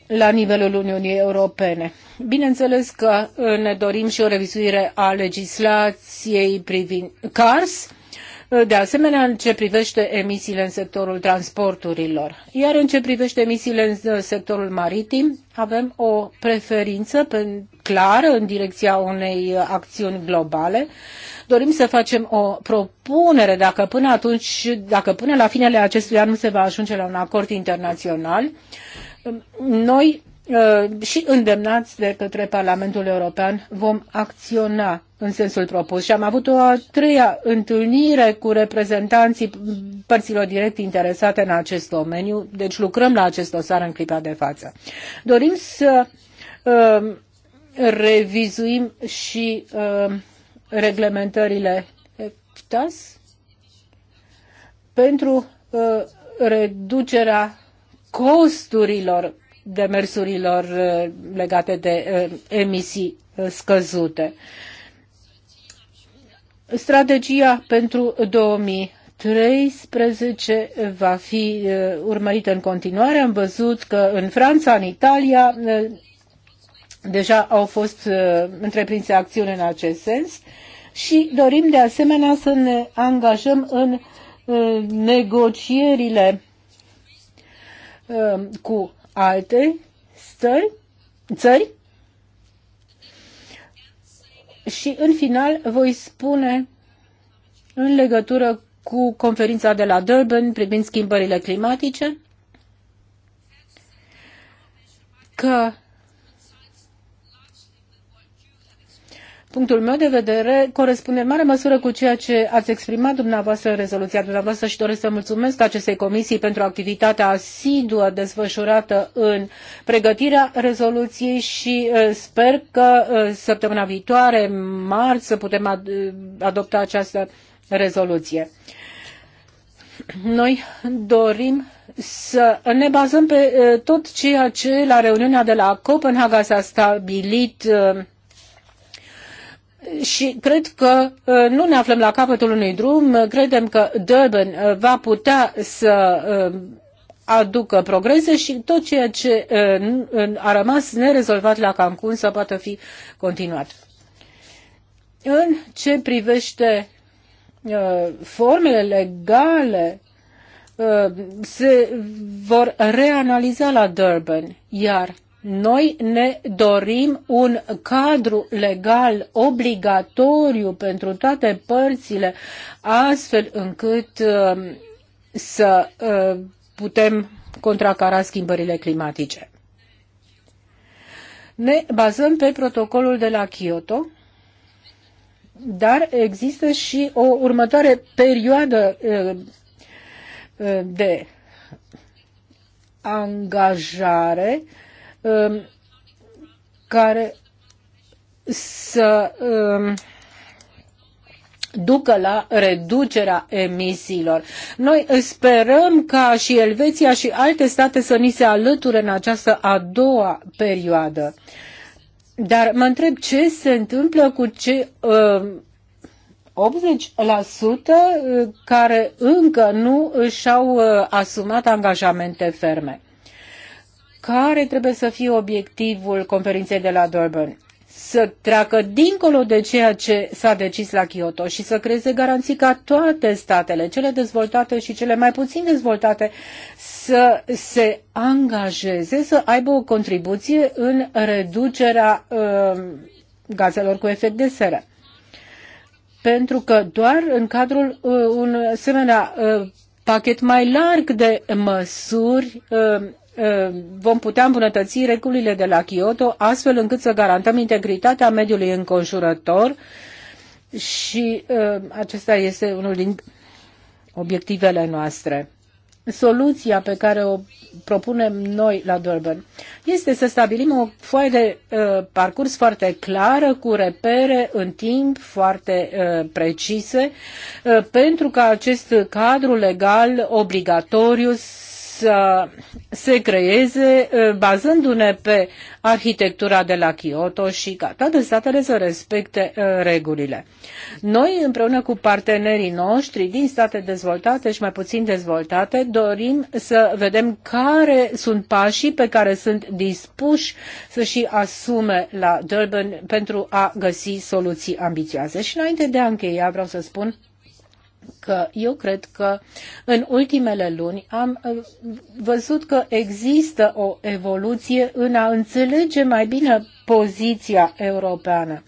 la nivelul Uniunii Europene. Bineînțeles că ne dorim și o revizuire a legislației privind CARS, de asemenea în ce privește emisiile în sectorul transporturilor. Iar în ce privește emisiile în sectorul maritim, avem o preferință clară în direcția unei acțiuni globale. Dorim să facem o propunere dacă până atunci, dacă până la finele acestui an nu se va ajunge la un acord internațional, noi Uh, și îndemnați de către Parlamentul European vom acționa în sensul propus. Și am avut o a treia întâlnire cu reprezentanții părților direct interesate în acest domeniu, deci lucrăm la acest dosar în clipa de față. Dorim să uh, revizuim și uh, reglementările EFTAS pentru uh, reducerea costurilor demersurilor uh, legate de uh, emisii uh, scăzute. Strategia pentru 2013 va fi urmărită în continuare. Am văzut că în Franța, în Italia, deja au fost întreprinse acțiuni în acest sens și dorim de asemenea să ne angajăm în negocierile cu alte stări, țări. Și în final voi spune în legătură cu conferința de la Durban privind schimbările climatice că punctul meu de vedere, corespunde în mare măsură cu ceea ce ați exprimat dumneavoastră în rezoluția dumneavoastră și doresc să mulțumesc acestei comisii pentru activitatea asiduă desfășurată în pregătirea rezoluției și uh, sper că uh, săptămâna viitoare, marți, să putem uh, adopta această rezoluție. Noi dorim să ne bazăm pe tot ceea ce la reuniunea de la Copenhaga s-a stabilit uh, și cred că uh, nu ne aflăm la capătul unui drum. Credem că Durban uh, va putea să uh, aducă progrese și tot ceea ce a rămas nerezolvat la Cancun să poată fi continuat. În ce privește formele legale se vor reanaliza la Durban, iar noi ne dorim un cadru legal obligatoriu pentru toate părțile, astfel încât um, să uh, putem contracara schimbările climatice. Ne bazăm pe protocolul de la Kyoto, dar există și o următoare perioadă uh, uh, de angajare Um, care să um, ducă la reducerea emisiilor. Noi sperăm ca și Elveția și alte state să ni se alăture în această a doua perioadă. Dar mă întreb ce se întâmplă cu ce um, uh, 80% care încă nu și-au uh, asumat angajamente ferme care trebuie să fie obiectivul conferinței de la Durban să treacă dincolo de ceea ce s-a decis la Kyoto și să creeze garanții ca toate statele, cele dezvoltate și cele mai puțin dezvoltate, să se angajeze, să aibă o contribuție în reducerea uh, gazelor cu efect de seră. Pentru că doar în cadrul uh, un asemenea uh, pachet mai larg de măsuri uh, Ă, vom putea îmbunătăți regulile de la Kyoto astfel încât să garantăm integritatea mediului înconjurător și ă, acesta este unul din obiectivele noastre. Soluția pe care o propunem noi la Durban este să stabilim o foaie de uh, parcurs foarte clară, cu repere în timp foarte uh, precise, uh, pentru ca acest cadru legal obligatoriu să se creeze ă, bazându-ne pe arhitectura de la Kyoto și ca toate statele să respecte ă, regulile. Noi, împreună cu partenerii noștri din state dezvoltate și mai puțin dezvoltate, dorim să vedem care sunt pașii pe care sunt dispuși să și asume la Durban pentru a găsi soluții ambițioase. Și înainte de a încheia, vreau să spun că eu cred că în ultimele luni am uh, văzut că există o evoluție în a înțelege mai bine poziția europeană.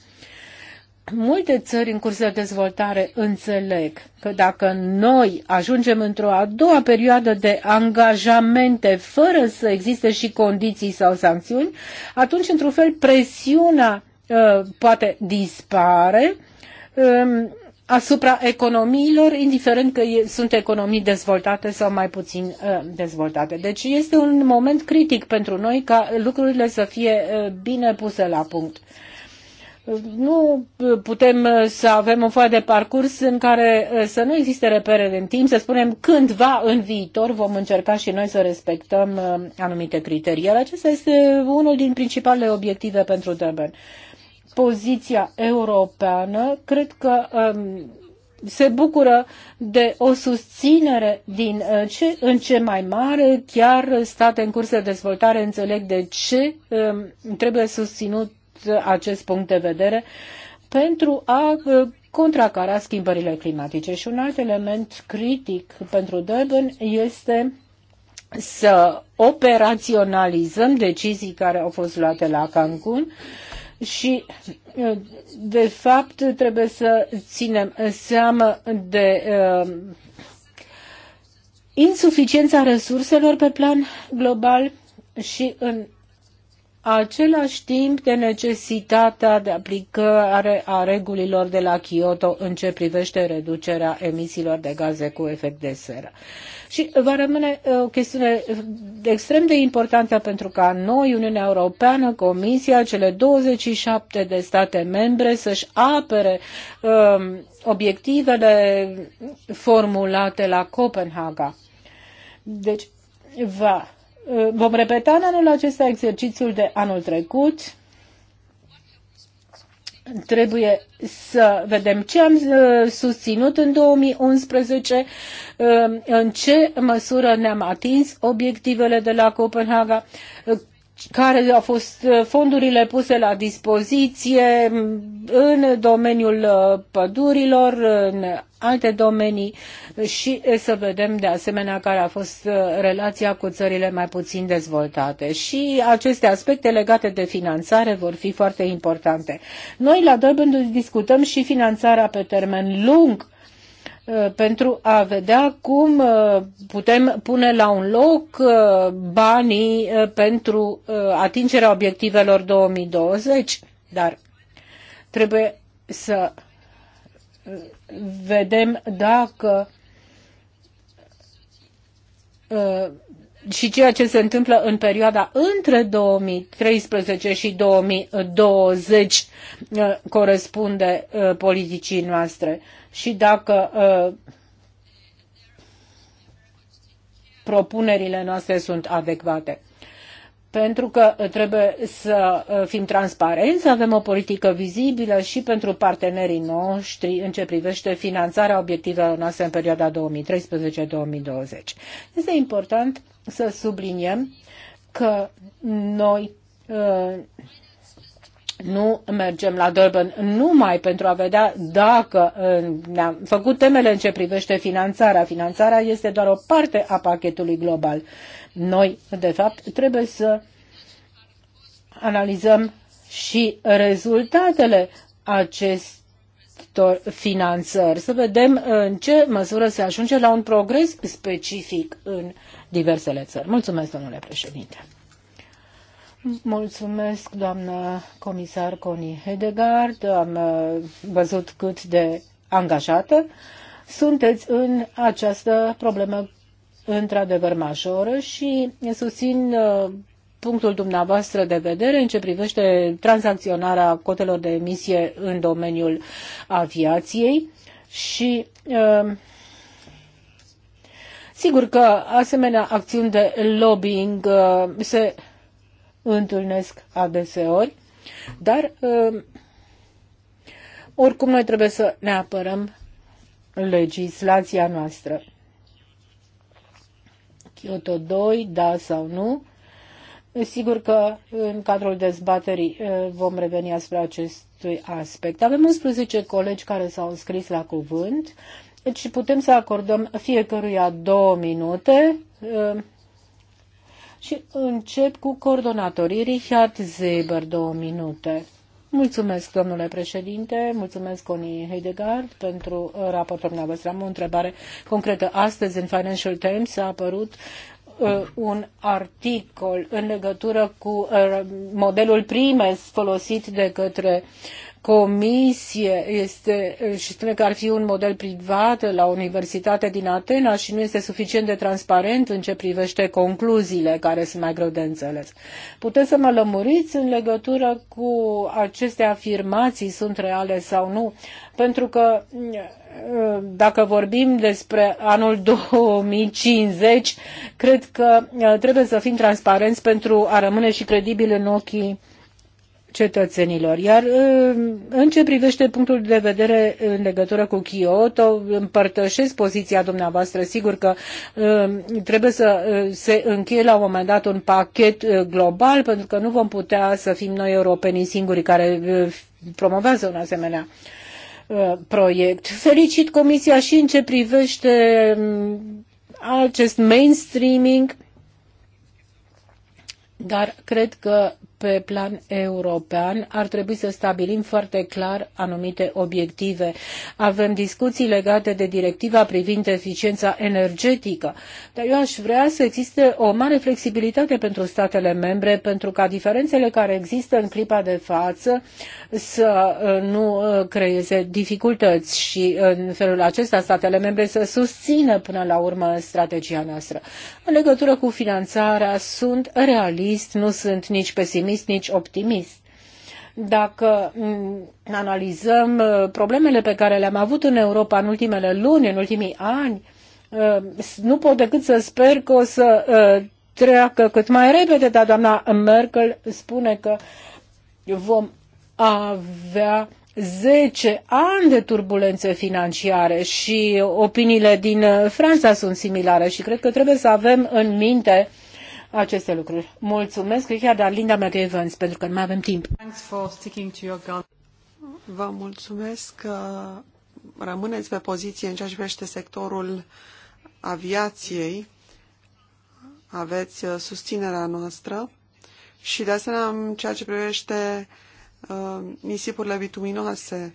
Multe țări în curs de dezvoltare înțeleg că dacă noi ajungem într-o a doua perioadă de angajamente fără să existe și condiții sau sancțiuni, atunci, într-un fel, presiunea uh, poate dispare. Uh, asupra economiilor, indiferent că sunt economii dezvoltate sau mai puțin uh, dezvoltate. Deci este un moment critic pentru noi ca lucrurile să fie uh, bine puse la punct. Nu putem uh, să avem o foaie de parcurs în care să nu existe repere în timp, să spunem cândva în viitor vom încerca și noi să respectăm anumite criterii. Iar acesta este unul din principalele obiective pentru Durban poziția europeană, cred că um, se bucură de o susținere din uh, ce în ce mai mare, chiar state în curs de dezvoltare înțeleg de ce um, trebuie susținut uh, acest punct de vedere pentru a uh, contracara schimbările climatice. Și un alt element critic pentru Durban este să operaționalizăm decizii care au fost luate la Cancun și, uh, de fapt, trebuie să ținem seama de uh, insuficiența resurselor pe plan global și în același timp de necesitatea de aplicare a regulilor de la Kyoto în ce privește reducerea emisiilor de gaze cu efect de seră. Și va rămâne uh, o chestiune extrem de importantă pentru ca noi, Uniunea Europeană, Comisia, cele 27 de state membre să-și apere um, obiectivele formulate la Copenhaga. Deci, va, uh, vom repeta în anul acesta exercițiul de anul trecut trebuie să vedem ce am uh, susținut în 2011, uh, în ce măsură ne-am atins obiectivele de la Copenhaga, uh, care au fost uh, fondurile puse la dispoziție în domeniul uh, pădurilor, în alte domenii și uh, să vedem de asemenea care a fost relația cu țările mai puțin dezvoltate. Și aceste aspecte legate de finanțare vor fi foarte importante. Noi la Durban discutăm și finanțarea pe termen lung Uh, pentru a vedea cum uh, putem pune la un loc uh, banii pentru atingerea obiectivelor 2020, dar trebuie să vedem dacă și ceea ce se întâmplă în perioada între 2013 și 2020 uh, corespunde uh, politicii noastre. Și dacă uh, propunerile noastre sunt adecvate pentru că uh, trebuie să uh, fim transparenți, să avem o politică vizibilă și pentru partenerii noștri în ce privește finanțarea obiectivelor noastre în perioada 2013-2020. Este important să subliniem că noi uh, nu mergem la Durban numai pentru a vedea dacă ne-am făcut temele în ce privește finanțarea. Finanțarea este doar o parte a pachetului global. Noi, de fapt, trebuie să analizăm și rezultatele acestor finanțări, să vedem în ce măsură se ajunge la un progres specific în diversele țări. Mulțumesc, domnule președinte. Mulțumesc, doamnă comisar Connie Hedegaard. Am uh, văzut cât de angajată sunteți în această problemă într-adevăr majoră și susțin uh, punctul dumneavoastră de vedere în ce privește tranzacționarea cotelor de emisie în domeniul aviației și uh, sigur că asemenea acțiuni de lobbying uh, se întâlnesc adeseori, dar oricum noi trebuie să ne apărăm legislația noastră. Kyoto 2, da sau nu. Sigur că în cadrul dezbaterii uh, vom reveni asupra acestui aspect. Avem 11 colegi care s-au înscris la cuvânt, deci putem să acordăm fiecăruia două minute uh, și încep cu coordonatorii Richard Zeber, două minute. Mulțumesc, domnule președinte, mulțumesc, Connie Heidegard, pentru uh, raportul dumneavoastră. Am o întrebare concretă. Astăzi, în Financial Times, a apărut uh, un articol în legătură cu uh, modelul primes folosit de către comisie este, și spune că ar fi un model privat la Universitatea din Atena și nu este suficient de transparent în ce privește concluziile care sunt mai greu de înțeles. Puteți să mă lămuriți în legătură cu aceste afirmații, sunt reale sau nu? Pentru că dacă vorbim despre anul 2050, cred că trebuie să fim transparenți pentru a rămâne și credibili în ochii cetățenilor. Iar uh, în ce privește punctul de vedere în legătură cu Kyoto, împărtășesc poziția dumneavoastră. Sigur că uh, trebuie să uh, se încheie la un moment dat un pachet global, pentru că nu vom putea să fim noi europenii singuri care promovează un asemenea proiect. Felicit Comisia și în ce privește um, acest mainstreaming dar cred că pe plan european ar trebui să stabilim foarte clar anumite obiective. Avem discuții legate de directiva privind eficiența energetică, dar eu aș vrea să existe o mare flexibilitate pentru statele membre, pentru ca diferențele care există în clipa de față să uh, nu uh, creeze dificultăți și uh, în felul acesta statele membre să susțină până la urmă strategia noastră. În legătură cu finanțarea, sunt realist, nu sunt nici pesimist pesimist, nici optimist. Dacă mm, analizăm uh, problemele pe care le-am avut în Europa în ultimele luni, în ultimii ani, uh, nu pot decât să sper că o să uh, treacă cât mai repede, dar doamna Merkel spune că vom avea 10 ani de turbulențe financiare și opiniile din Franța sunt similare și cred că trebuie să avem în minte uh, aceste lucruri. Mulțumesc, Richard, dar Linda McEvans, pentru că nu mai avem timp. Vă mulțumesc că rămâneți pe poziție în ceea ce privește sectorul aviației. Aveți uh, susținerea noastră și de asemenea în ceea ce privește uh, nisipurile bituminoase.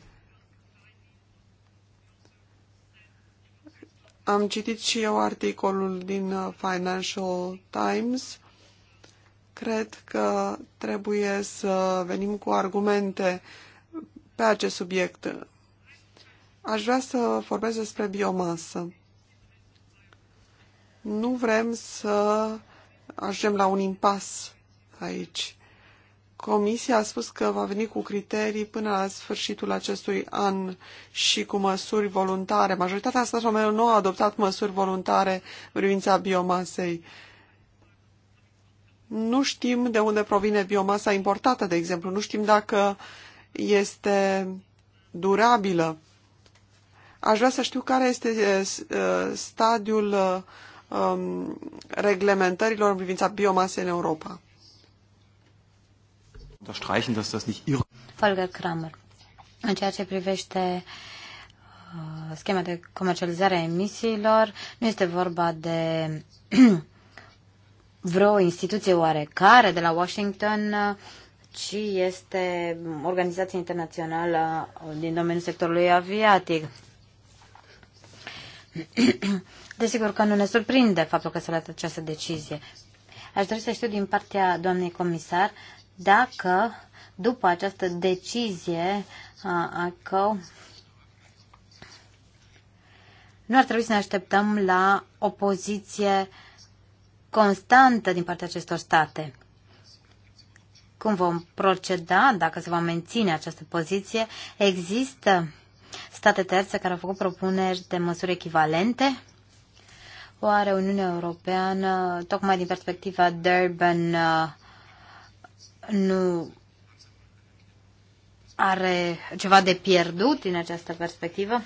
Am citit și eu articolul din uh, Financial Times. Cred că trebuie să venim cu argumente pe acest subiect. Aș vrea să vorbesc despre biomasă. Nu vrem să ajungem la un impas aici. Comisia a spus că va veni cu criterii până la sfârșitul acestui an și cu măsuri voluntare. Majoritatea statelor membre nu au adoptat măsuri voluntare în privința biomasei. Nu știm de unde provine biomasa importată, de exemplu. Nu știm dacă este durabilă. Aș vrea să știu care este eh, eh, stadiul eh, um, reglementărilor în privința biomasei în Europa. Unterstreichen, dass das nicht irre. Folge Kramer. În ceea ce privește uh, schema de comercializare a emisiilor, nu este vorba de vreo instituție oarecare de la Washington, ci este organizație internațională din domeniul sectorului aviatic. Desigur că nu ne surprinde faptul că s-a luat această decizie. Aș dori să știu din partea doamnei comisar dacă după această decizie a nu ar trebui să ne așteptăm la o poziție constantă din partea acestor state. Cum vom proceda dacă se va menține această poziție? Există state terțe care au făcut propuneri de măsuri echivalente? Oare Uniunea Europeană, tocmai din perspectiva Durban, uh, nu are ceva de pierdut din această perspectivă?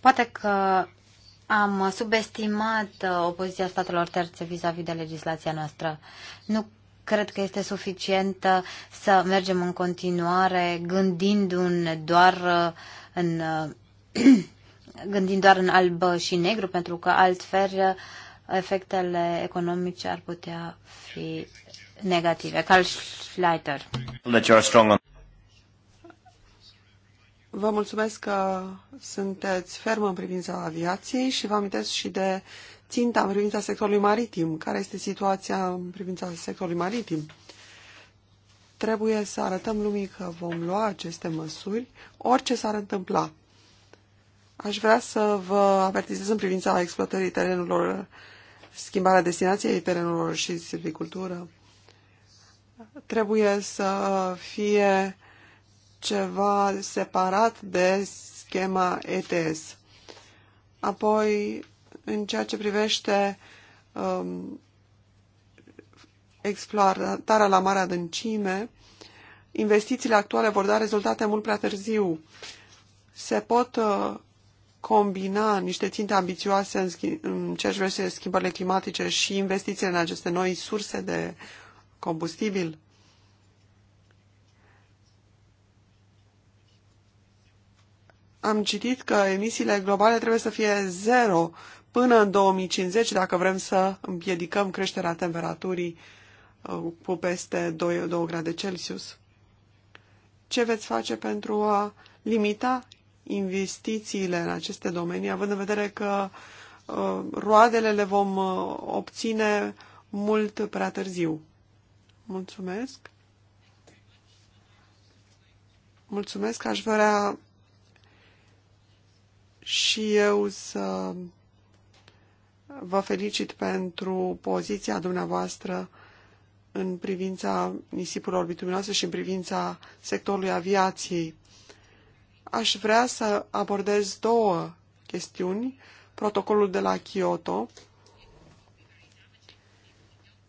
Poate că am subestimat uh, opoziția statelor terțe vis-a-vis -vis de legislația noastră. Nu cred că este suficient uh, să mergem în continuare gândindu-ne doar uh, în gândind doar în alb și negru, pentru că altfel efectele economice ar putea fi negative. Carl Schleiter. Vă mulțumesc că sunteți fermă în privința aviației și vă amintesc și de ținta în privința sectorului maritim. Care este situația în privința sectorului maritim? Trebuie să arătăm lumii că vom lua aceste măsuri, orice s-ar întâmpla. Aș vrea să vă avertizez în privința exploatării terenurilor schimbarea destinației terenurilor și silvicultură trebuie să fie ceva separat de schema ETS. Apoi, în ceea ce privește um, exploatarea la mare adâncime, investițiile actuale vor da rezultate mult prea târziu. Se pot uh, combina niște ținte ambițioase în, în ceea ce privește schimbările climatice și investițiile în aceste noi surse de combustibil? Am citit că emisiile globale trebuie să fie zero până în 2050 dacă vrem să împiedicăm creșterea temperaturii uh, cu peste 2, 2 grade Celsius. Ce veți face pentru a limita investițiile în aceste domenii, având în vedere că uh, roadele le vom uh, obține mult prea târziu. Mulțumesc. Mulțumesc. Aș vrea și eu să vă felicit pentru poziția dumneavoastră în privința nisipurilor bituminoase și în privința sectorului aviației aș vrea să abordez două chestiuni. Protocolul de la Kyoto.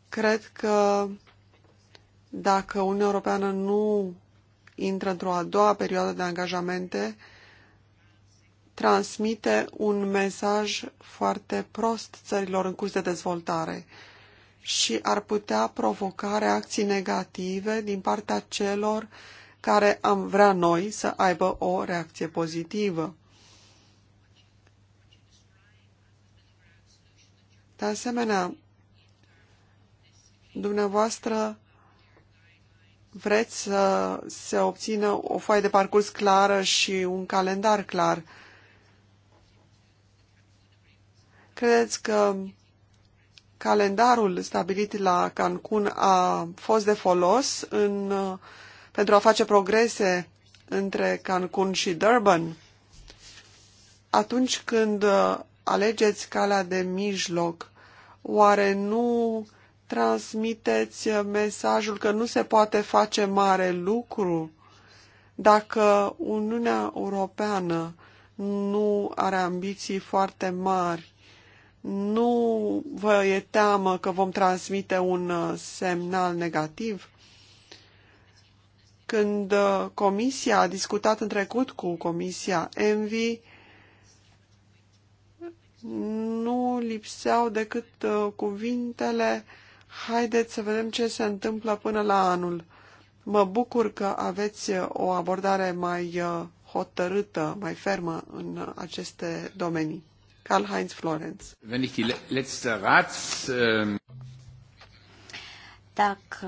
Cred că dacă Uniunea Europeană nu intră într-o a doua perioadă de angajamente, transmite un mesaj foarte prost țărilor în curs de dezvoltare și ar putea provoca reacții negative din partea celor care am vrea noi să aibă o reacție pozitivă. De asemenea, dumneavoastră vreți să se obțină o foaie de parcurs clară și un calendar clar. Credeți că calendarul stabilit la Cancun a fost de folos în pentru a face progrese între Cancun și Durban, atunci când uh, alegeți calea de mijloc, oare nu transmiteți uh, mesajul că nu se poate face mare lucru dacă Uniunea Europeană nu are ambiții foarte mari. Nu vă e teamă că vom transmite un uh, semnal negativ? Când uh, Comisia a discutat în trecut cu Comisia Envi, nu lipseau decât uh, cuvintele haideți să vedem ce se întâmplă până la anul. Mă bucur că aveți uh, o abordare mai hotărâtă, mai fermă în aceste domenii. Karl-Heinz Florenz. Dacă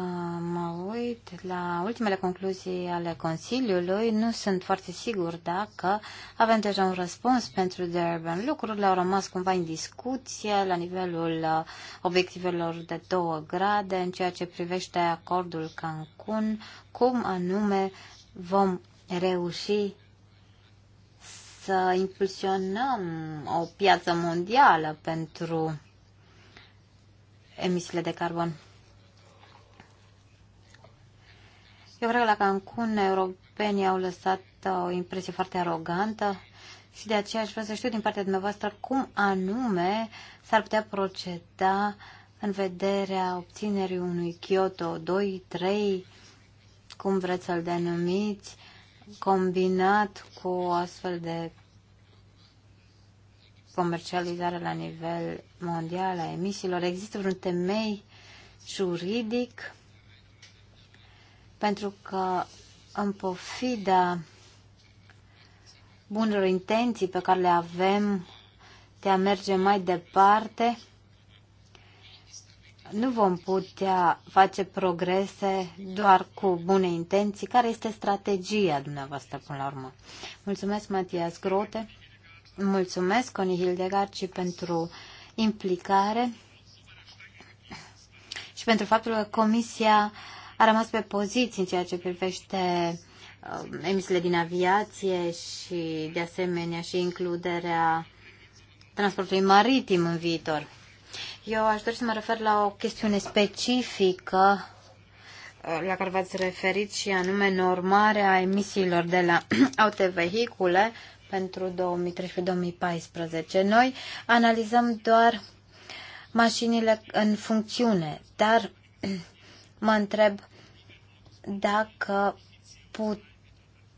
mă uit la ultimele concluzii ale Consiliului, nu sunt foarte sigur dacă avem deja un răspuns pentru Durban. Lucrurile au rămas cumva în discuție la nivelul uh, obiectivelor de 2 grade în ceea ce privește acordul Cancun, cum anume vom reuși să impulsionăm o piață mondială pentru emisiile de carbon. Eu cred că la Cancun europenii au lăsat uh, o impresie foarte arogantă și de aceea aș vrea să știu din partea dumneavoastră cum anume s-ar putea proceda în vederea obținerii unui Kyoto 2, 3, cum vreți să-l denumiți, combinat cu o astfel de comercializare la nivel mondial a emisiilor. Există vreun temei juridic pentru că în pofida bunelor intenții pe care le avem de a merge mai departe, nu vom putea face progrese doar cu bune intenții. Care este strategia dumneavoastră până la urmă? Mulțumesc, Matias Grote. Mulțumesc, Conny Hildegard, și pentru implicare și pentru faptul că Comisia uh, a rămas pe poziții în ceea ce privește um, emisiile din aviație și, de asemenea, și includerea transportului maritim în viitor. Eu aș dori să mă refer la o chestiune specifică uh, la care v-ați referit și anume normarea emisiilor de la autovehicule pentru 2013-2014. Noi analizăm doar mașinile în funcțiune, dar mă întreb dacă put,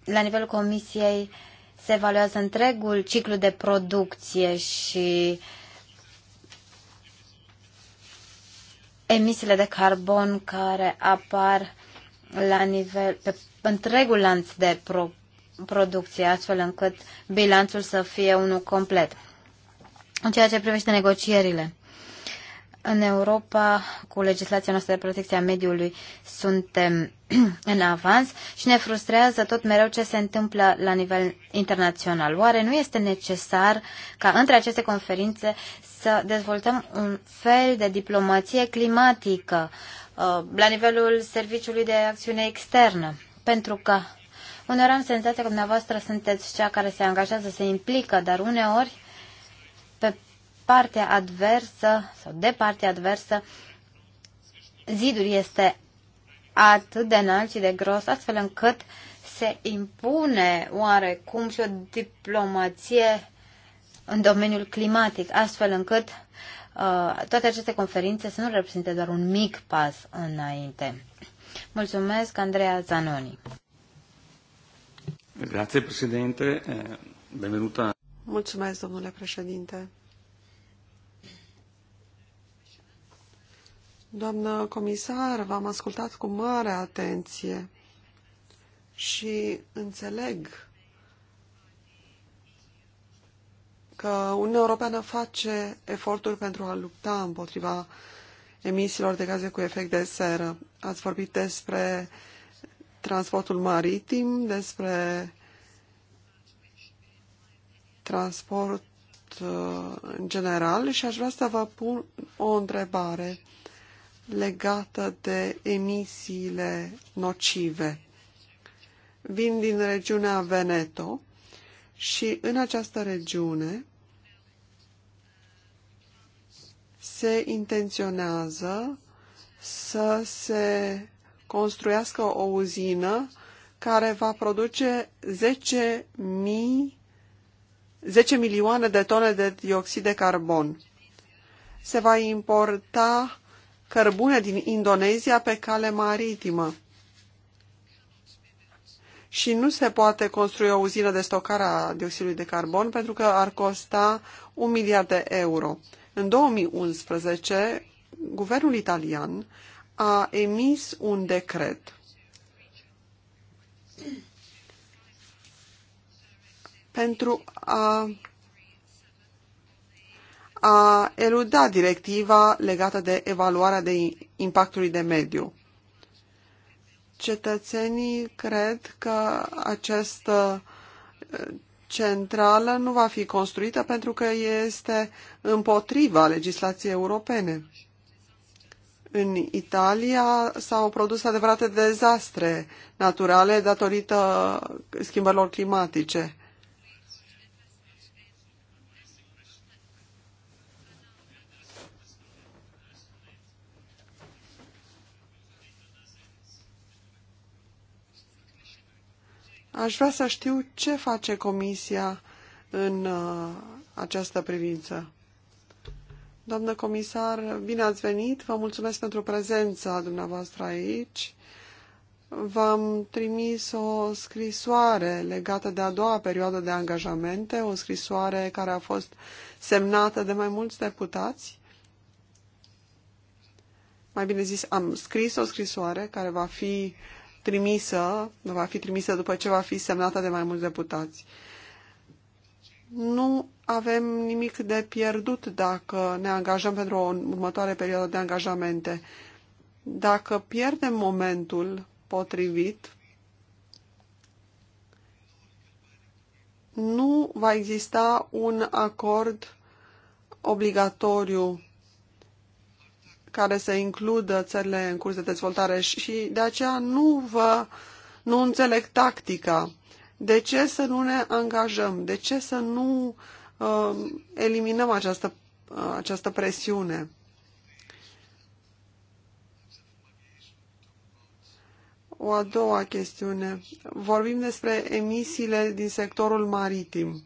la nivelul comisiei se evaluează întregul ciclu de producție și emisiile de carbon care apar la nivel, pe întregul lanț de pro, producție, astfel încât bilanțul să fie unul complet. În ceea ce privește negocierile, în Europa, cu legislația noastră de protecție a mediului, suntem în avans și ne frustrează tot mereu ce se întâmplă la nivel internațional. Oare nu este necesar ca între aceste conferințe să dezvoltăm un fel de diplomație climatică uh, la nivelul Serviciului de Acțiune Externă? Pentru că uneori am senzația că dumneavoastră sunteți cea care se angajează, se implică, dar uneori partea adversă sau de partea adversă zidul este atât de înalt și de gros, astfel încât se impune oarecum și o diplomație în domeniul climatic, astfel încât uh, toate aceste conferințe să nu reprezinte doar un mic pas înainte. Mulțumesc, Andreea Zanoni. Grazie, președinte. Eh, benvenuta. Mulțumesc, domnule președinte. Doamnă comisar, v-am ascultat cu mare atenție și înțeleg că Uniunea Europeană face eforturi pentru a lupta împotriva emisiilor de gaze cu efect de seră. Ați vorbit despre transportul maritim, despre transport uh, în general și aș vrea să vă pun o întrebare legată de emisiile nocive. Vin din regiunea Veneto și în această regiune se intenționează să se construiască o uzină care va produce 10, mii, 10 milioane de tone de dioxid de carbon. Se va importa cărbune din Indonezia pe cale maritimă. Și nu se poate construi o uzină de stocare a dioxidului de carbon pentru că ar costa un miliard de euro. În 2011, guvernul italian a emis un decret pentru a a eluda directiva legată de evaluarea de impactului de mediu. Cetățenii cred că această uh, centrală nu va fi construită pentru că este împotriva legislației europene. În Italia s-au produs adevărate dezastre naturale datorită schimbărilor climatice. Aș vrea să știu ce face Comisia în uh, această privință. Doamnă comisar, bine ați venit. Vă mulțumesc pentru prezența dumneavoastră aici. V-am trimis o scrisoare legată de a doua perioadă de angajamente, o scrisoare care a fost semnată de mai mulți deputați. Mai bine zis, am scris o scrisoare care va fi uh, trimisă, va fi trimisă după ce va fi semnată de mai mulți deputați. Nu avem nimic de pierdut dacă ne angajăm pentru o următoare perioadă de angajamente. Dacă pierdem momentul potrivit, nu va exista un acord obligatoriu care să includă țările în curs de dezvoltare și de aceea nu vă nu înțeleg tactica. De ce să nu ne angajăm? De ce să nu uh, eliminăm această, uh, această presiune? O a doua chestiune. Vorbim despre emisiile din sectorul maritim.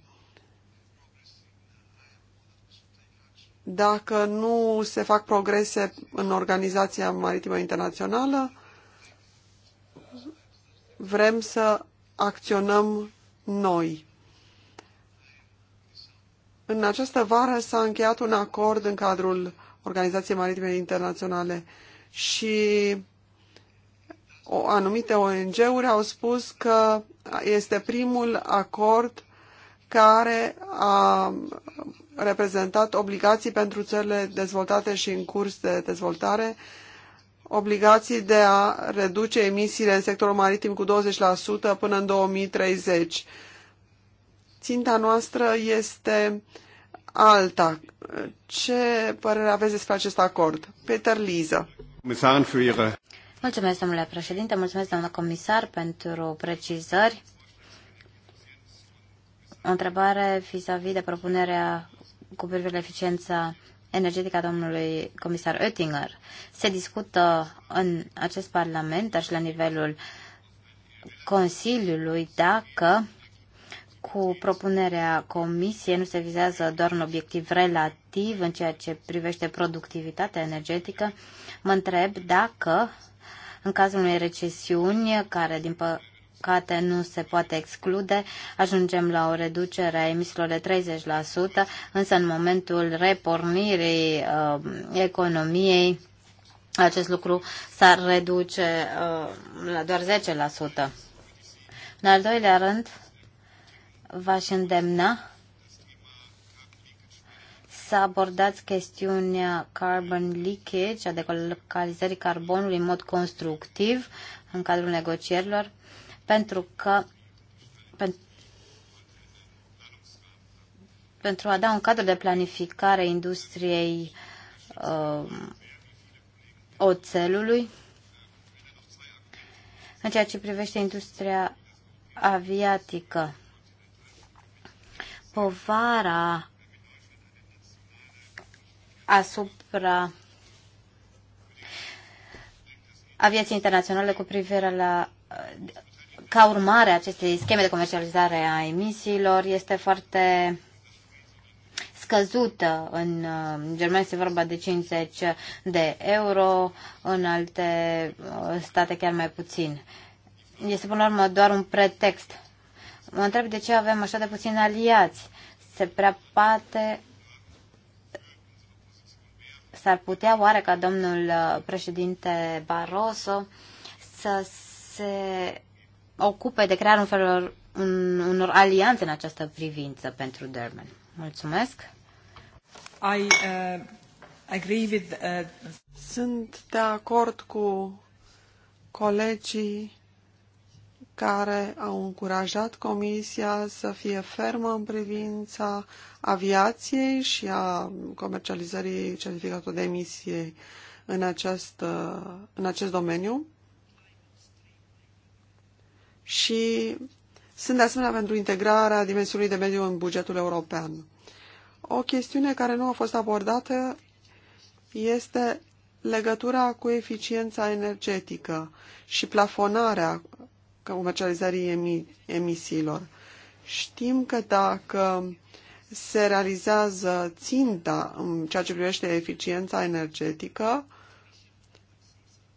Dacă nu se fac progrese în Organizația Maritimă Internațională, vrem să acționăm noi. În această vară s-a încheiat un acord în cadrul Organizației Maritime Internaționale și anumite ONG-uri au spus că este primul acord care a reprezentat obligații pentru țările dezvoltate și în curs de dezvoltare, obligații de a reduce emisiile în sectorul maritim cu 20% până în 2030. Ținta noastră este alta. Ce părere aveți despre acest acord? Peter Liză. Mulțumesc, domnule președinte, mulțumesc, doamna comisar, pentru precizări. O întrebare vis-a-vis -vis de propunerea cu privire la eficiența energetică a domnului comisar Oettinger se discută în acest Parlament, dar și la nivelul Consiliului, dacă cu propunerea Comisiei nu se vizează doar un obiectiv relativ în ceea ce privește productivitatea energetică, mă întreb dacă în cazul unei recesiuni care, din păcate, păcate nu se poate exclude, ajungem la o reducere a emisiilor de 30%, însă în momentul repornirii uh, economiei acest lucru s-ar reduce uh, la doar 10%. În al doilea rând, v-aș îndemna să abordați chestiunea carbon leakage, a localizării carbonului în mod constructiv în cadrul negocierilor, pentru că pentru a da un cadru de planificare industriei uh, oțelului. În ceea ce privește industria aviatică, povara asupra aviației internaționale cu privire la uh, ca urmare a acestei scheme de comercializare a emisiilor este foarte scăzută. În uh, Germania este vorba de 50 de euro, în alte uh, state chiar mai puțin. Este până la urmă doar un pretext. Mă întreb de ce avem așa de puțin aliați. Se prea poate s-ar putea oare ca domnul uh, președinte Barroso să se ocupe de crearea un unor alianțe în această privință pentru Durban. Mulțumesc! I, uh, agree with, uh... Sunt de acord cu colegii care au încurajat Comisia să fie fermă în privința aviației și a comercializării certificatului de emisie în acest, în acest domeniu și sunt de asemenea pentru integrarea dimensiunii de mediu în bugetul european. O chestiune care nu a fost abordată este legătura cu eficiența energetică și plafonarea comercializării emisiilor. Știm că dacă se realizează ținta în ceea ce privește eficiența energetică,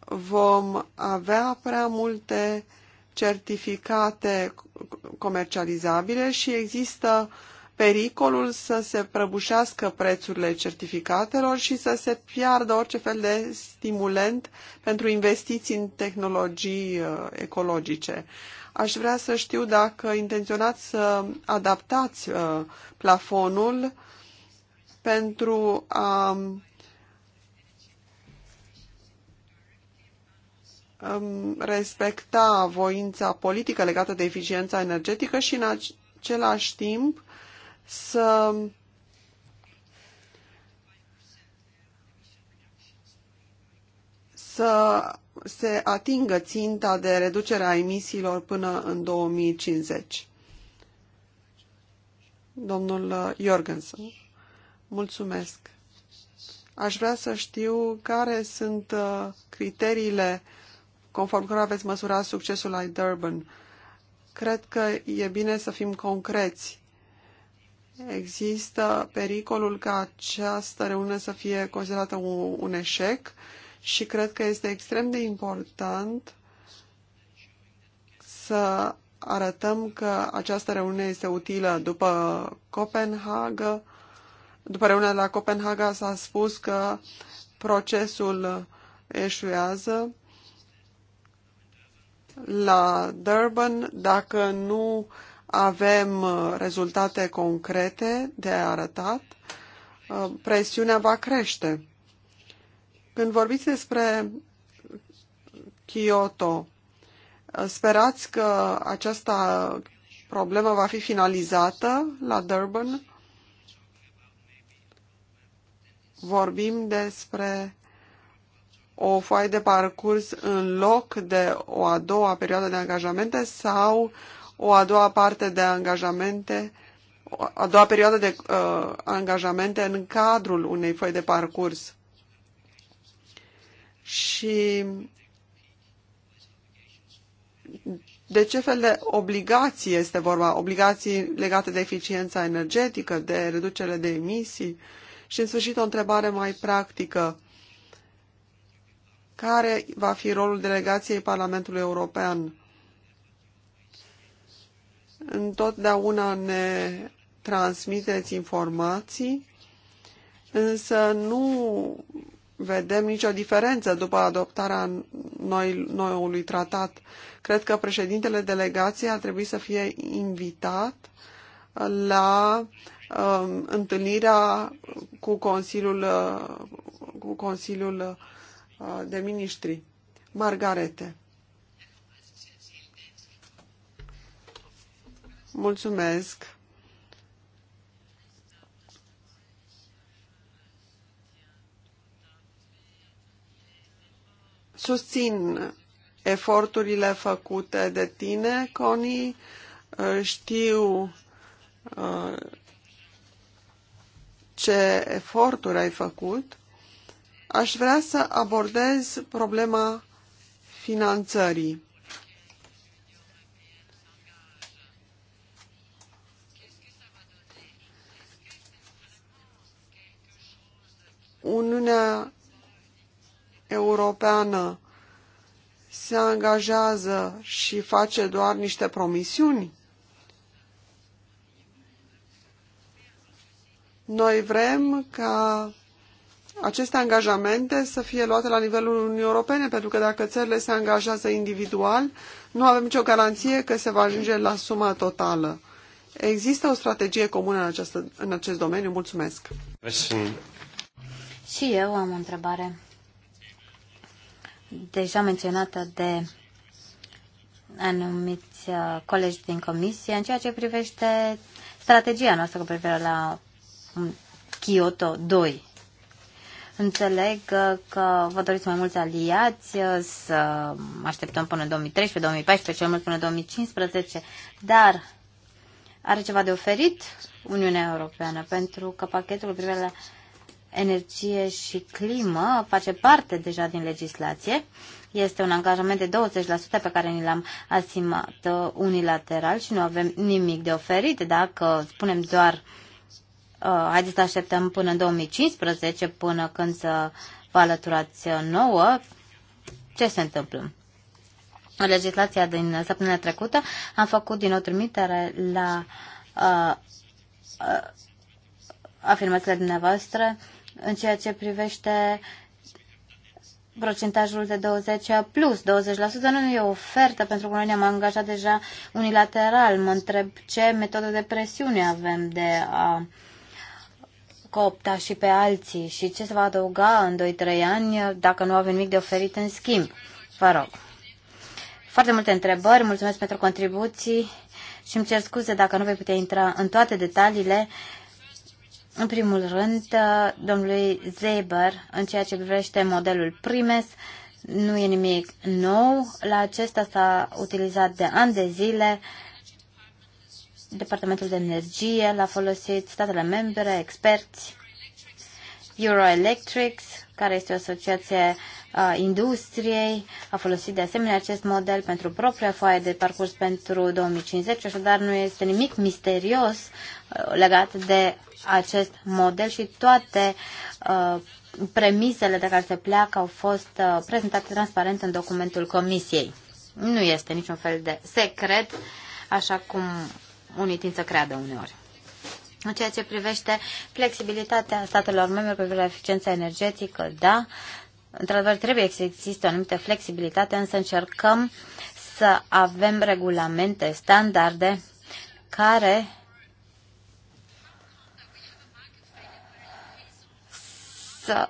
vom avea prea multe uh, certificate comercializabile și există pericolul să se prăbușească prețurile certificatelor și să se piardă orice fel de stimulent pentru investiții în tehnologii uh, ecologice. Aș vrea să știu dacă intenționați să adaptați uh, plafonul pentru a respecta voința politică legată de eficiența energetică și în același timp să să se atingă ținta de reducere a emisiilor până în 2050. Domnul Jorgensen, mulțumesc. Aș vrea să știu care sunt uh, criteriile conform cărora veți măsura succesul la Durban. Cred că e bine să fim concreți. Există pericolul ca această reuniune să fie considerată un, un eșec și cred că este extrem de important să arătăm că această reuniune este utilă. După Copenhaga, după reuniunea de la Copenhaga s-a spus că procesul eșuează la Durban dacă nu avem uh, rezultate concrete de arătat, uh, presiunea va crește. Când vorbiți despre Kyoto, uh, sperați că această problemă va fi finalizată la Durban? Vorbim despre o foaie de parcurs în loc de o a doua perioadă de angajamente sau o a doua parte de angajamente, a doua perioadă de uh, angajamente în cadrul unei foi de parcurs. Și de ce fel de obligații este vorba? Obligații legate de eficiența energetică, de reducere de emisii? Și, în sfârșit, o întrebare mai practică. Uh, care va fi rolul delegației Parlamentului European. Întotdeauna ne transmiteți informații, însă nu vedem nicio diferență după adoptarea noi, noului tratat. Cred că președintele delegației ar trebui să fie invitat la uh, întâlnirea cu Consiliul, uh, cu Consiliul uh, Uh, de miniștri. Margarete. Mulțumesc. Susțin eforturile făcute de tine, Coni. Uh, știu uh, ce eforturi ai făcut aș vrea să abordez problema finanțării. Uniunea Europeană se angajează și face doar niște promisiuni? Noi vrem ca aceste angajamente să fie luate la nivelul Uniunii Europene, pentru că dacă țările se angajează individual, nu avem nicio garanție că se va ajunge la suma totală. Există o strategie comună în, această, în acest domeniu? Mulțumesc! Și eu am o întrebare deja menționată de anumiți uh, colegi din comisie în ceea ce privește strategia noastră cu privire la Kyoto 2. Înțeleg uh, că vă doriți mai mulți aliați, uh, să așteptăm până 2013, 2014, cel mult până 2015, dar are ceva de oferit Uniunea Europeană, pentru că pachetul privind la energie și climă face parte deja din legislație. Este un angajament de 20% pe care ni l-am asimat uh, unilateral și nu avem nimic de oferit dacă spunem doar uh, Uh, haideți să așteptăm până în 2015, până când să vă alăturați nouă, ce se întâmplă? În legislația din săptămâna trecută am făcut din nou trimitere la uh, uh, afirmațiile dumneavoastră în ceea ce privește procentajul de 20 plus 20% nu e o ofertă pentru că noi ne-am angajat deja unilateral. Mă întreb ce metodă de presiune avem de a uh, copta și pe alții și ce se va adăuga în 2-3 ani dacă nu avem nimic de oferit în schimb? Vă rog. Foarte multe întrebări, mulțumesc pentru contribuții și îmi cer scuze dacă nu vei putea intra în toate detaliile. În primul rând, domnului Zeber, în ceea ce privește modelul Primes, nu e nimic nou. La acesta s-a utilizat de ani de zile Departamentul de Energie l-a folosit, statele membre, experți, Euroelectrics, care este o asociație a uh, industriei, a folosit de asemenea acest model pentru propria foaie de parcurs pentru 2050, așadar nu este nimic misterios uh, legat de acest model și toate uh, premisele de care se pleacă au fost uh, prezentate transparent în documentul Comisiei. Nu este niciun fel de secret, așa cum unii tind să creadă uneori. În ceea ce privește flexibilitatea statelor membre privind la eficiența energetică, da, într-adevăr trebuie să existe o anumită flexibilitate, însă încercăm să avem regulamente, standarde care să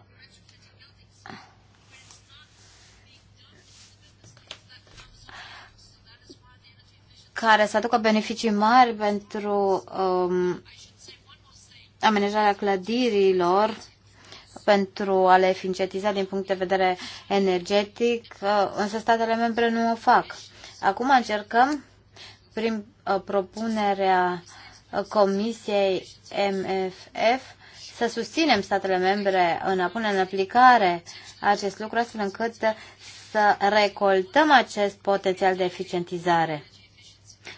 care să aducă beneficii mari pentru um, amenajarea clădirilor, pentru a le eficientiza din punct de vedere energetic, uh, însă statele membre nu o fac. Acum încercăm, prin uh, propunerea uh, Comisiei MFF, să susținem statele membre în a pune în aplicare acest lucru, astfel încât să recoltăm acest potențial de eficientizare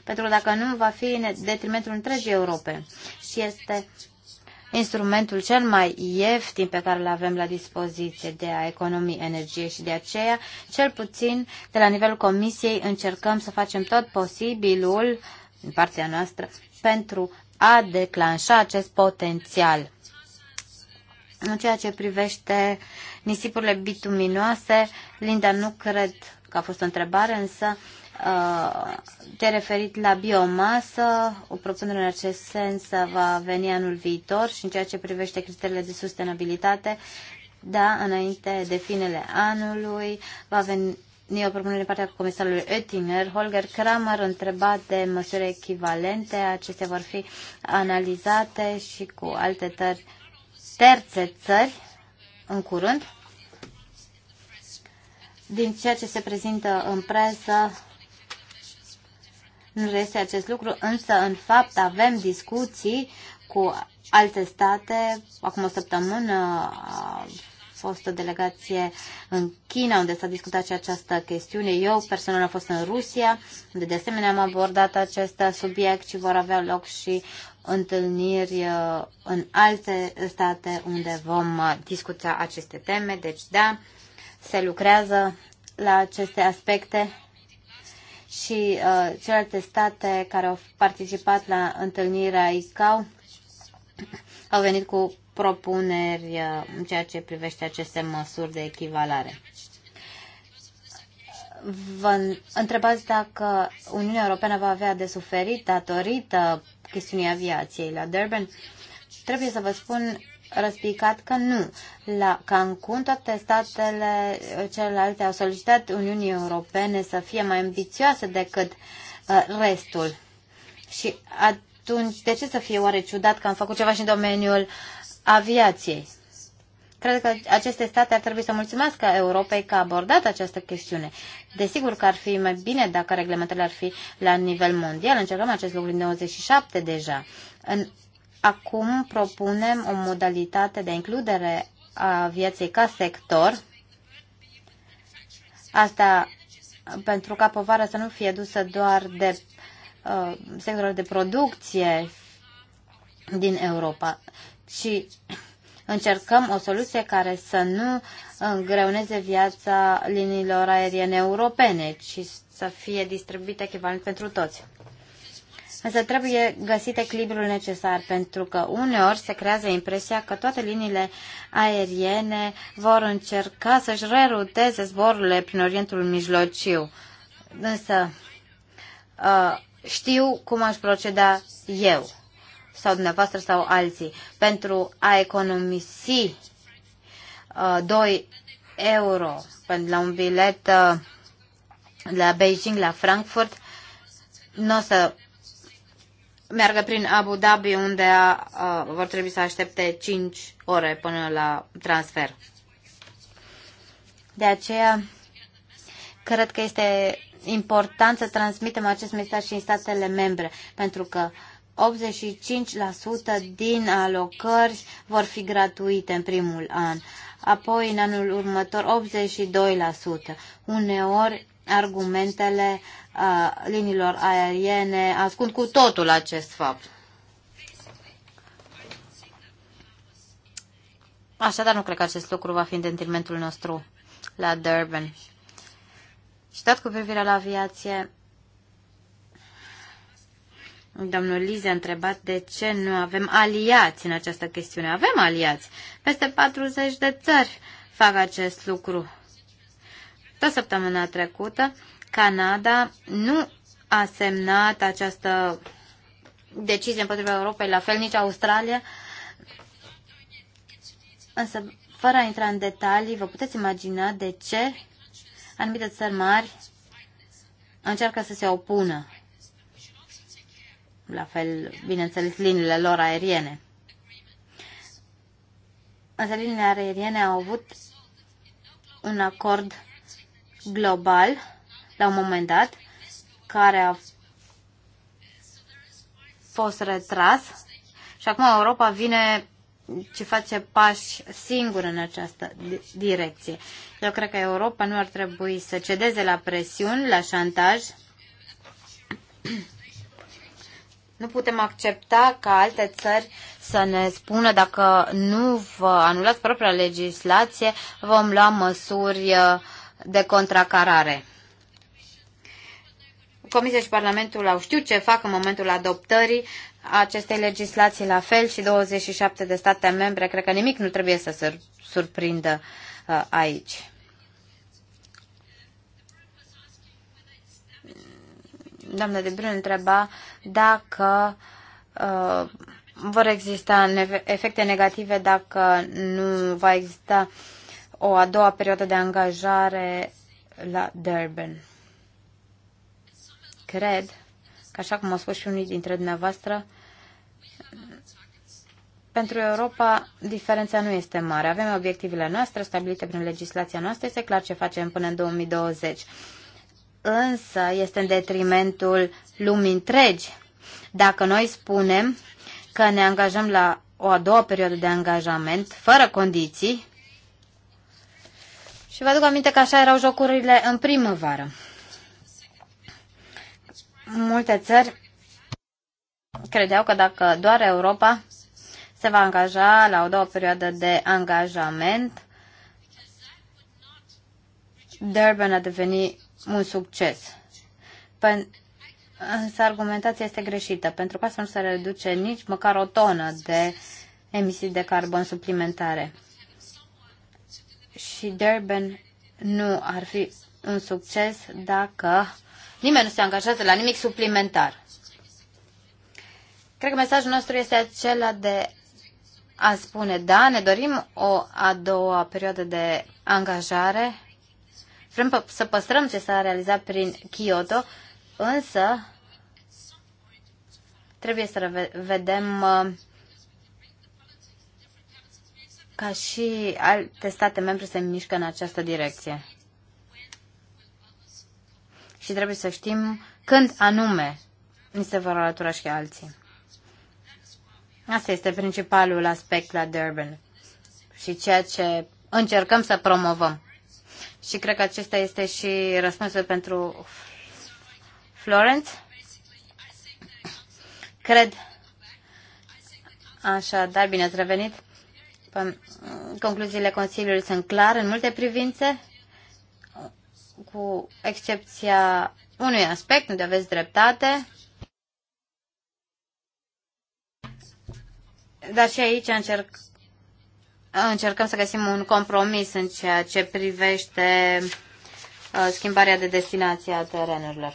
pentru că dacă nu, va fi în detrimentul întregii Europe. Și este instrumentul cel mai ieftin pe care îl avem la dispoziție de a economi energie și de aceea, cel puțin de la nivelul Comisiei, încercăm să facem tot posibilul în partea noastră pentru a declanșa acest potențial. În ceea ce privește nisipurile bituminoase, Linda nu cred că a fost o întrebare, însă Uh, te referit la biomasă, o propunere în acest sens va veni anul viitor și în ceea ce privește criteriile de sustenabilitate, da, înainte de finele anului, va veni o propunere din partea comisarului Oettinger. Holger Kramer întreba de măsuri echivalente, acestea vor fi analizate și cu alte tări, terțe țări în curând. Din ceea ce se prezintă în presă, nu este acest lucru, însă în fapt avem discuții cu alte state. Acum o săptămână a fost o delegație în China unde s-a discutat și această chestiune. Eu personal am fost în Rusia, unde de asemenea am abordat acest subiect și vor avea loc și întâlniri uh, în alte state unde vom uh, discuta aceste teme. Deci da, se lucrează la aceste aspecte și uh, celelalte state care au participat la întâlnirea ICAO au venit cu propuneri uh, în ceea ce privește aceste măsuri de echivalare. Vă întrebați dacă Uniunea Europeană va avea de suferit datorită chestiunii aviației la Durban. Trebuie să vă spun răspicat că nu. La Cancun toate statele celelalte au solicitat Uniunii Europene să fie mai ambițioase decât uh, restul. Și atunci, de ce să fie oare ciudat că am făcut ceva și în domeniul aviației? Cred că aceste state ar trebui să mulțumească Europei că a abordat această chestiune. Desigur că ar fi mai bine dacă reglementele ar fi la nivel mondial. Încercăm acest lucru în 97 deja. În Acum propunem o modalitate de includere a vieții ca sector. Asta pentru ca povara să nu fie dusă doar de uh, sectorul de producție din Europa, ci încercăm o soluție care să nu îngreuneze viața liniilor aeriene europene, ci să fie distribuite echivalent pentru toți. Însă trebuie găsit echilibrul necesar, pentru că uneori se creează impresia că toate liniile aeriene vor încerca să-și reruteze zborurile prin Orientul Mijlociu. Însă ă, știu cum aș proceda eu sau dumneavoastră sau alții pentru a economisi uh, ă, 2 euro pentru la un bilet uh, la Beijing, la Frankfurt, nu o să meargă prin Abu Dhabi, unde a, uh, a, vor trebui să aștepte 5 ore până la transfer. De aceea, cred că este important să transmitem acest mesaj și în statele membre, pentru că 85% din alocări vor fi gratuite în primul an, apoi în anul următor 82%. Uneori argumentele uh, liniilor aeriene ascund cu totul acest fapt. Așadar, nu cred că acest lucru va fi în detrimentul nostru la Durban. Și tot cu privire la aviație, Domnul Lize a întrebat de ce nu avem aliați în această chestiune. Avem aliați. Peste 40 de țări fac acest lucru. Tot săptămâna trecută, Canada nu a semnat această decizie împotriva Europei, la fel nici Australia. Însă, fără a intra în detalii, vă puteți imagina de ce anumite țări mari încearcă să se opună. La fel, bineînțeles, liniile lor aeriene. Însă liniile aeriene au avut un acord global la un moment dat, care a fost retras și acum Europa vine ce face pași singur în această direcție. Eu cred că Europa nu ar trebui să cedeze la presiuni, la șantaj. Nu putem accepta ca alte țări să ne spună dacă nu vă anulați propria legislație, vom lua măsuri uh, de contracarare. Comisia și Parlamentul au știut ce fac în momentul adoptării acestei legislații la fel și 27 de state membre. Cred că nimic nu trebuie să se surprindă uh, aici. Doamna de Brun întreba dacă uh, vor exista efecte negative dacă nu va exista uh, o a doua perioadă de angajare la Durban. Cred că, așa cum au spus și unii dintre dumneavoastră, pentru Europa diferența nu este mare. Avem obiectivele noastre stabilite prin legislația noastră, este clar ce facem până în 2020. Însă este în detrimentul lumii întregi. Dacă noi spunem că ne angajăm la o a doua perioadă de angajament, fără condiții, și vă aduc aminte că așa erau jocurile în primăvară. Multe țări credeau că dacă doar Europa se va angaja la o doua perioadă de angajament, Durban a deveni un succes. Pen- însă argumentația este greșită, pentru că asta nu se reduce nici măcar o tonă de emisii de carbon suplimentare și Durban nu ar fi un succes dacă nimeni nu se angajează la nimic suplimentar. Cred că mesajul nostru este acela de a spune, da, ne dorim o a doua perioadă de angajare, vrem să păstrăm ce s-a realizat prin Kyoto, însă trebuie să vedem uh, ca și alte state membre se mișcă în această direcție. Și trebuie să știm când anume ni se vor alătura și alții. Asta este principalul aspect la Durban și ceea ce încercăm să promovăm. Și cred că acesta este și răspunsul pentru Florence. Cred Așa, dar bine ați revenit. Păi, concluziile Consiliului sunt clare în multe privințe, cu excepția unui aspect unde aveți dreptate. Dar și aici încerc, încercăm să găsim un compromis în ceea ce privește uh, schimbarea de destinație a terenurilor.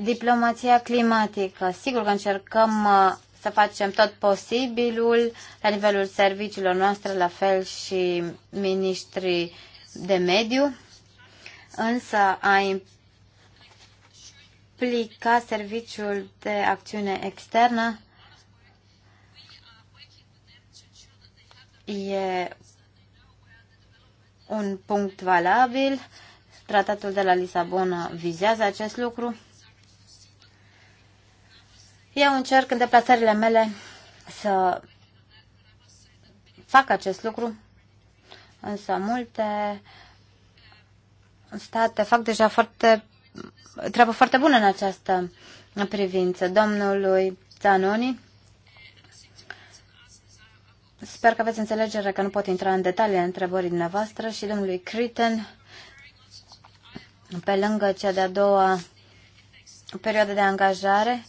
Diplomația climatică. Sigur că încercăm uh, să facem tot posibilul la nivelul serviciilor noastre, la fel și ministrii de mediu, însă a implica serviciul de acțiune externă e un punct valabil. Tratatul de la Lisabona vizează acest lucru. Eu încerc în deplasările mele să fac acest lucru, însă multe state fac deja foarte treabă foarte bună în această privință. Domnului Zanoni, sper că aveți înțelegere că nu pot intra în detalii în întrebării dumneavoastră și domnului Criten, pe lângă cea de-a doua perioadă de angajare,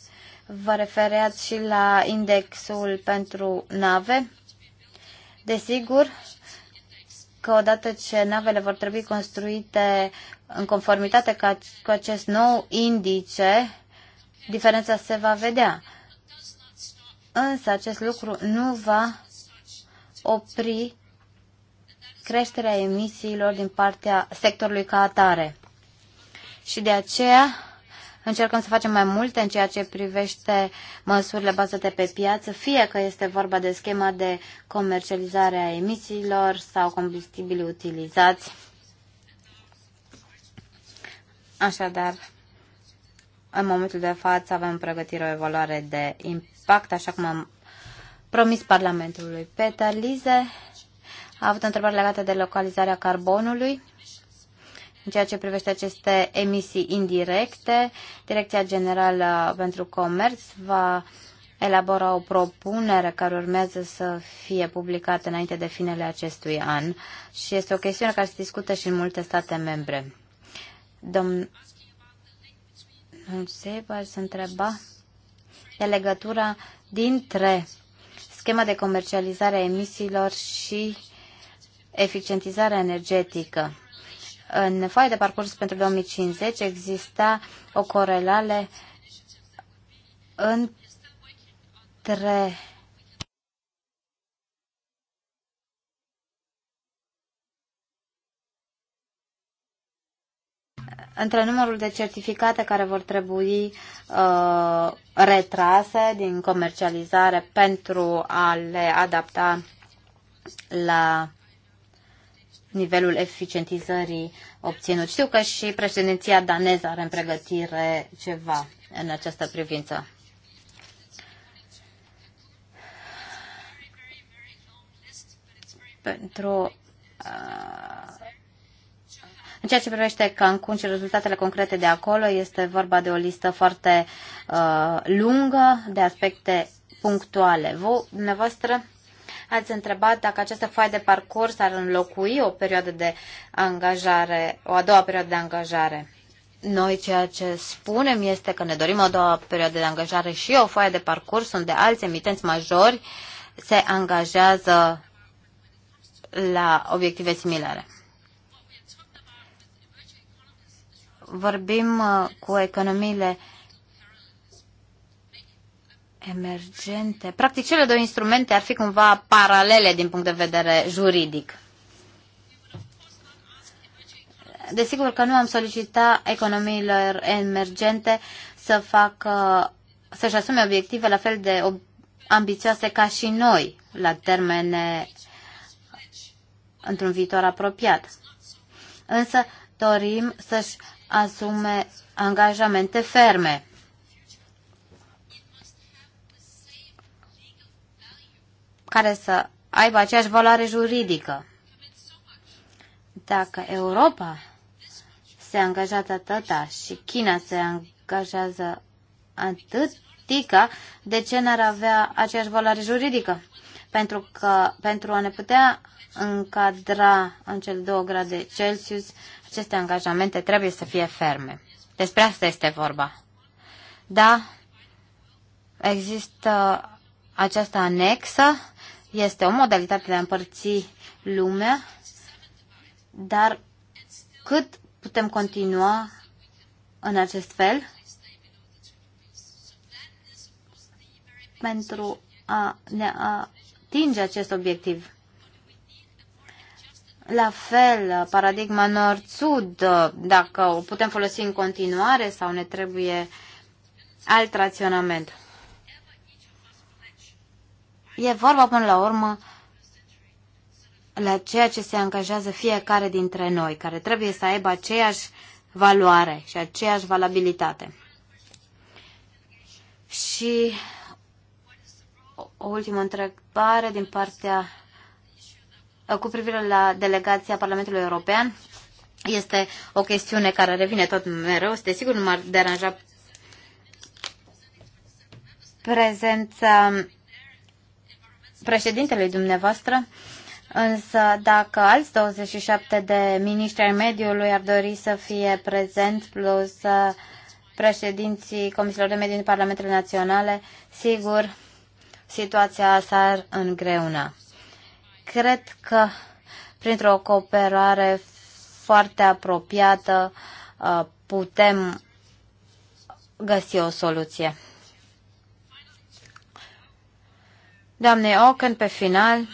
Vă refereați și la indexul pentru nave. Desigur că odată ce navele vor trebui construite în conformitate cu acest nou indice, diferența se va vedea. Însă acest lucru nu va opri creșterea emisiilor din partea sectorului ca atare. Și de aceea Încercăm să facem mai multe în ceea ce privește măsurile bazate pe piață, fie că este vorba de schema de comercializare a emisiilor sau combustibili utilizați. Așadar, în momentul de față avem pregătire o evaluare de impact, așa cum am promis Parlamentului. Peter Lize a avut întrebări legate de localizarea carbonului. În ceea ce privește aceste emisii indirecte, Direcția Generală pentru Comerț va elabora o propunere care urmează să fie publicată înainte de finele acestui an și este o chestiune care se discută și în multe state membre. Domnul Seba se întreba de legătura dintre schema de comercializare a emisiilor și eficientizarea energetică în foaia de parcurs pentru 2050 exista o corelare între între numărul de certificate care vor trebui uh, retrase din comercializare pentru a le adapta la nivelul eficientizării obținut. Știu că și președinția daneză are în pregătire ceva în această privință. Pentru uh, în ceea ce privește Cancun și rezultatele concrete de acolo, este vorba de o listă foarte uh, lungă de aspecte punctuale. Vă, dumneavoastră, ați întrebat dacă această foaie de parcurs ar înlocui o perioadă de angajare, o a doua perioadă de angajare. Noi ceea ce spunem este că ne dorim o a doua perioadă de angajare și o foaie de parcurs unde alți emitenți majori se angajează la obiective similare. Vorbim uh, cu economiile emergente. Practic, cele două instrumente ar fi cumva paralele din punct de vedere juridic. Desigur că nu am solicitat economiilor emergente să facă, să-și asume obiective la fel de ambițioase ca și noi la termene într-un viitor apropiat. Însă dorim să-și asume angajamente ferme care să aibă aceeași valoare juridică. Dacă Europa se angajează atâta și China se angajează atâtica, de ce n-ar avea aceeași valoare juridică? Pentru că pentru a ne putea încadra în cel două grade Celsius, aceste angajamente trebuie să fie ferme. Despre asta este vorba. Da, există această anexă este o modalitate de a împărți lumea, dar cât putem continua în acest fel pentru a ne atinge acest obiectiv. La fel, paradigma nord-sud, dacă o putem folosi în continuare sau ne trebuie alt raționament. E vorba până la urmă la ceea ce se angajează fiecare dintre noi, care trebuie să aibă aceeași valoare și aceeași valabilitate. Și o ultimă întrebare din partea cu privire la delegația Parlamentului European. Este o chestiune care revine tot mereu. sigur nu m-ar deranja prezența președintele dumneavoastră, însă dacă alți 27 de miniștri ai mediului ar dori să fie prezent plus uh, președinții Comisiilor de Mediu din Parlamentele Naționale, sigur, situația s-ar îngreuna. Cred că printr-o cooperare foarte apropiată uh, putem găsi o soluție. Doamne când pe final,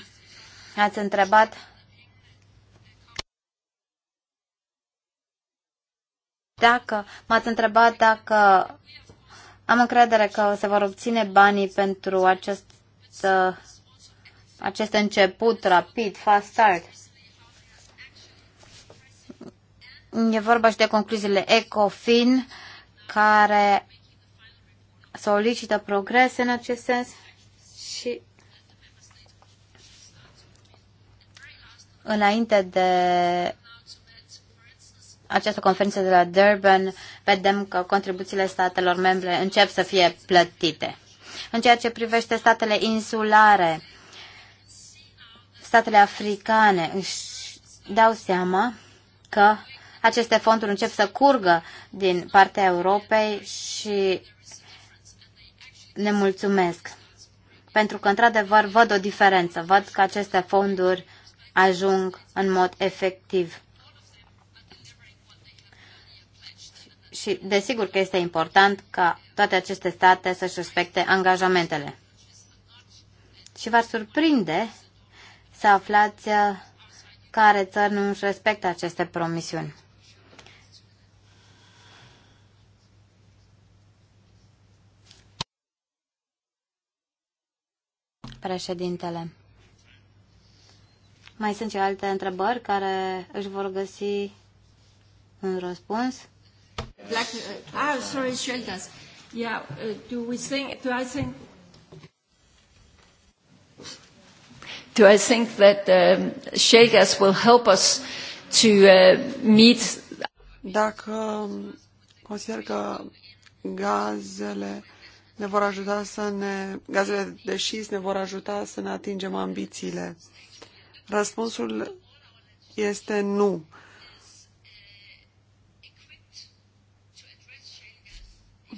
ați întrebat dacă m-ați întrebat dacă am încredere că se vor obține banii pentru acest, acest început rapid, fast start. E vorba și de concluziile ECOFIN care solicită progrese în acest sens și Înainte de această conferință de la Durban, vedem că contribuțiile statelor membre încep să fie plătite. În ceea ce privește statele insulare, statele africane își dau seama că aceste fonduri încep să curgă din partea Europei și ne mulțumesc. Pentru că, într-adevăr, văd o diferență. Văd că aceste fonduri ajung în mod efectiv. Și desigur că este important ca toate aceste state să-și respecte angajamentele. Și v-ar surprinde să aflați care țări nu își respectă aceste promisiuni. Președintele mai sunt și alte întrebări care își vor găsi un răspuns. Black, ah, sorry, shelters. Yeah, uh, do we think, do I think Do I think that uh, um, shale gas will help us to uh, meet Dacă consider că gazele ne vor ajuta să ne gazele de șist ne vor ajuta să ne atingem ambițiile Răspunsul este nu.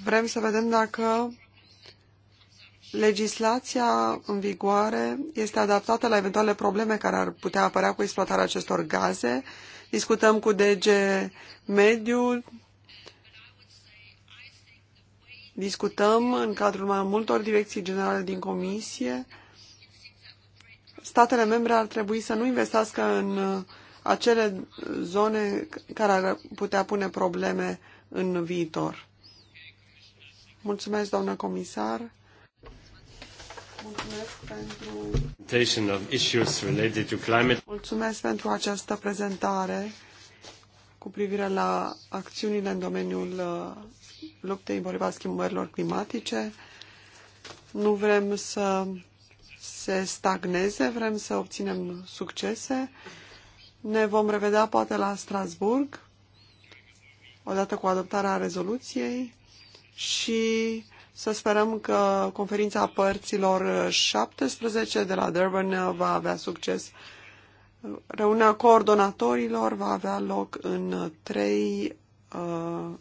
Vrem să vedem dacă legislația în vigoare este adaptată la eventuale probleme care ar putea apărea cu exploatarea acestor gaze. Discutăm cu DG Mediu, discutăm în cadrul mai multor direcții generale din Comisie statele membre ar trebui să nu investească în uh, acele zone care ar putea pune probleme în viitor. Mulțumesc, doamnă comisar. Mulțumesc pentru... Mulțumesc pentru această prezentare cu privire la acțiunile în domeniul uh, luptei împotriva schimbărilor climatice. Nu vrem să se stagneze, vrem să obținem succese. Ne vom revedea poate la Strasburg, odată cu adoptarea rezoluției și să sperăm că conferința părților 17 de la Durban va avea succes. Reunea coordonatorilor va avea loc în 3G1.